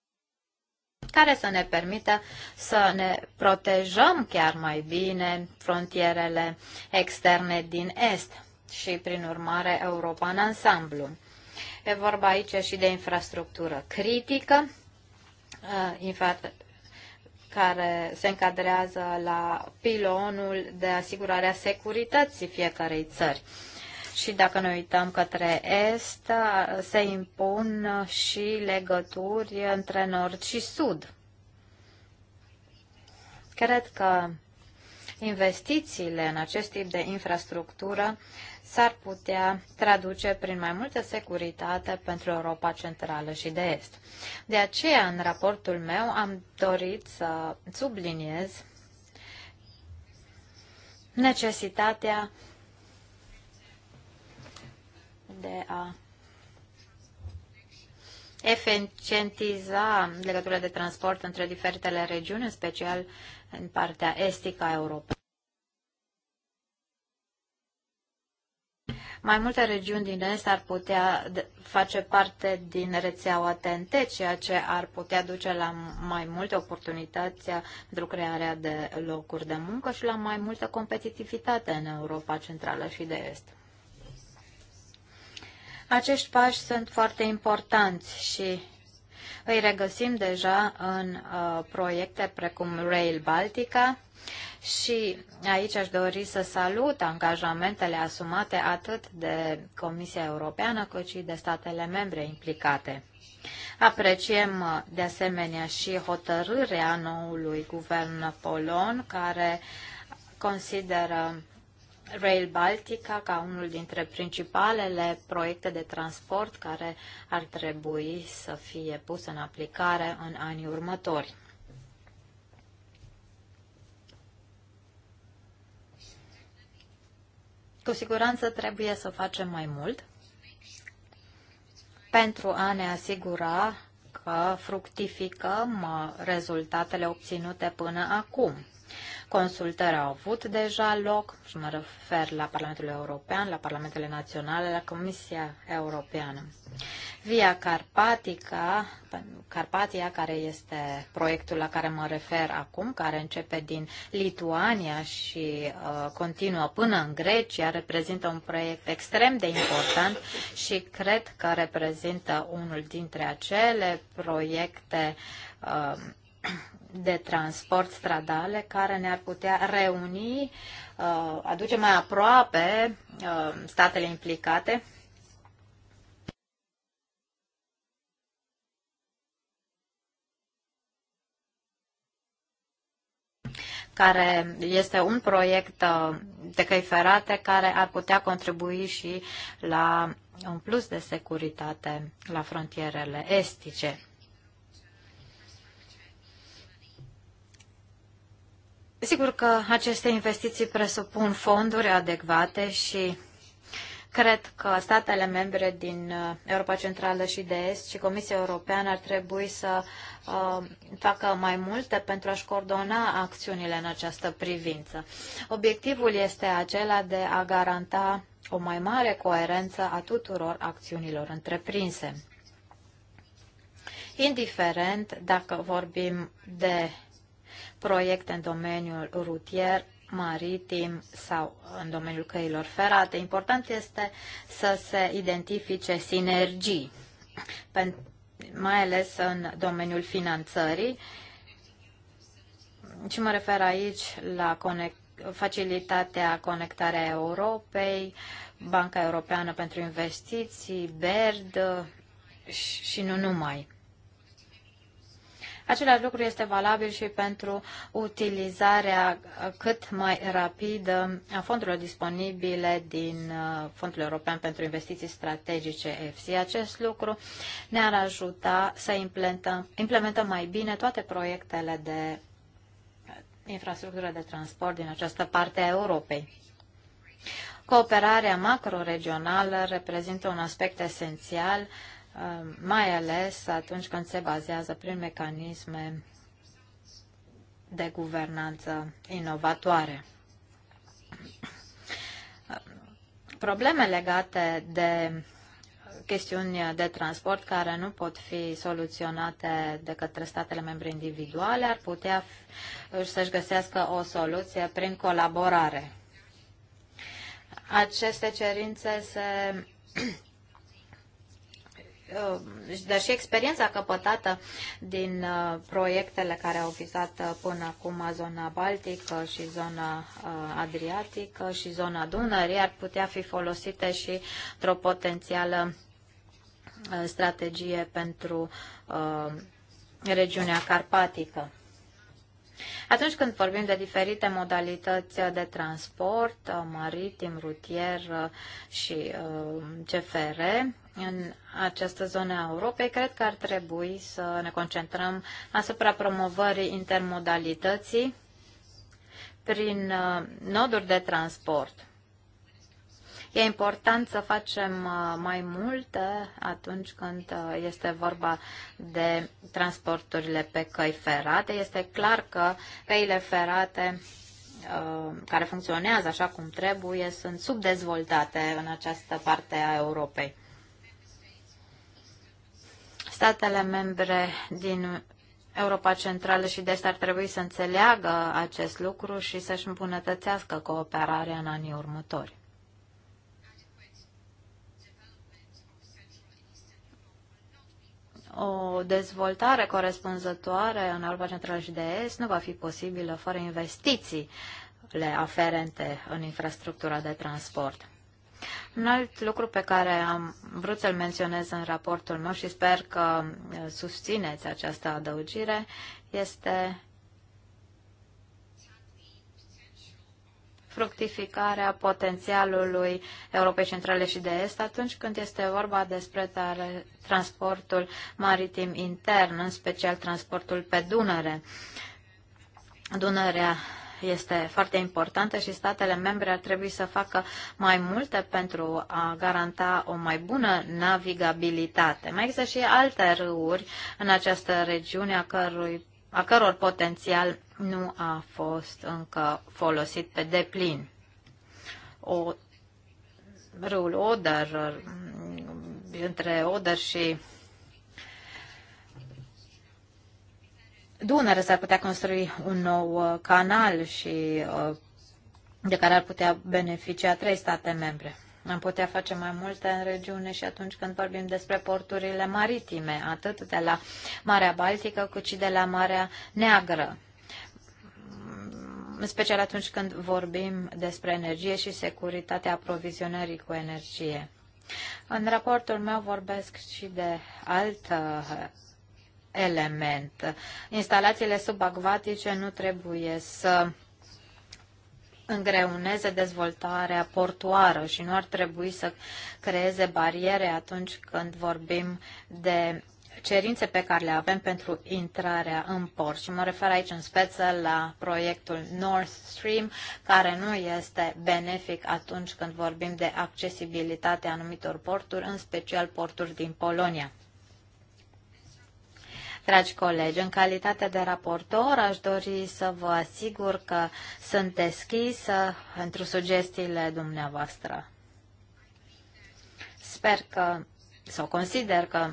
care să ne permită să ne protejăm chiar mai bine frontierele externe din Est și, prin urmare, Europa în ansamblu. E vorba aici și de infrastructură critică, uh, care se încadrează la pilonul de asigurare a securității fiecarei țări. Și dacă ne uităm către est, se impun și legături între nord și sud. Cred că investițiile în acest tip de infrastructură s-ar putea traduce prin mai multă securitate pentru Europa Centrală și de Est. De aceea, în raportul meu, am dorit să subliniez necesitatea de a eficientiza legăturile de transport între diferitele regiuni, în special în partea estică a Europei. Mai multe regiuni din Est ar putea face parte din rețeaua TNT, ceea ce ar putea duce la mai multe oportunități pentru crearea de locuri de muncă și la mai multă competitivitate în Europa Centrală și de Est. Acești pași sunt foarte importanți și îi regăsim deja în uh, proiecte precum Rail Baltica și aici aș dori să salut angajamentele asumate atât de Comisia Europeană cât și de statele membre implicate. Apreciem uh, de asemenea și hotărârea noului guvern polon care consideră Rail Baltica ca unul dintre principalele proiecte de transport care ar trebui să fie pus în aplicare în anii următori. Cu siguranță trebuie să facem mai mult pentru a ne asigura că fructificăm uh, rezultatele obținute până acum. Consultări au avut deja loc și mă refer la Parlamentul European, la Parlamentele Naționale, la Comisia Europeană. Via Carpatica, Carpatia, care este proiectul la care mă refer acum, care începe din Lituania și uh, continuă până în Grecia, reprezintă un proiect extrem de important și cred că reprezintă unul dintre acele proiecte uh, de transport stradale care ne-ar putea reuni, uh, aduce mai aproape uh, statele implicate care este un proiect uh, de căi ferate care ar putea contribui și la un plus de securitate la frontierele estice. Sigur că aceste investiții presupun fonduri adecvate și cred că statele membre din uh, Europa Centrală și de Est și Comisia Europeană ar trebui să uh, facă mai multe pentru a-și coordona acțiunile în această privință. Obiectivul este acela de a garanta o mai mare coerență a tuturor acțiunilor întreprinse. Indiferent dacă vorbim de proiecte în domeniul rutier, maritim sau în domeniul căilor ferate. Important este să se identifice sinergii, mai ales în domeniul finanțării. Și mă refer aici la conect facilitatea conectarea Europei, Banca Europeană pentru Investiții, BERD și nu numai. Același lucru este valabil și pentru utilizarea cât mai rapidă a fondurilor disponibile din uh, Fondul European pentru Investiții Strategice EFSI. Acest lucru ne-ar ajuta să implementăm, implementăm mai bine toate proiectele de infrastructură de transport din această parte a Europei. Cooperarea macroregională reprezintă un aspect esențial uh, Um, mai ales atunci când se bazează prin mecanisme de guvernanță inovatoare. Probleme legate de chestiuni de transport care nu pot fi soluționate de către statele membre individuale ar putea să-și găsească o soluție prin colaborare. Aceste cerințe se Uh, dar și experiența căpătată din uh, proiectele care au vizat uh, până acum zona Baltică și zona Adriatică și zona Dunării ar putea fi folosite și într-o potențială strategie pentru regiunea carpatică. Atunci când vorbim de diferite modalități de transport, maritim, rutier și CFR, în această zonă a Europei, cred că ar trebui să ne concentrăm asupra promovării intermodalității prin uh, noduri de transport. E important să facem uh, mai multe atunci când uh, este vorba de transporturile pe căi ferate. Este clar că căile ferate care funcționează așa cum trebuie sunt subdezvoltate în această parte a Europei. Statele membre din Europa Centrală și de Est ar trebui să înțeleagă acest lucru și să-și îmbunătățească cooperarea în anii următori. O dezvoltare corespunzătoare în Europa Centrală și de Est nu va fi posibilă fără investiții le aferente în infrastructura de transport. Un alt lucru pe care am vrut să-l menționez în raportul meu și sper că uh, susțineți această adăugire este fructificarea potențialului Europei Centrale și de Est atunci când este vorba despre transportul maritim intern, în special transportul pe Dunăre. Dunărea este foarte importantă și statele membre ar trebui să facă mai multe pentru a garanta o mai bună navigabilitate. Mai există și alte râuri în această regiune a, cărui, a căror potențial nu a fost încă folosit pe deplin. O, râul Oder, între Oder și Dunăre s-ar putea construi un nou uh, canal și uh, de care ar putea beneficia trei state membre. Am putea face mai multe în regiune și atunci când vorbim despre porturile maritime, atât de la Marea Baltică cât și de la Marea Neagră. Mm, în special atunci când vorbim despre energie și securitatea aprovizionării cu energie. În raportul meu vorbesc și de alt element. Instalațiile subacvatice nu trebuie să îngreuneze dezvoltarea portoară și nu ar trebui să creeze bariere atunci când vorbim de cerințe pe care le avem pentru intrarea în port. Și mă refer aici în speță la proiectul Nord Stream, care nu este benefic atunci când vorbim de accesibilitatea anumitor porturi, în special porturi din Polonia. Dragi colegi, în calitate de raportor aș dori să vă asigur că sunt deschisă pentru sugestiile dumneavoastră. Sper că, sau consider că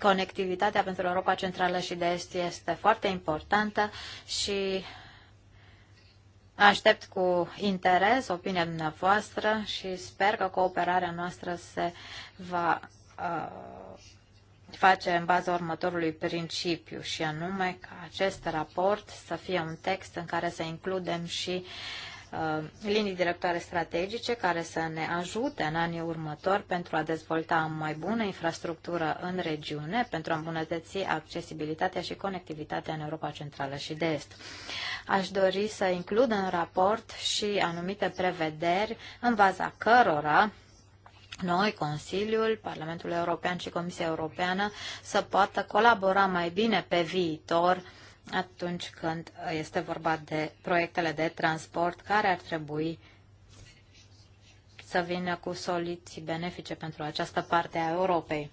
conectivitatea pentru Europa Centrală și de Est este foarte importantă și Aștept cu interes opinia dumneavoastră și sper că cooperarea noastră se va uh, face în baza următorului principiu și anume ca acest raport să fie un text în care să includem și uh, linii directoare strategice care să ne ajute în anii următori pentru a dezvolta o mai bună infrastructură în regiune, pentru a îmbunătăți accesibilitatea și conectivitatea în Europa Centrală și de Est. Aș dori să includ în raport și anumite prevederi în baza cărora noi, Consiliul, Parlamentul European și Comisia Europeană să poată colabora mai bine pe viitor atunci când este vorba de proiectele de transport care ar trebui să vină cu soluții benefice pentru această parte a Europei.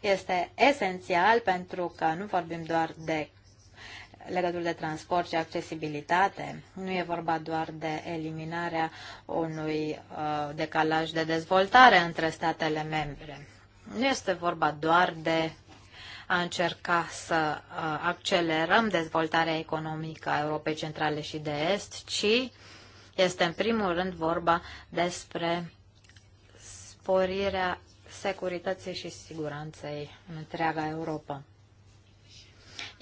Este esențial pentru că nu vorbim doar de legătură de transport și accesibilitate. Nu e vorba doar de eliminarea unui uh, decalaj de dezvoltare între statele membre. Nu este vorba doar de a încerca să uh, accelerăm dezvoltarea economică a Europei Centrale și de Est, ci este în primul rând vorba despre sporirea securității și siguranței în întreaga Europa.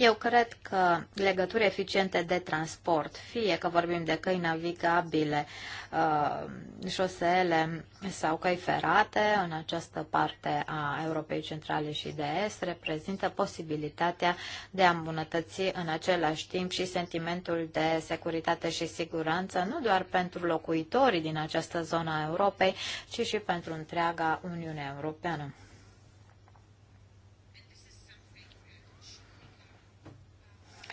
Eu cred că legături eficiente de transport, fie că vorbim de căi navigabile, uh, șosele sau căi ferate, în această parte a Europei Centrale și de Est, reprezintă posibilitatea de a îmbunătăți în același timp și sentimentul de securitate și siguranță, nu doar pentru locuitorii din această zonă a Europei, ci și pentru întreaga Uniune Europeană.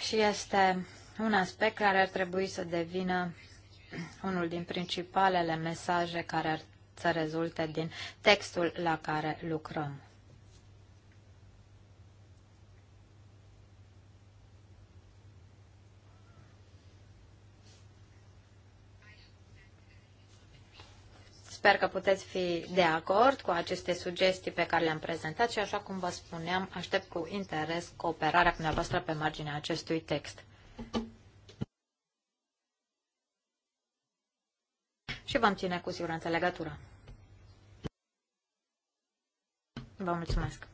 și este un aspect care ar trebui să devină unul din principalele mesaje care ar să rezulte din textul la care lucrăm. Sper că puteți fi de acord cu aceste sugestii pe care le-am prezentat și, așa cum vă spuneam, aștept cu interes cooperarea cu dumneavoastră pe marginea acestui text. Și vom ține cu siguranță legătura. Vă mulțumesc.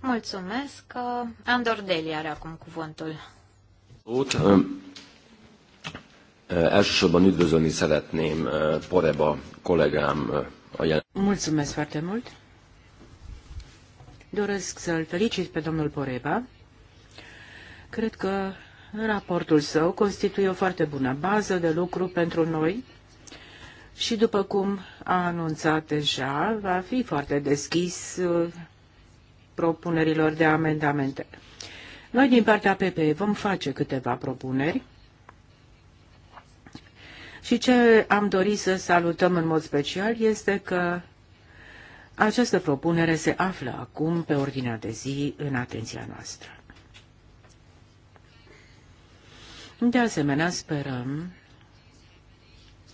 Mulțumesc. Andor Deli are acum cuvântul. Elsősorban üdvözölni szeretném Poreba kollégám a jel... Mulțumesc foarte mult! Doresc să-l felicit pe domnul Poreba. Cred că raportul său constituie o foarte bună bază de lucru pentru noi și, după cum a anunțat deja, va fi foarte deschis propunerilor de amendamente. Noi, din partea PPE, vom face câteva propuneri și ce am dorit să salutăm în mod special este că această propunere se află acum pe ordinea de zi în atenția noastră. De asemenea, sperăm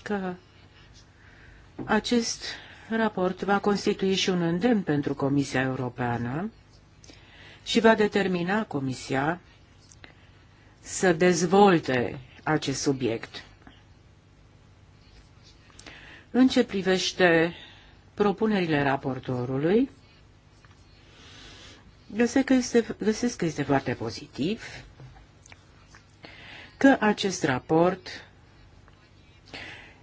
că acest raport va constitui și un îndemn pentru Comisia Europeană și va determina Comisia să dezvolte acest subiect. În ce privește propunerile raportorului, găsesc că este, găsesc că este foarte pozitiv că acest raport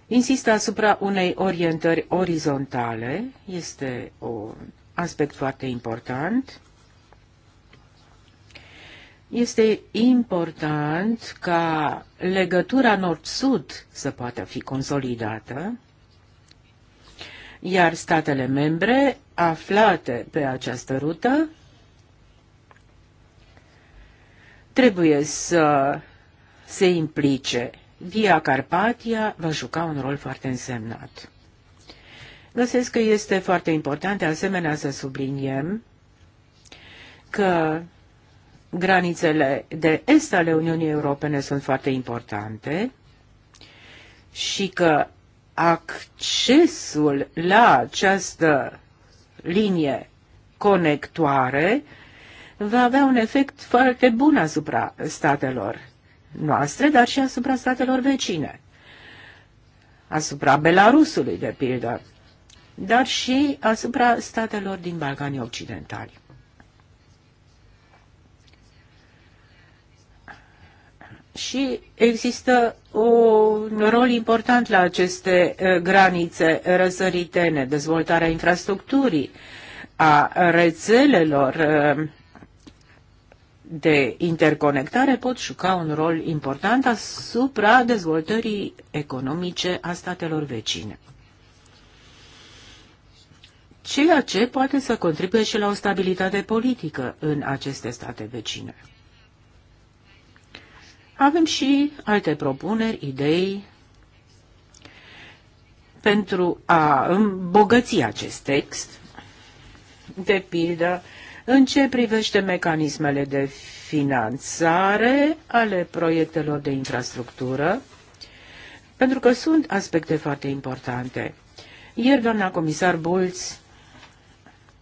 insistă asupra unei orientări orizontale, este un aspect foarte important. Este important ca legătura nord-sud să poată fi consolidată, iar statele membre aflate pe această rută trebuie să se implice. Via Carpatia va juca un rol foarte însemnat. Găsesc că este foarte important de asemenea să subliniem că granițele de est ale Uniunii Europene sunt foarte importante și că accesul la această linie conectoare va avea un efect foarte bun asupra statelor noastre, dar și asupra statelor vecine, asupra Belarusului, de pildă, dar și asupra statelor din Balcanii Occidentali. și există un rol important la aceste uh, granițe răsăritene, dezvoltarea infrastructurii, a rețelelor uh, de interconectare pot juca un rol important asupra dezvoltării economice a statelor vecine. Ceea ce poate să contribuie și la o stabilitate politică în aceste state vecine. Avem și alte propuneri, idei pentru a îmbogăți acest text, de pildă în ce privește mecanismele de finanțare ale proiectelor de infrastructură, pentru că sunt aspecte foarte importante. Ieri, doamna comisar Bulț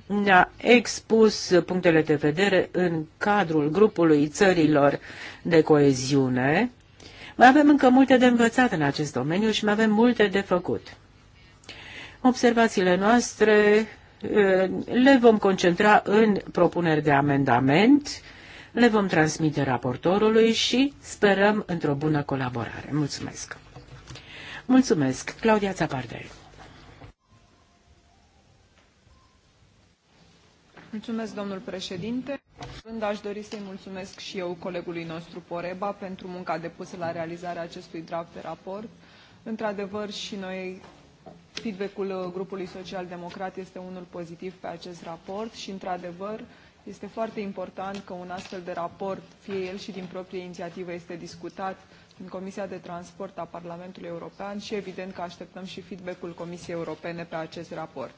ne-a expus punctele de vedere în cadrul grupului țărilor de coeziune. Mai avem încă multe de învățat în acest domeniu și mai avem multe de făcut. Observațiile noastre le vom concentra în propuneri de amendament, le vom transmite raportorului și sperăm într-o bună colaborare. Mulțumesc! Mulțumesc, Claudia Țapardel! Mulțumesc, domnul președinte. Rând aș dori să-i mulțumesc și eu colegului nostru Poreba pentru munca depusă la realizarea acestui draft de raport. Într-adevăr, și noi feedback-ul grupului social-democrat este unul pozitiv pe acest raport și, într-adevăr, este foarte important că un astfel de raport, fie el și din proprie inițiativă, este discutat în Comisia de Transport a Parlamentului European și, evident, că așteptăm și feedback-ul Comisiei Europene pe acest raport.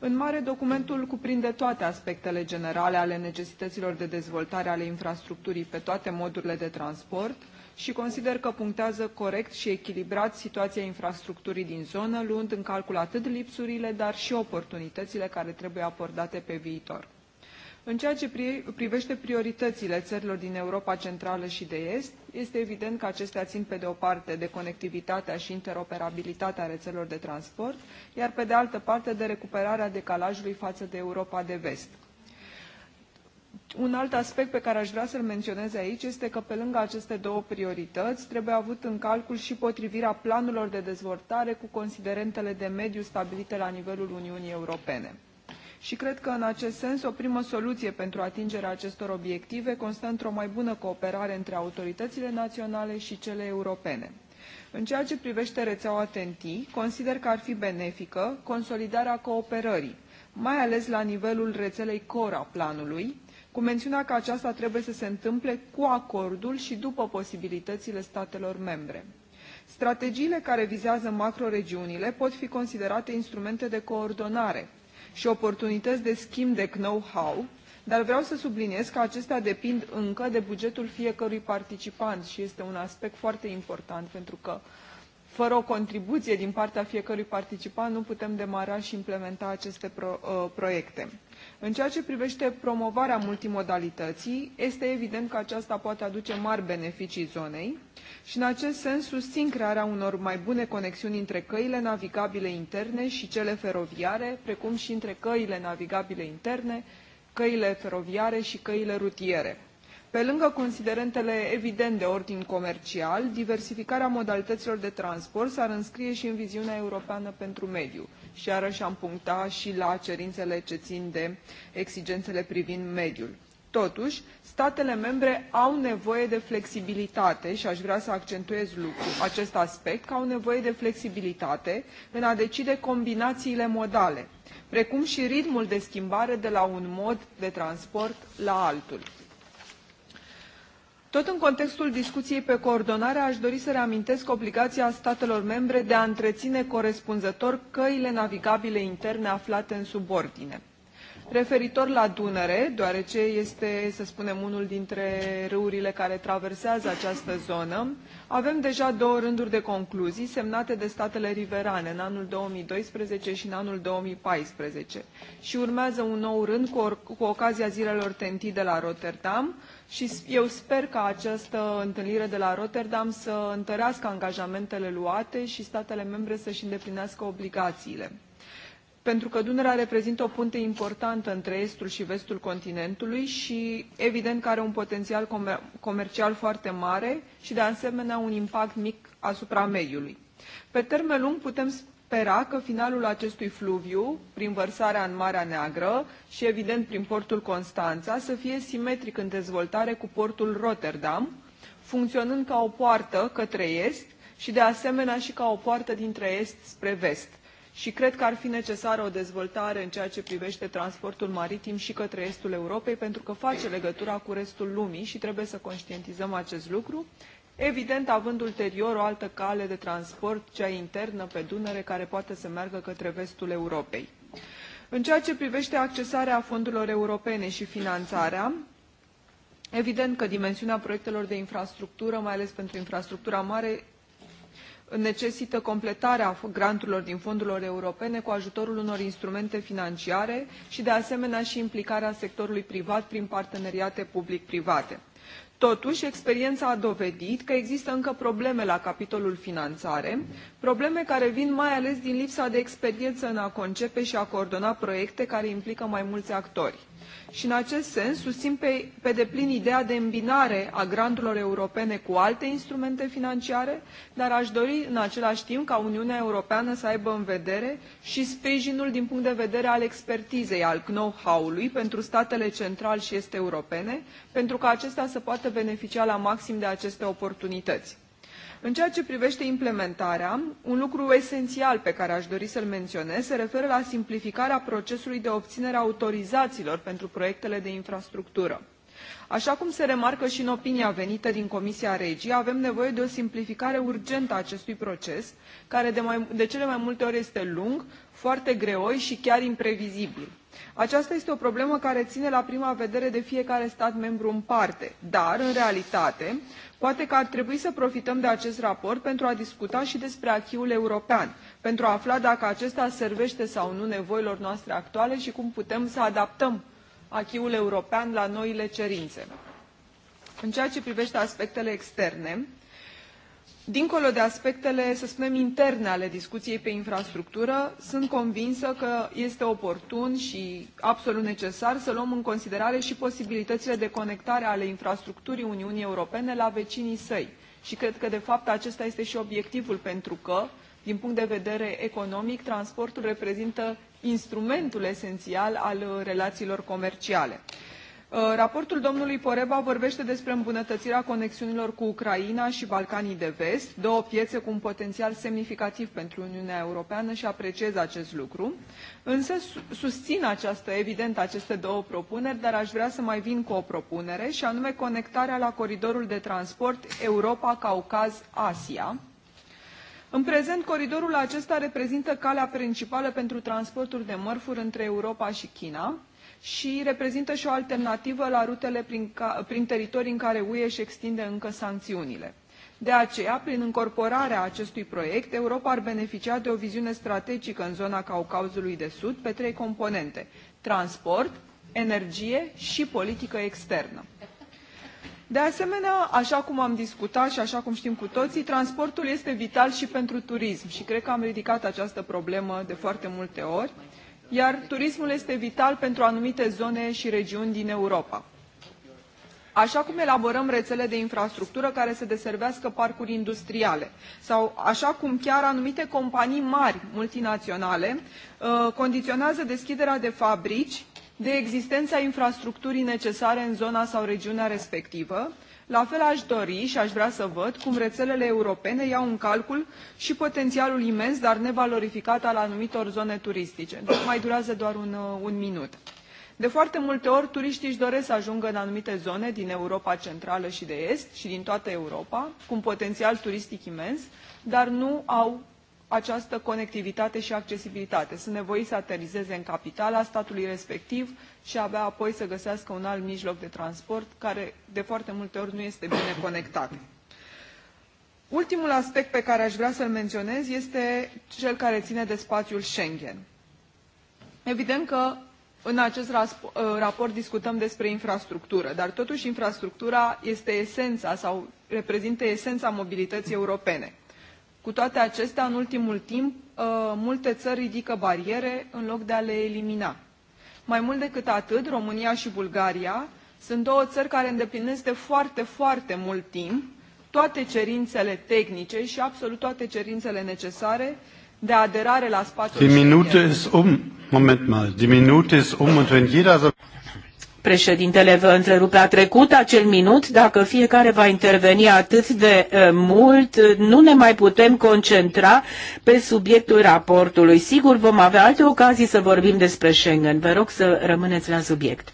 În mare, documentul cuprinde toate aspectele generale ale necesităților de dezvoltare ale infrastructurii pe toate modurile de transport și consider că punctează corect și echilibrat situația infrastructurii din zonă, luând în calcul atât lipsurile, dar și oportunitățile care trebuie abordate pe viitor. În ceea ce privește prioritățile țărilor din Europa Centrală și de Est, este evident că acestea țin pe de o parte de conectivitatea și interoperabilitatea rețelelor de transport, iar pe de altă parte de recuperarea decalajului față de Europa de Vest. Un alt aspect pe care aș vrea să-l menționez aici este că pe lângă aceste două priorități trebuie avut în calcul și potrivirea planurilor de dezvoltare cu considerentele de mediu stabilite la nivelul Uniunii Europene și cred că în acest sens o primă soluție pentru atingerea acestor obiective constă într-o mai bună cooperare între autoritățile naționale și cele europene. În ceea ce privește rețeaua TEN-T, consider că ar fi benefică consolidarea cooperării, mai ales la nivelul rețelei CORA planului, cu mențiunea că aceasta trebuie să se întâmple cu acordul și după posibilitățile statelor membre. Strategiile care vizează macroregiunile pot fi considerate instrumente de coordonare, și oportunități de schimb de know-how, dar vreau să subliniez că acestea depind încă de bugetul fiecărui participant și este un aspect foarte important pentru că fără o contribuție din partea fiecărui participant nu putem demara și implementa aceste pro, uh, proiecte. În ceea ce privește promovarea multimodalității, este evident că aceasta poate aduce mari beneficii zonei și în acest sens susțin crearea unor mai bune conexiuni între căile navigabile interne și cele feroviare, precum și între căile navigabile interne, căile feroviare și căile rutiere pe lângă considerentele evident de ordin comercial diversificarea modalităților de transport s ar înscrie și în viziunea europeană pentru mediu și iarăși am puncta și la cerințele ce țin de exigențele privind mediul. Totuși, statele membre au nevoie de flexibilitate și aș vrea să accentuez lucru, acest aspect, că au nevoie de flexibilitate în a decide combinațiile modale, precum și ritmul de schimbare de la un mod de transport la altul tot în contextul discuției pe coordonare, aș dori să reamintesc obligația statelor membre de a întreține corespunzător căile navigabile interne aflate în subordine. Referitor la Dunăre, deoarece este, să spunem, unul dintre râurile care traversează această zonă, avem deja două rânduri de concluzii semnate de statele riverane în anul 2012 și în anul 2014 și urmează un nou rând cu, cu ocazia zilelor tentii de la Rotterdam, și eu sper ca această întâlnire de la Rotterdam să întărească angajamentele luate și statele membre să-și îndeplinească obligațiile. Pentru că Dunărea reprezintă o punte importantă între estul și vestul continentului și, evident, că are un potențial comer comercial foarte mare și, de asemenea, un impact mic asupra mediului. Pe termen lung putem spera că finalul acestui fluviu, prin vărsarea în Marea Neagră și, evident, prin portul Constanța, să fie simetric în dezvoltare cu portul Rotterdam, funcționând ca o poartă către est și, de asemenea, și ca o poartă dintre est spre vest. Și cred că ar fi necesară o dezvoltare în ceea ce privește transportul maritim și către estul Europei, pentru că face legătura cu restul lumii și trebuie să conștientizăm acest lucru evident având ulterior o altă cale de transport, cea internă pe Dunăre, care poate să meargă către vestul Europei. În ceea ce privește accesarea fondurilor europene și finanțarea, evident că dimensiunea proiectelor de infrastructură, mai ales pentru infrastructura mare, necesită completarea granturilor din fondurile europene cu ajutorul unor instrumente financiare și, de asemenea, și implicarea sectorului privat prin parteneriate public-private totuși experiența a dovedit că există încă probleme la capitolul finanțare probleme care vin mai ales din lipsa de experiență în a concepe și a coordona proiecte care implică mai mulți actori și în acest sens susțin pe, pe deplin ideea de îmbinare a granturilor europene cu alte instrumente financiare, dar aș dori în același timp ca Uniunea Europeană să aibă în vedere și sprijinul din punct de vedere al expertizei, al know-how-ului pentru statele central și est europene, pentru ca acestea să poată beneficia la maxim de aceste oportunități în ceea ce privește implementarea, un lucru esențial pe care aș dori să-l menționez se referă la simplificarea procesului de obținere a autorizațiilor pentru proiectele de infrastructură. Așa cum se remarcă și în opinia venită din Comisia Regi, avem nevoie de o simplificare urgentă a acestui proces, care de, mai, de cele mai multe ori este lung, foarte greoi și chiar imprevizibili. Aceasta este o problemă care ține la prima vedere de fiecare stat membru în parte, dar, în realitate, poate că ar trebui să profităm de acest raport pentru a discuta și despre achiul european, pentru a afla dacă acesta servește sau nu nevoilor noastre actuale și cum putem să adaptăm achiul european la noile cerințe. În ceea ce privește aspectele externe, Dincolo de aspectele, să spunem, interne ale discuției pe infrastructură, sunt convinsă că este oportun și absolut necesar să luăm în considerare și posibilitățile de conectare ale infrastructurii Uniunii Europene la vecinii săi. Și cred că, de fapt, acesta este și obiectivul, pentru că, din punct de vedere economic, transportul reprezintă instrumentul esențial al relațiilor comerciale. Uh, raportul domnului Poreba vorbește despre îmbunătățirea conexiunilor cu Ucraina și Balcanii de Vest, două piețe cu un potențial semnificativ pentru Uniunea Europeană și apreciez acest lucru. Însă susțin această, evident aceste două propuneri, dar aș vrea să mai vin cu o propunere și anume conectarea la coridorul de transport Europa-Caucaz-Asia. În prezent, coridorul acesta reprezintă calea principală pentru transportul de mărfuri între Europa și China și reprezintă și o alternativă la rutele prin, prin teritorii în care UE își extinde încă sancțiunile. De aceea, prin incorporarea acestui proiect, Europa ar beneficia de o viziune strategică în zona Caucazului de Sud pe trei componente: transport, energie și politică externă. De asemenea, așa cum am discutat și așa cum știm cu toții, transportul este vital și pentru turism și cred că am ridicat această problemă de foarte multe ori iar turismul este vital pentru anumite zone și regiuni din Europa. Așa cum elaborăm rețele de infrastructură care să deservească parcuri industriale sau așa cum chiar anumite companii mari multinaționale uh, condiționează deschiderea de fabrici de existența infrastructurii necesare în zona sau regiunea respectivă, la fel aș dori și aș vrea să văd cum rețelele europene iau în calcul și potențialul imens, dar nevalorificat al anumitor zone turistice. Deci mai durează doar un, uh, un minut. De foarte multe ori, turiștii își doresc să ajungă în anumite zone din Europa Centrală și de Est și din toată Europa, cu un potențial turistic imens, dar nu au această conectivitate și accesibilitate. Sunt nevoiți să aterizeze în capitala statului respectiv și abia apoi să găsească un alt mijloc de transport care de foarte multe ori nu este bine conectat. Ultimul aspect pe care aș vrea să-l menționez este cel care ține de spațiul Schengen. Evident că în acest ă, raport discutăm despre infrastructură, dar totuși infrastructura este esența sau reprezintă esența mobilității europene cu toate acestea, în ultimul timp, uh, multe țări ridică bariere în loc de a le elimina. Mai mult decât atât, România și Bulgaria sunt două țări care îndeplinesc de foarte, foarte mult timp toate cerințele tehnice și absolut toate cerințele necesare de aderare la spațiul Schengen. Minute um. Moment mal. Die Minute ist um und wenn jeder so Președintele vă întrerupe, a trecut acel minut, dacă fiecare va interveni atât de mult, nu ne mai putem concentra pe subiectul raportului. Sigur, vom avea alte ocazii să vorbim despre Schengen. Vă rog să rămâneți la subiect.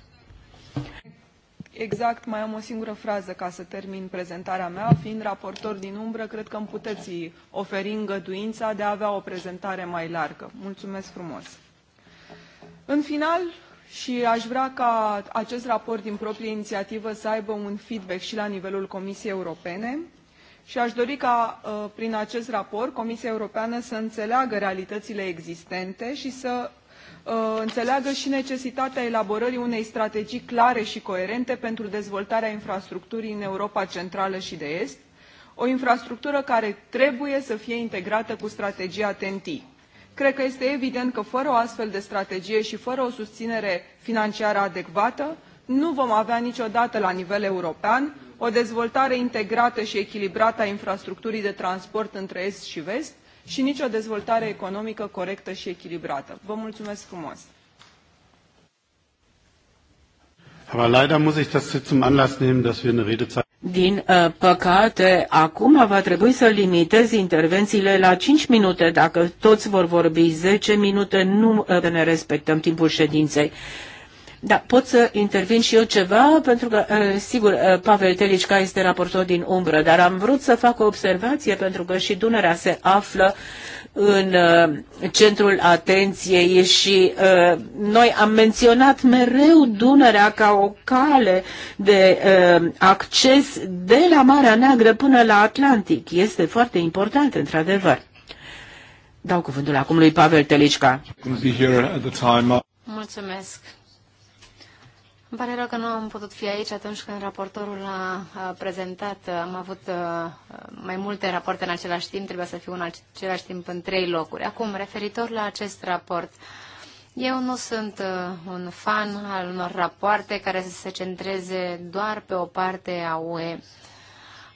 Exact, mai am o singură frază ca să termin prezentarea mea. Fiind raportor din umbră, cred că îmi puteți oferi îngăduința de a avea o prezentare mai largă. Mulțumesc frumos! În final, și aș vrea ca acest raport din proprie inițiativă să aibă un feedback și la nivelul Comisiei Europene și aș dori ca uh, prin acest raport Comisia Europeană să înțeleagă realitățile existente și să uh, înțeleagă și necesitatea elaborării unei strategii clare și coerente pentru dezvoltarea infrastructurii în Europa Centrală și de Est, o infrastructură care trebuie să fie integrată cu strategia TEN-T. Cred că este evident că fără o astfel de strategie și fără o susținere financiară adecvată, nu vom avea niciodată la nivel european o dezvoltare integrată și echilibrată a infrastructurii de transport între est și vest și nici o dezvoltare economică corectă și echilibrată. Vă mulțumesc frumos! Aber leider muss ich das zum Anlass nehmen, dass wir eine Redezeit din uh, păcate, acum va trebui să limitez intervențiile la 5 minute. Dacă toți vor vorbi 10 minute, nu uh, ne respectăm timpul ședinței. Da, pot să intervin și eu ceva, pentru că, uh, sigur, Pavel Telicca este raportor din umbră, dar am vrut să fac o observație, pentru că și Dunărea se află uh, în uh, centrul atenției și uh, noi am menționat mereu Dunărea ca o cale de uh, acces de la Marea Neagră până la Atlantic. Este foarte important, într-adevăr. Dau cuvântul acum lui Pavel Telișca. Mulțumesc. Îmi pare rău că nu am putut fi aici atunci când raportorul a prezentat. Am avut mai multe rapoarte în același timp, trebuia să fiu în același timp în trei locuri. Acum, referitor la acest raport, eu nu sunt un fan al unor rapoarte care să se centreze doar pe o parte a UE.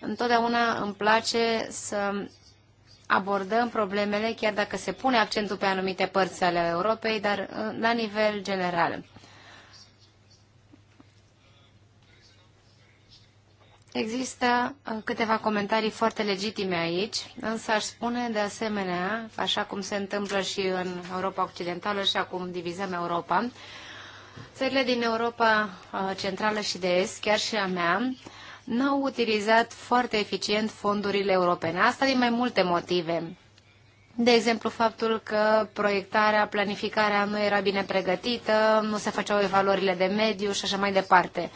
Întotdeauna îmi place să abordăm problemele, chiar dacă se pune accentul pe anumite părți ale Europei, dar la nivel general. Există uh, câteva comentarii foarte legitime aici, însă aș spune de asemenea, așa cum se întâmplă și în Europa Occidentală și acum divizăm Europa, țările din Europa uh, Centrală și de Est, chiar și a mea, n-au utilizat foarte eficient fondurile europene. Asta din mai multe motive. De exemplu, faptul că proiectarea, planificarea nu era bine pregătită, nu se făceau evaluările de mediu și așa mai departe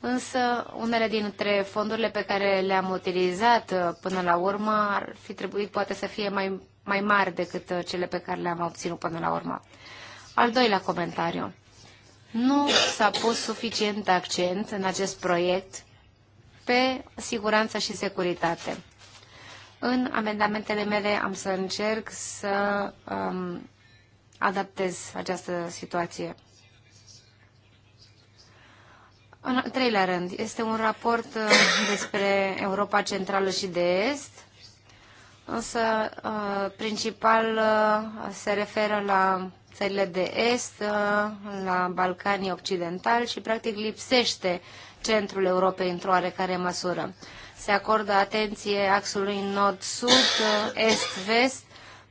însă unele dintre fondurile pe care le-am utilizat uh, până la urmă ar fi trebuit poate să fie mai, mai mari decât uh, cele pe care le-am obținut până la urmă. Al doilea comentariu. Nu s-a pus suficient accent în acest proiect pe siguranță și securitate. În amendamentele mele am să încerc să um, adaptez această situație. În al treilea rând, este un raport uh, despre Europa Centrală și de Est, însă uh, principal uh, se referă la țările de Est, la Balcanii Occidentali și practic lipsește centrul Europei într-o oarecare măsură. Se acordă atenție axului nord-sud, est-vest,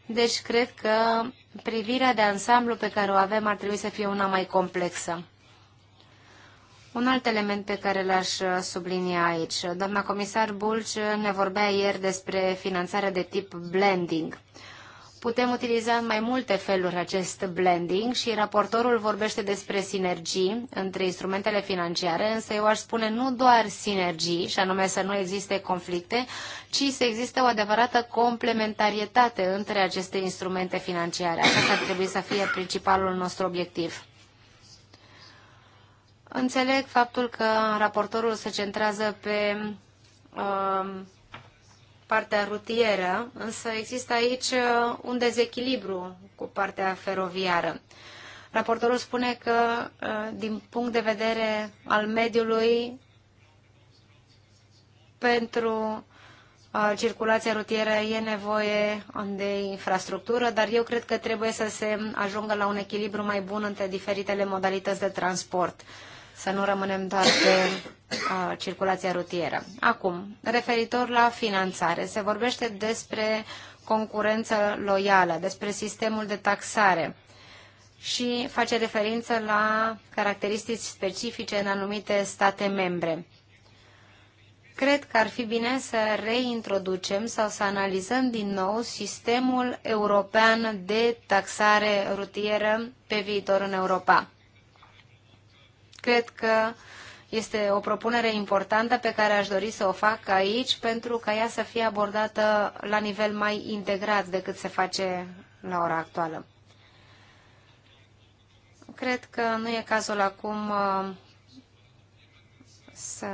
deci cred că privirea de ansamblu pe care o avem ar trebui să fie una mai complexă. Un alt element pe care l-aș uh, sublinia aici. Doamna comisar Bulci uh, ne vorbea ieri despre finanțarea de tip blending. Putem utiliza în mai multe feluri acest blending și raportorul vorbește despre sinergii între instrumentele financiare, însă eu aș spune nu doar sinergii, și anume să nu existe conflicte, ci să existe o adevărată complementarietate între aceste instrumente financiare. Asta ar trebui să fie principalul nostru obiectiv. Înțeleg faptul că raportorul se centrează pe um, partea rutieră, însă există aici uh, un dezechilibru cu partea feroviară. Raportorul spune că, uh, din punct de vedere al mediului, pentru uh, circulația rutieră e nevoie de infrastructură, dar eu cred că trebuie să se ajungă la un echilibru mai bun între diferitele modalități de transport să nu rămânem doar pe uh, circulația rutieră. Acum, referitor la finanțare, se vorbește despre concurență loială, despre sistemul de taxare și face referință la caracteristici specifice în anumite state membre. Cred că ar fi bine să reintroducem sau să analizăm din nou sistemul european de taxare rutieră pe viitor în Europa. Cred că este o propunere importantă pe care aș dori să o fac aici pentru ca ea să fie abordată la nivel mai integrat decât se face la ora actuală. Cred că nu e cazul acum uh, să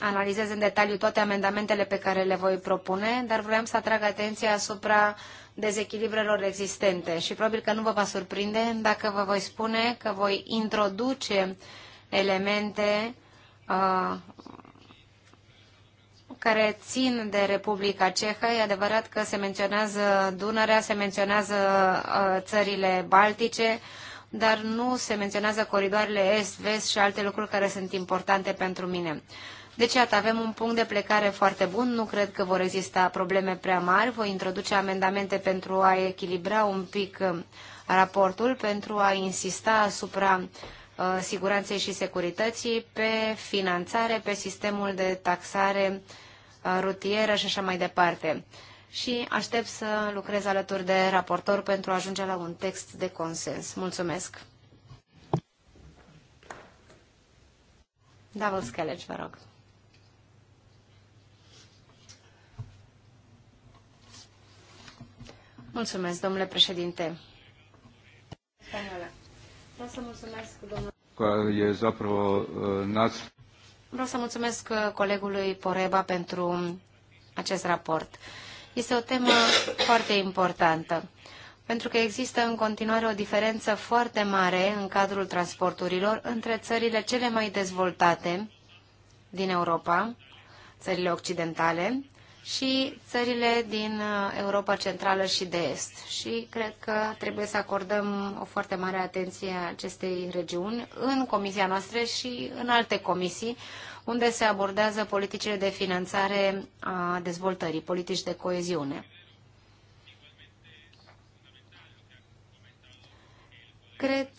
analizez în detaliu toate amendamentele pe care le voi propune, dar vreau să atrag atenția asupra dezechilibrelor existente și probabil că nu vă va surprinde dacă vă voi spune că voi introduce uh, elemente uh, care țin de Republica Cehă. E adevărat că se menționează Dunărea, se menționează uh, țările baltice, dar nu se menționează coridoarele est-vest și alte lucruri care sunt importante pentru mine. Deci, iată, avem un punct de plecare foarte bun, nu cred că vor exista probleme prea mari, voi introduce amendamente pentru a echilibra un pic uh, raportul, pentru a insista asupra uh, Uh, siguranței și securității, pe finanțare, pe sistemul de taxare uh, rutieră și așa mai departe. Și aștept să lucrez alături de raportor pentru a ajunge la un text de consens. Mulțumesc! Davos Skelec, vă rog. Mulțumesc, domnule președinte. Spaniola. Vreau să mulțumesc, domnul... E zapravo uh, nați... Vreau să mulțumesc uh, colegului Poreba pentru acest raport. Este o temă foarte importantă, pentru că există în continuare o diferență foarte mare în cadrul transporturilor între țările cele mai dezvoltate din Europa, țările occidentale, și țările din uh, Europa Centrală și de Est. Și cred că trebuie să acordăm o foarte mare atenție acestei regiuni în comisia noastră și în alte comisii, unde se abordează politicile de finanțare a dezvoltării, politici de coeziune. Cred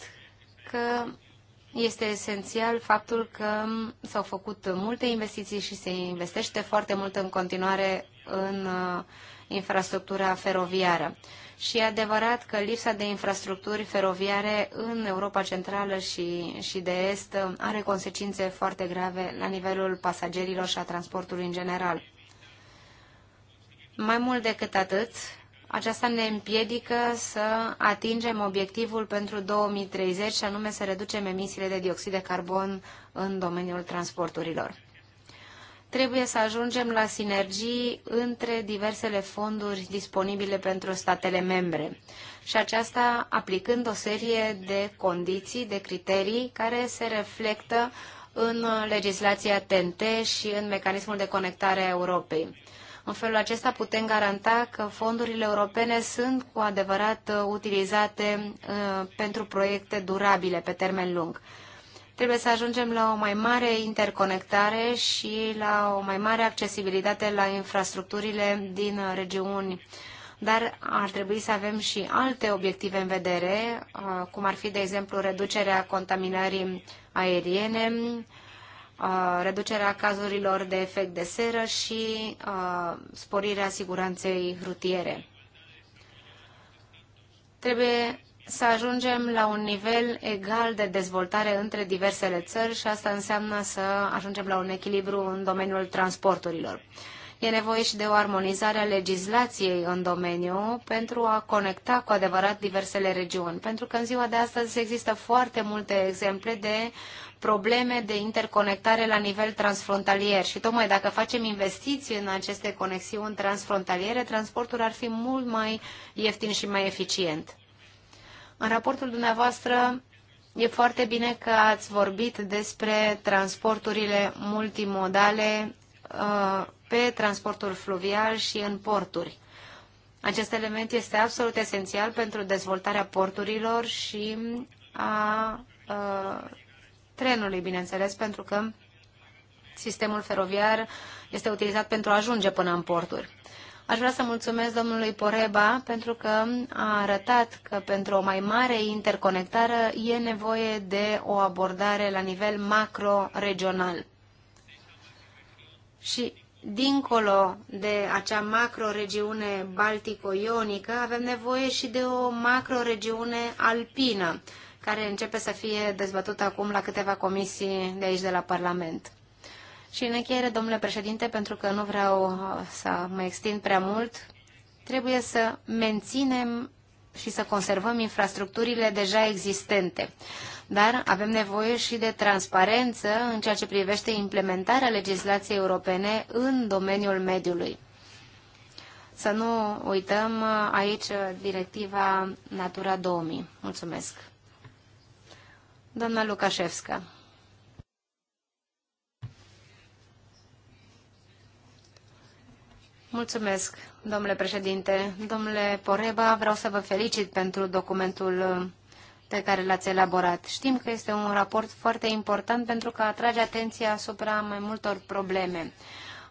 că este esențial faptul că s-au făcut multe investiții și se investește foarte mult în continuare în uh, infrastructura feroviară. Și e adevărat că lipsa de infrastructuri feroviare în Europa Centrală și, și de Est are consecințe foarte grave la nivelul pasagerilor și a transportului în general. Mai mult decât atât, aceasta ne împiedică să atingem obiectivul pentru 2030 și anume să reducem emisiile de dioxid de carbon în domeniul transporturilor. Trebuie să ajungem la sinergii între diversele fonduri disponibile pentru statele membre și aceasta aplicând o serie de condiții, de criterii care se reflectă în legislația TNT și în mecanismul de conectare a Europei. În felul acesta putem garanta că fondurile europene sunt cu adevărat uh, utilizate uh, pentru proiecte durabile pe termen lung. Trebuie să ajungem la o mai mare interconectare și la o mai mare accesibilitate la infrastructurile din uh, regiuni dar ar trebui să avem și alte obiective în vedere, cum ar fi, de exemplu, reducerea contaminării aeriene, reducerea cazurilor de efect de seră și sporirea siguranței rutiere. Trebuie să ajungem la un nivel egal de dezvoltare între diversele țări și asta înseamnă să ajungem la un echilibru în domeniul transporturilor. E nevoie și de o armonizare a legislației în domeniu pentru a conecta cu adevărat diversele regiuni, pentru că în ziua de astăzi există foarte multe exemple de uh, probleme de interconectare la nivel transfrontalier și tocmai dacă facem investiții în aceste conexiuni transfrontaliere, transportul ar fi mult mai ieftin și mai eficient. În raportul dumneavoastră e foarte bine că ați vorbit despre transporturile multimodale uh, pe transportul fluvial și în porturi. Acest element este absolut esențial pentru dezvoltarea porturilor și a, a uh, trenului, bineînțeles, pentru că sistemul feroviar este utilizat pentru a ajunge până în porturi. Aș vrea să mulțumesc domnului Poreba pentru că a arătat că pentru o mai mare interconectare e nevoie de o abordare la nivel macro-regional. Și dincolo de acea macro-regiune baltico-ionică, avem nevoie și de o macro-regiune alpină care începe să fie dezbătută acum la câteva comisii de aici de la Parlament. Și în încheiere, domnule președinte, pentru că nu vreau uh, să mă extind prea mult, trebuie să menținem și să conservăm infrastructurile deja existente. Dar avem nevoie și de transparență în ceea ce privește implementarea legislației europene în domeniul mediului. Să nu uităm uh, aici uh, directiva Natura 2000. Mulțumesc! Doamna Lukașevska. Mulțumesc, domnule președinte. Domnule Poreba, vreau să vă felicit pentru documentul uh, pe care l-ați elaborat. Știm că este un raport foarte important pentru că atrage atenția asupra mai multor probleme.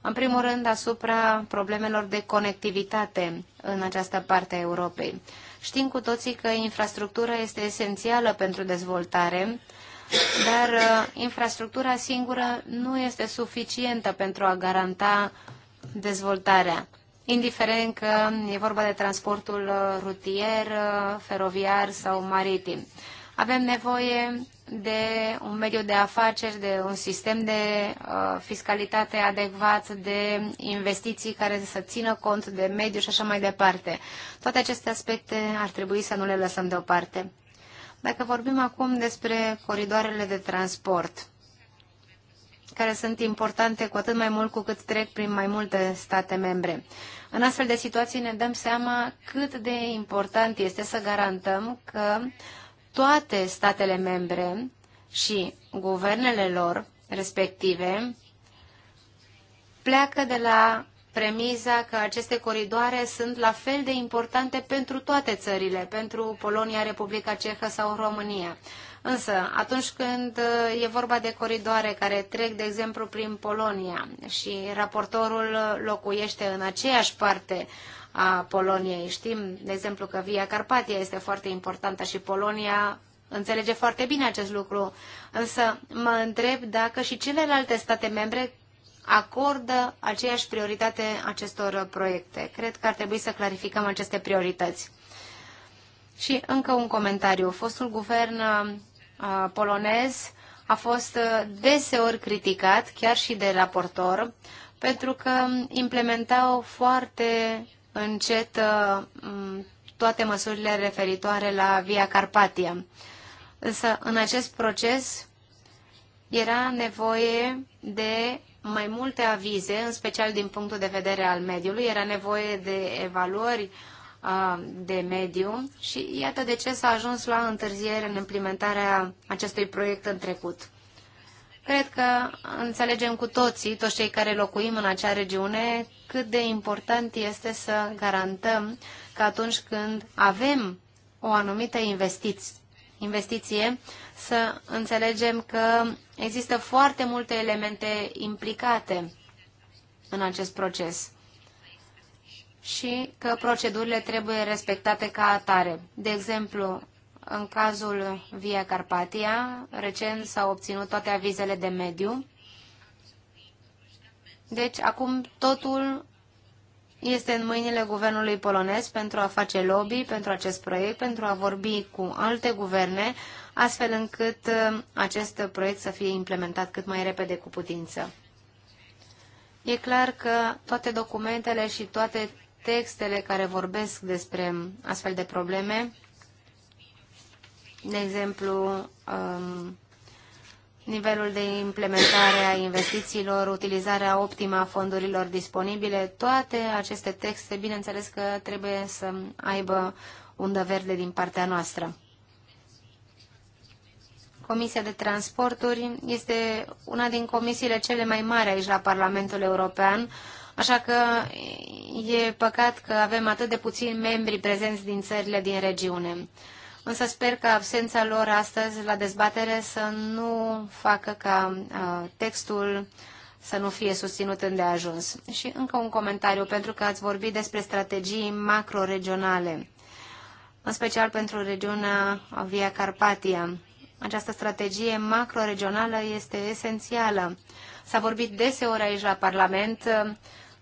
În primul rând, asupra problemelor de conectivitate în această parte a Europei. Știm cu toții că infrastructura este esențială pentru dezvoltare, dar uh, infrastructura singură nu este suficientă pentru a garanta dezvoltarea, indiferent că e vorba de transportul uh, rutier, uh, feroviar sau maritim. Avem nevoie de un mediu de afaceri, de un sistem de uh, fiscalitate adecvat, de investiții care să țină cont de mediu și așa mai departe. Toate aceste aspecte ar trebui să nu le lăsăm deoparte. Dacă vorbim acum despre coridoarele de transport, care sunt importante cu atât mai mult cu cât trec prin mai multe state membre. În astfel de situații ne dăm seama cât de important este să garantăm că uh, toate statele membre și guvernele lor respective pleacă de la premiza că aceste coridoare sunt la fel de importante pentru toate țările, pentru Polonia, Republica Cehă sau România. Însă, atunci când uh, e vorba de coridoare care trec, de exemplu, prin Polonia și raportorul locuiește în aceeași parte a Poloniei. Știm, de exemplu, că Via Carpatia este foarte importantă și Polonia înțelege foarte bine acest lucru, însă mă întreb dacă și celelalte state membre acordă aceeași prioritate acestor proiecte. Cred că ar trebui să clarificăm aceste priorități. Și încă un comentariu. Fostul guvern uh, polonez a fost uh, deseori criticat, chiar și de raportor, pentru că implementau foarte încet uh, toate măsurile referitoare la Via Carpatia. Însă, în acest proces era nevoie de mai multe avize, în special din punctul de vedere al mediului, era nevoie de evaluări uh, de mediu și iată de ce s-a ajuns la întârziere în implementarea acestui proiect în trecut. Cred că înțelegem cu toții, toți cei care locuim în acea regiune, cât de important este să garantăm că atunci când avem o anumită investiție, investiție, să înțelegem că există foarte multe elemente implicate în acest proces și că procedurile trebuie respectate ca atare. De exemplu, în cazul Via Carpatia, recent s-au obținut toate avizele de mediu deci acum totul este în mâinile guvernului polonez pentru a face lobby pentru acest proiect, pentru a vorbi cu alte guverne, astfel încât uh, acest proiect să fie implementat cât mai repede cu putință. E clar că toate documentele și toate textele care vorbesc despre astfel de probleme, de exemplu, um, nivelul de implementare a investițiilor, utilizarea optimă a fondurilor disponibile, toate aceste texte, bineînțeles că trebuie să aibă undă verde din partea noastră. Comisia de Transporturi este una din comisiile cele mai mari aici la Parlamentul European, așa că e păcat că avem atât de puțini membri prezenți din țările din regiune însă sper că absența lor astăzi la dezbatere să nu facă ca textul să nu fie susținut îndeajuns. Și încă un comentariu, pentru că ați vorbit despre strategii macroregionale, în special pentru regiunea Via Carpatia. Această strategie macroregională este esențială. S-a vorbit deseori aici la Parlament uh,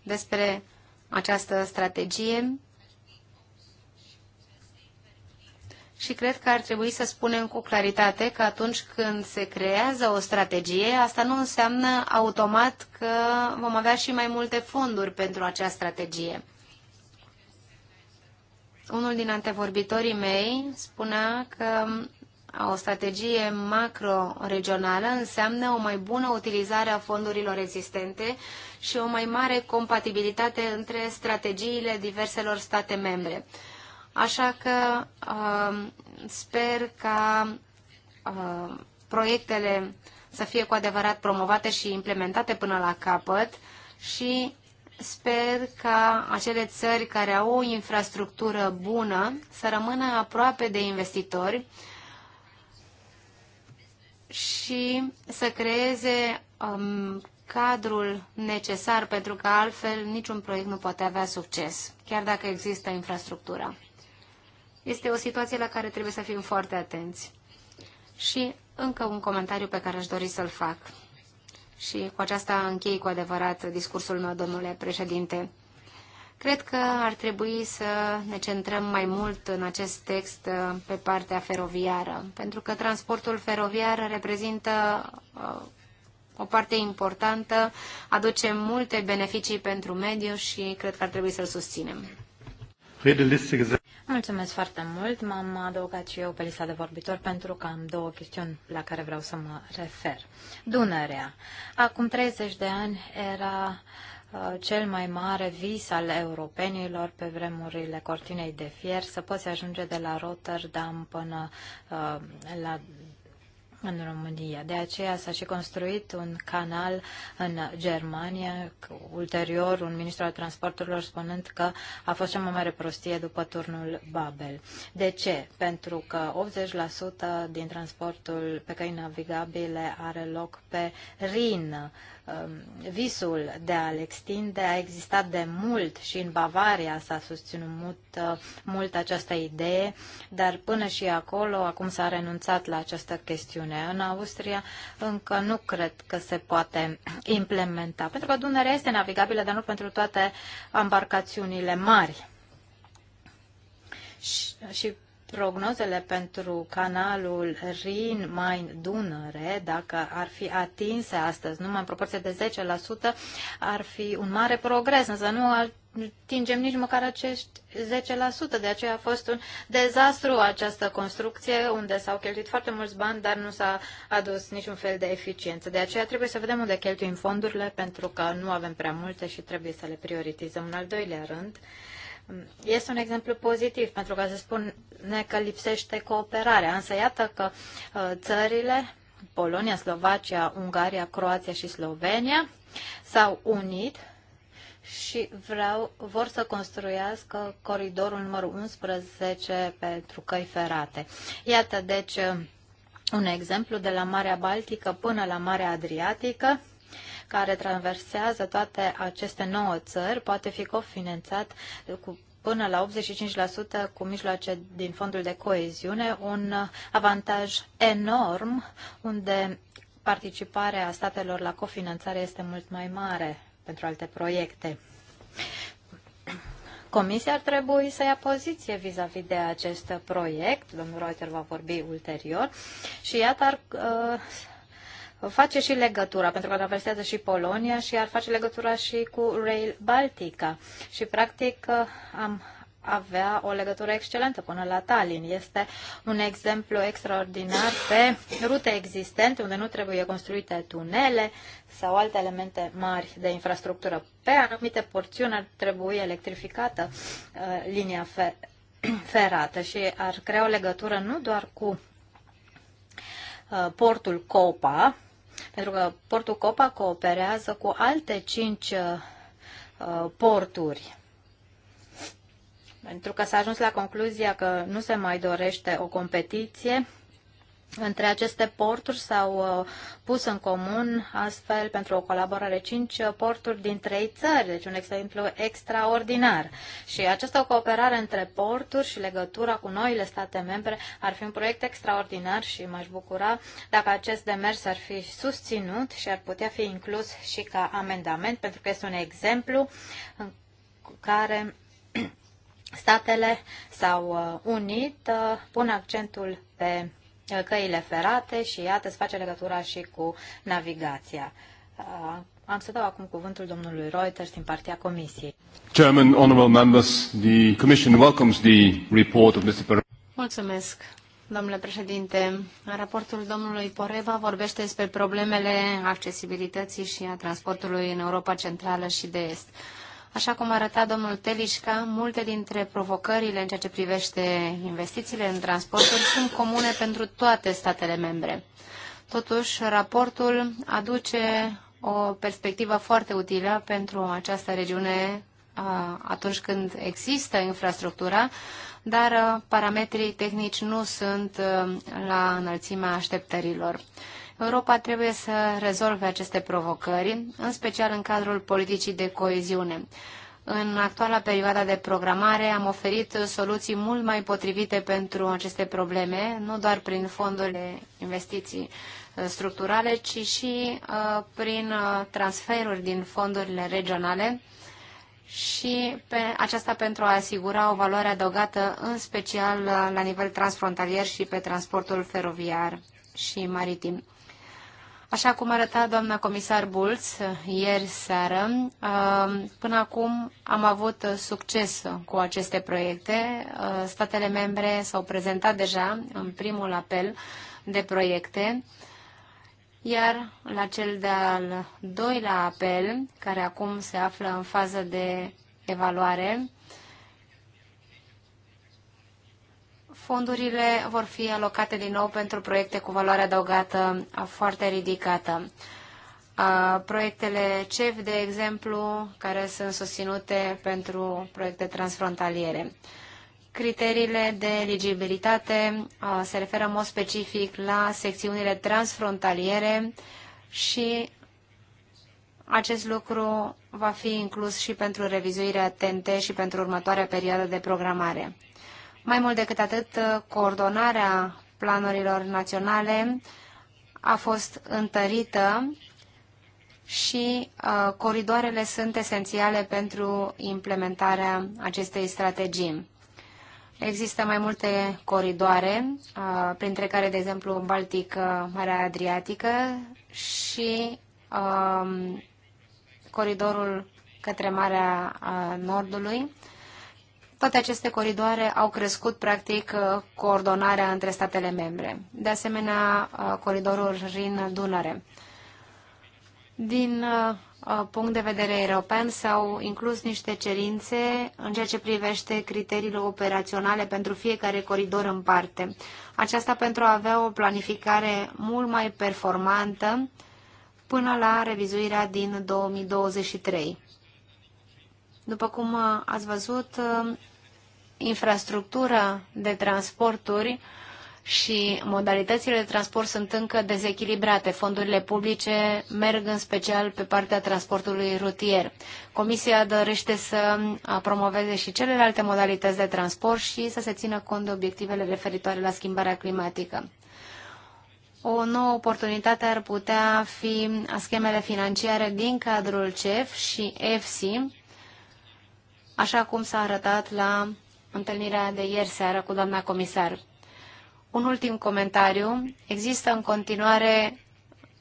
despre această strategie și cred că ar trebui să spunem cu claritate că atunci când se creează o strategie, asta nu înseamnă automat că vom avea și mai multe fonduri pentru acea strategie. Unul din antevorbitorii mei spunea că o strategie macro-regională înseamnă o mai bună utilizare a fondurilor existente și o mai mare compatibilitate între strategiile diverselor state membre. Așa că um, sper ca um, proiectele să fie cu adevărat promovate și implementate până la capăt și sper ca acele țări care au o infrastructură bună să rămână aproape de investitori și să creeze um, cadrul necesar, pentru că altfel niciun proiect nu poate avea succes, chiar dacă există infrastructura. Este o situație la care trebuie să fim foarte atenți. Și încă un comentariu pe care aș dori să-l fac. Și cu aceasta închei cu adevărat discursul meu, domnule președinte. Cred că ar trebui să ne centrăm mai mult în acest text uh, pe partea feroviară, pentru că transportul feroviar reprezintă uh, o parte importantă, aduce multe beneficii pentru mediu și cred că ar trebui să-l susținem. Mulțumesc foarte mult. M-am adăugat și eu pe lista de vorbitori pentru că am două chestiuni la care vreau să mă refer. Dunărea. Acum 30 de ani era uh, cel mai mare vis al europenilor pe vremurile cortinei de fier să poți ajunge de la Rotterdam până uh, la în România. De aceea s-a și construit un canal în Germania, ulterior un ministru al transporturilor spunând că a fost cea mai mare prostie după turnul Babel. De ce? Pentru că 80% din transportul pe căi navigabile are loc pe Rin, Um, visul de a-l extinde a existat de mult și în Bavaria s-a susținut mult, uh, mult această idee, dar până și acolo acum s-a renunțat la această chestiune. În Austria încă nu cred că se poate implementa, pentru că Dunărea este navigabilă, dar nu pentru toate embarcațiunile mari. Și, și prognozele pentru canalul Rin-Main-Dunăre, dacă ar fi atinse astăzi numai în proporție de 10%, ar fi un mare progres, însă nu atingem nici măcar acești 10%. De aceea a fost un dezastru această construcție, unde s-au cheltuit foarte mulți bani, dar nu s-a adus niciun fel de eficiență. De aceea trebuie să vedem unde cheltuim fondurile, pentru că nu avem prea multe și trebuie să le prioritizăm. În al doilea rând, uh, este un exemplu pozitiv, pentru că se spune că lipsește cooperarea, însă iată că uh, țările, Polonia, Slovacia, Ungaria, Croația și Slovenia, s-au unit și vreau, vor să construiască coridorul numărul 11 pentru căi ferate. Iată, deci, un exemplu de la Marea Baltică până la Marea Adriatică, care traversează toate aceste nouă țări poate fi cofinanțat cu până la 85% cu mijloace din fondul de coeziune, un avantaj enorm unde participarea statelor la cofinanțare este mult mai mare pentru alte proiecte. Comisia ar trebui să ia poziție vis-a-vis -vis de acest proiect, domnul Reuter va vorbi ulterior, și iată ar uh, face și legătura, pentru că traversează și Polonia și ar face legătura și cu Rail Baltica. Și, practic, am avea o legătură excelentă până la Tallinn. Este un exemplu extraordinar pe rute existente unde nu trebuie construite tunele sau alte elemente mari de infrastructură. Pe anumite porțiuni ar trebui electrificată uh, linia fer- ferată și ar crea o legătură nu doar cu Uh, portul Copa, pentru că portul Copa cooperează cu alte cinci uh, uh, porturi. Pentru că s-a ajuns la concluzia că nu se mai dorește o competiție între aceste porturi s-au uh, pus în comun astfel pentru o colaborare cinci porturi din trei țări, deci un exemplu extraordinar. Și această cooperare între porturi și legătura cu noile state membre ar fi un proiect extraordinar și m-aș bucura dacă acest demers ar fi susținut și ar putea fi inclus și ca amendament, pentru că este un exemplu în care statele s-au uh, unit, uh, pun accentul pe Uh, căile ferate și iată, îți face legătura și cu navigația. Uh, am să dau acum cuvântul domnului Reuters din partea Comisiei. Chairman, honorable members, the Commission welcomes the report of Mr. Perez. Mulțumesc, Domnule președinte, raportul domnului Poreva vorbește despre problemele accesibilității și a transportului în Europa Centrală și de Est. Așa cum arăta domnul Telișca, multe dintre provocările în ceea ce privește investițiile în transporturi sunt comune pentru toate statele membre. Totuși, raportul aduce o perspectivă foarte utilă pentru această regiune atunci când există infrastructura, dar parametrii tehnici nu sunt la înălțimea așteptărilor. Europa trebuie să rezolve aceste provocări, în special în cadrul politicii de coeziune. În actuala perioadă de programare am oferit soluții mult mai potrivite pentru aceste probleme, nu doar prin fonduri de investiții uh, structurale, ci și uh, prin uh, transferuri din fondurile regionale și pe, aceasta pentru a asigura o valoare adăugată, în special la nivel transfrontalier și pe transportul feroviar și maritim. Așa cum arăta doamna comisar Bulț uh, ieri seară, uh, până acum am avut uh, succes cu aceste proiecte. Statele membre s-au prezentat deja în primul apel de proiecte, iar la cel de-al doilea apel, care acum se află în fază de evaluare, fondurile vor fi alocate din nou pentru proiecte cu valoare adăugată foarte ridicată. Proiectele CEF, de exemplu, care sunt susținute pentru proiecte transfrontaliere. Criteriile de eligibilitate se referă în mod specific la secțiunile transfrontaliere și acest lucru va fi inclus și pentru revizuirea TNT și pentru următoarea perioadă de programare. Mai mult decât atât, coordonarea planurilor naționale a fost întărită și uh, coridoarele sunt esențiale pentru implementarea acestei strategii. Există mai multe coridoare, uh, printre care, de exemplu, Baltic, uh, Marea Adriatică și uh, coridorul către Marea uh, Nordului, toate aceste coridoare au crescut, practic, uh, coordonarea între statele membre. De asemenea, uh, coridorul Rin-Dunăre. Din uh, punct de vedere european s-au inclus niște cerințe în ceea ce privește criteriile operaționale pentru fiecare coridor în parte. Aceasta pentru a avea o planificare mult mai performantă până la revizuirea din 2023. După cum ați văzut, infrastructura de transporturi și modalitățile de transport sunt încă dezechilibrate. Fondurile publice merg în special pe partea transportului rutier. Comisia dorește să promoveze și celelalte modalități de transport și să se țină cont de obiectivele referitoare la schimbarea climatică. O nouă oportunitate ar putea fi schemele financiare din cadrul CEF și EFSI, așa cum s-a arătat la întâlnirea de ieri seară cu doamna comisar. Un ultim comentariu. Există în continuare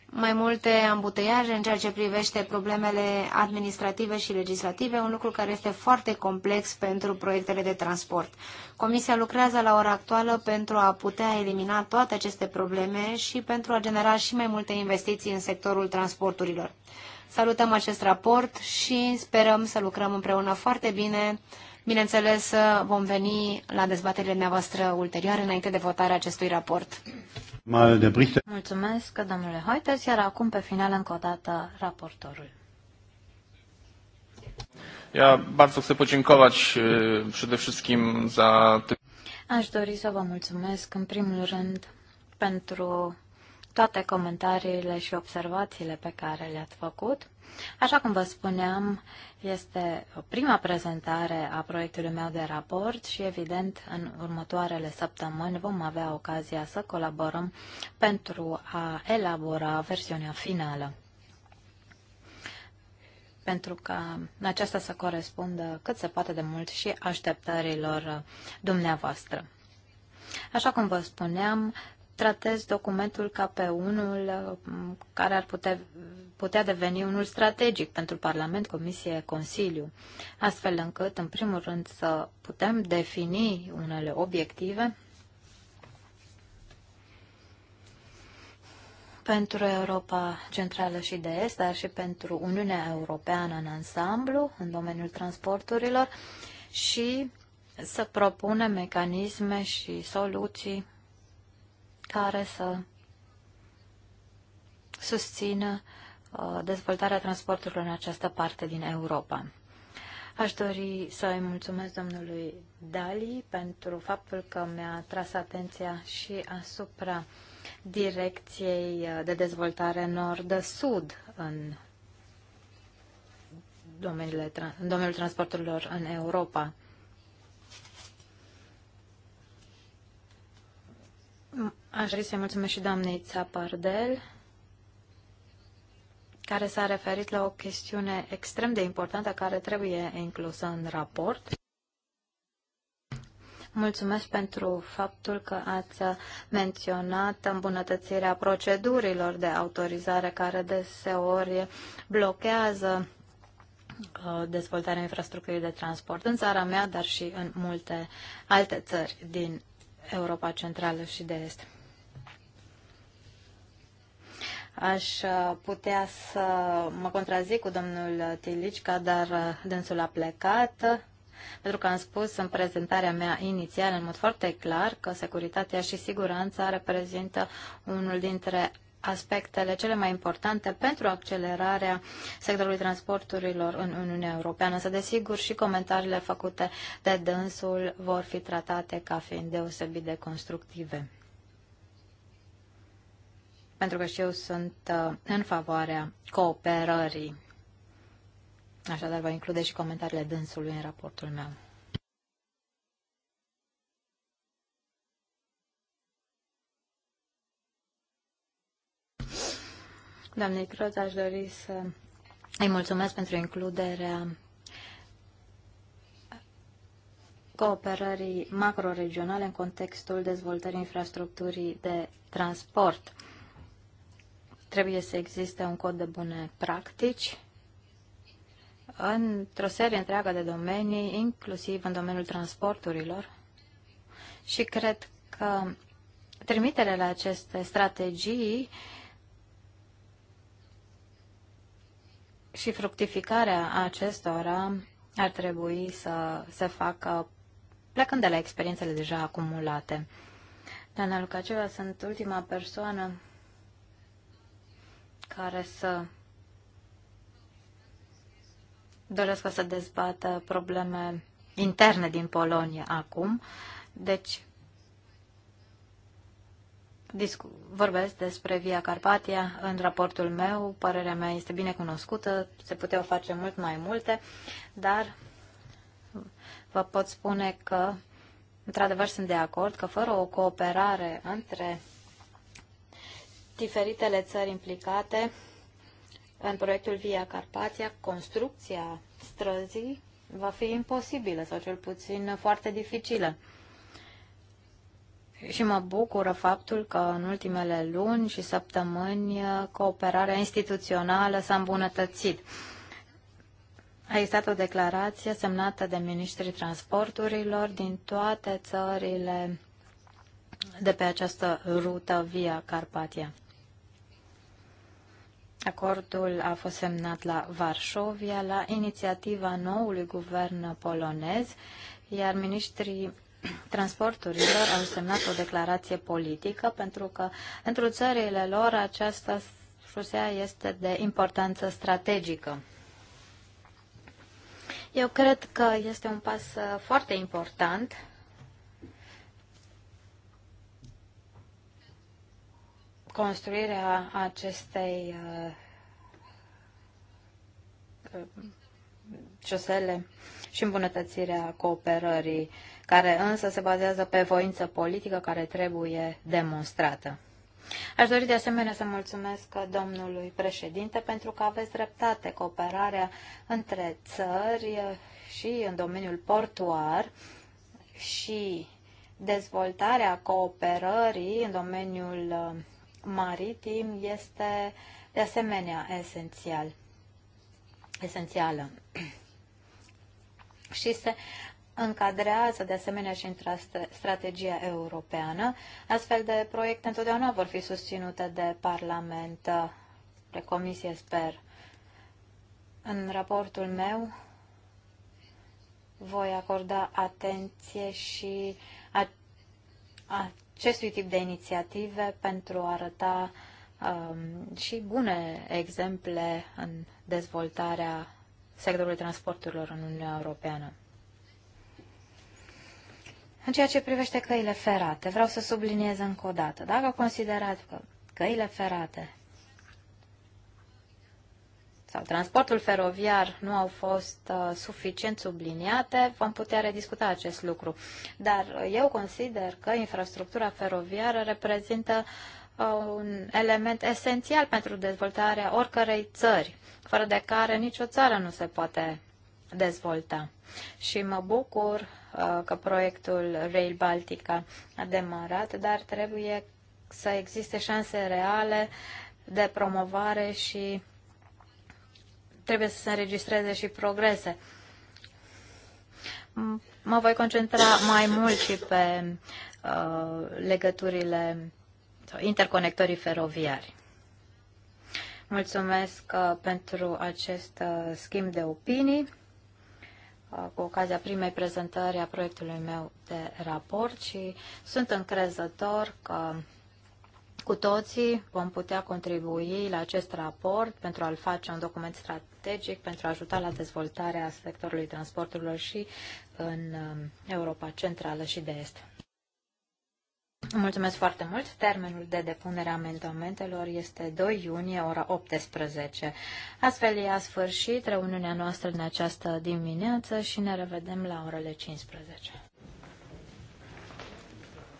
mai multe ambuteiaje în ceea ce privește problemele administrative și legislative, un lucru care este foarte complex pentru proiectele de transport. Comisia lucrează la ora actuală pentru a putea elimina toate aceste probleme și pentru a genera și mai multe investiții în sectorul transporturilor. Salutăm acest raport și sperăm să lucrăm împreună foarte bine Bineînțeles, uh, vom veni la dezbaterile dumneavoastră ulterioare înainte de votarea acestui raport. Mulțumesc, domnule Hoiters, iar acum pe final încă o dată raportorul. Ja bardzo chcę podziękować przede wszystkim za... Aș dori vă mulțumesc în primul rând pentru toate comentariile și observațiile pe care le-ați făcut. Așa cum vă spuneam, este prima prezentare a proiectului meu de raport și, evident, în următoarele săptămâni vom avea ocazia să colaborăm pentru a elabora versiunea finală. Pentru ca aceasta să corespundă cât se poate de mult și așteptărilor dumneavoastră. Așa cum vă spuneam, tratez documentul ca pe unul uh, care ar putea, putea deveni unul strategic pentru Parlament, Comisie, Consiliu, astfel încât, în primul rând, să putem defini unele obiective pentru Europa Centrală și de Est, dar și pentru Uniunea Europeană în ansamblu, în domeniul transporturilor, și să propunem mecanisme și soluții care să susțină uh, dezvoltarea transporturilor în această parte din Europa. Aș dori să îi mulțumesc domnului Dali pentru faptul că mi-a tras atenția și asupra direcției uh, de dezvoltare nord-sud în, în domeniul transporturilor în Europa. Aș dori să-i mulțumesc și doamnei Țapardel, care s-a referit la o chestiune extrem de importantă care trebuie inclusă în raport. Mulțumesc pentru faptul că ați menționat îmbunătățirea procedurilor de autorizare care deseori blochează uh, dezvoltarea infrastructurii de transport în țara mea, dar și în multe alte țări din Europa Centrală și de Est. Aș uh, putea să mă contrazic cu domnul Tilicica, dar uh, dânsul a plecat, pentru că am spus în prezentarea mea inițială, în mod foarte clar, că securitatea și siguranța reprezintă unul dintre aspectele cele mai importante pentru accelerarea sectorului transporturilor în Uniunea Europeană. Să desigur și comentariile făcute de dânsul vor fi tratate ca fiind deosebit de constructive pentru că și eu sunt uh, în favoarea cooperării. Așadar, va include și comentariile dânsului în raportul meu. Doamnei Croț, aș dori să îi mulțumesc pentru includerea cooperării macroregionale în contextul dezvoltării infrastructurii de transport. Trebuie să existe un cod de bune practici într-o serie întreagă de domenii, inclusiv în domeniul transporturilor. Și cred că trimiterea la aceste strategii și fructificarea acestora ar trebui să se facă plecând de la experiențele deja acumulate. Dana Lucaceva, sunt ultima persoană care să doresc să dezbată probleme interne din Polonia acum. Deci, vorbesc despre Via Carpatia în raportul meu. Părerea mea este bine cunoscută, se puteau face mult mai multe, dar vă pot spune că, într-adevăr, sunt de acord că fără o cooperare între diferitele țări implicate în proiectul Via Carpația, construcția străzii va fi imposibilă sau cel puțin foarte dificilă. Și mă bucură faptul că în ultimele luni și săptămâni cooperarea instituțională s-a îmbunătățit. A existat o declarație semnată de ministrii transporturilor din toate țările de pe această rută via Carpatia. Acordul a fost semnat la Varșovia la inițiativa noului guvern polonez, iar ministrii transporturilor au semnat o declarație politică pentru că pentru țările lor această șosea este de importanță strategică. Eu cred că este un pas foarte important construirea acestei uh, șosele și îmbunătățirea cooperării, care însă se bazează pe voință politică care trebuie demonstrată. Aș dori de asemenea să mulțumesc domnului președinte pentru că aveți dreptate cooperarea între țări și în domeniul portuar și dezvoltarea cooperării în domeniul uh, maritim este de asemenea esențial, esențială și se încadrează de asemenea și într o strategie europeană. Astfel de proiecte întotdeauna vor fi susținute de Parlament, de Comisie, sper. În raportul meu voi acorda atenție și a, a, acestui tip de inițiative pentru a arăta um, și bune exemple în dezvoltarea sectorului transporturilor în Uniunea Europeană. În ceea ce privește căile ferate, vreau să subliniez încă o dată. Dacă considerați că căile ferate sau transportul feroviar nu au fost uh, suficient subliniate, vom putea rediscuta acest lucru. Dar uh, eu consider că infrastructura feroviară reprezintă uh, un element esențial pentru dezvoltarea oricărei țări, fără de care nicio țară nu se poate dezvolta. Și mă bucur uh, că proiectul Rail Baltica a demarat, dar trebuie să existe șanse reale de promovare și trebuie să se înregistreze și progrese. Mă voi concentra mai mult și pe uh, legăturile sau interconectorii feroviari. Mulțumesc uh, pentru acest uh, schimb de opinii uh, cu ocazia primei prezentări a proiectului meu de raport și sunt încrezător că cu toții vom putea contribui la acest raport pentru a-l face un document strategic pentru a ajuta la dezvoltarea sectorului transporturilor și în um, Europa Centrală și de Est. Mulțumesc foarte mult. Termenul de depunere a amendamentelor este 2 iunie, ora 18. Astfel e a sfârșit reuniunea noastră în această dimineață și ne revedem la orele 15.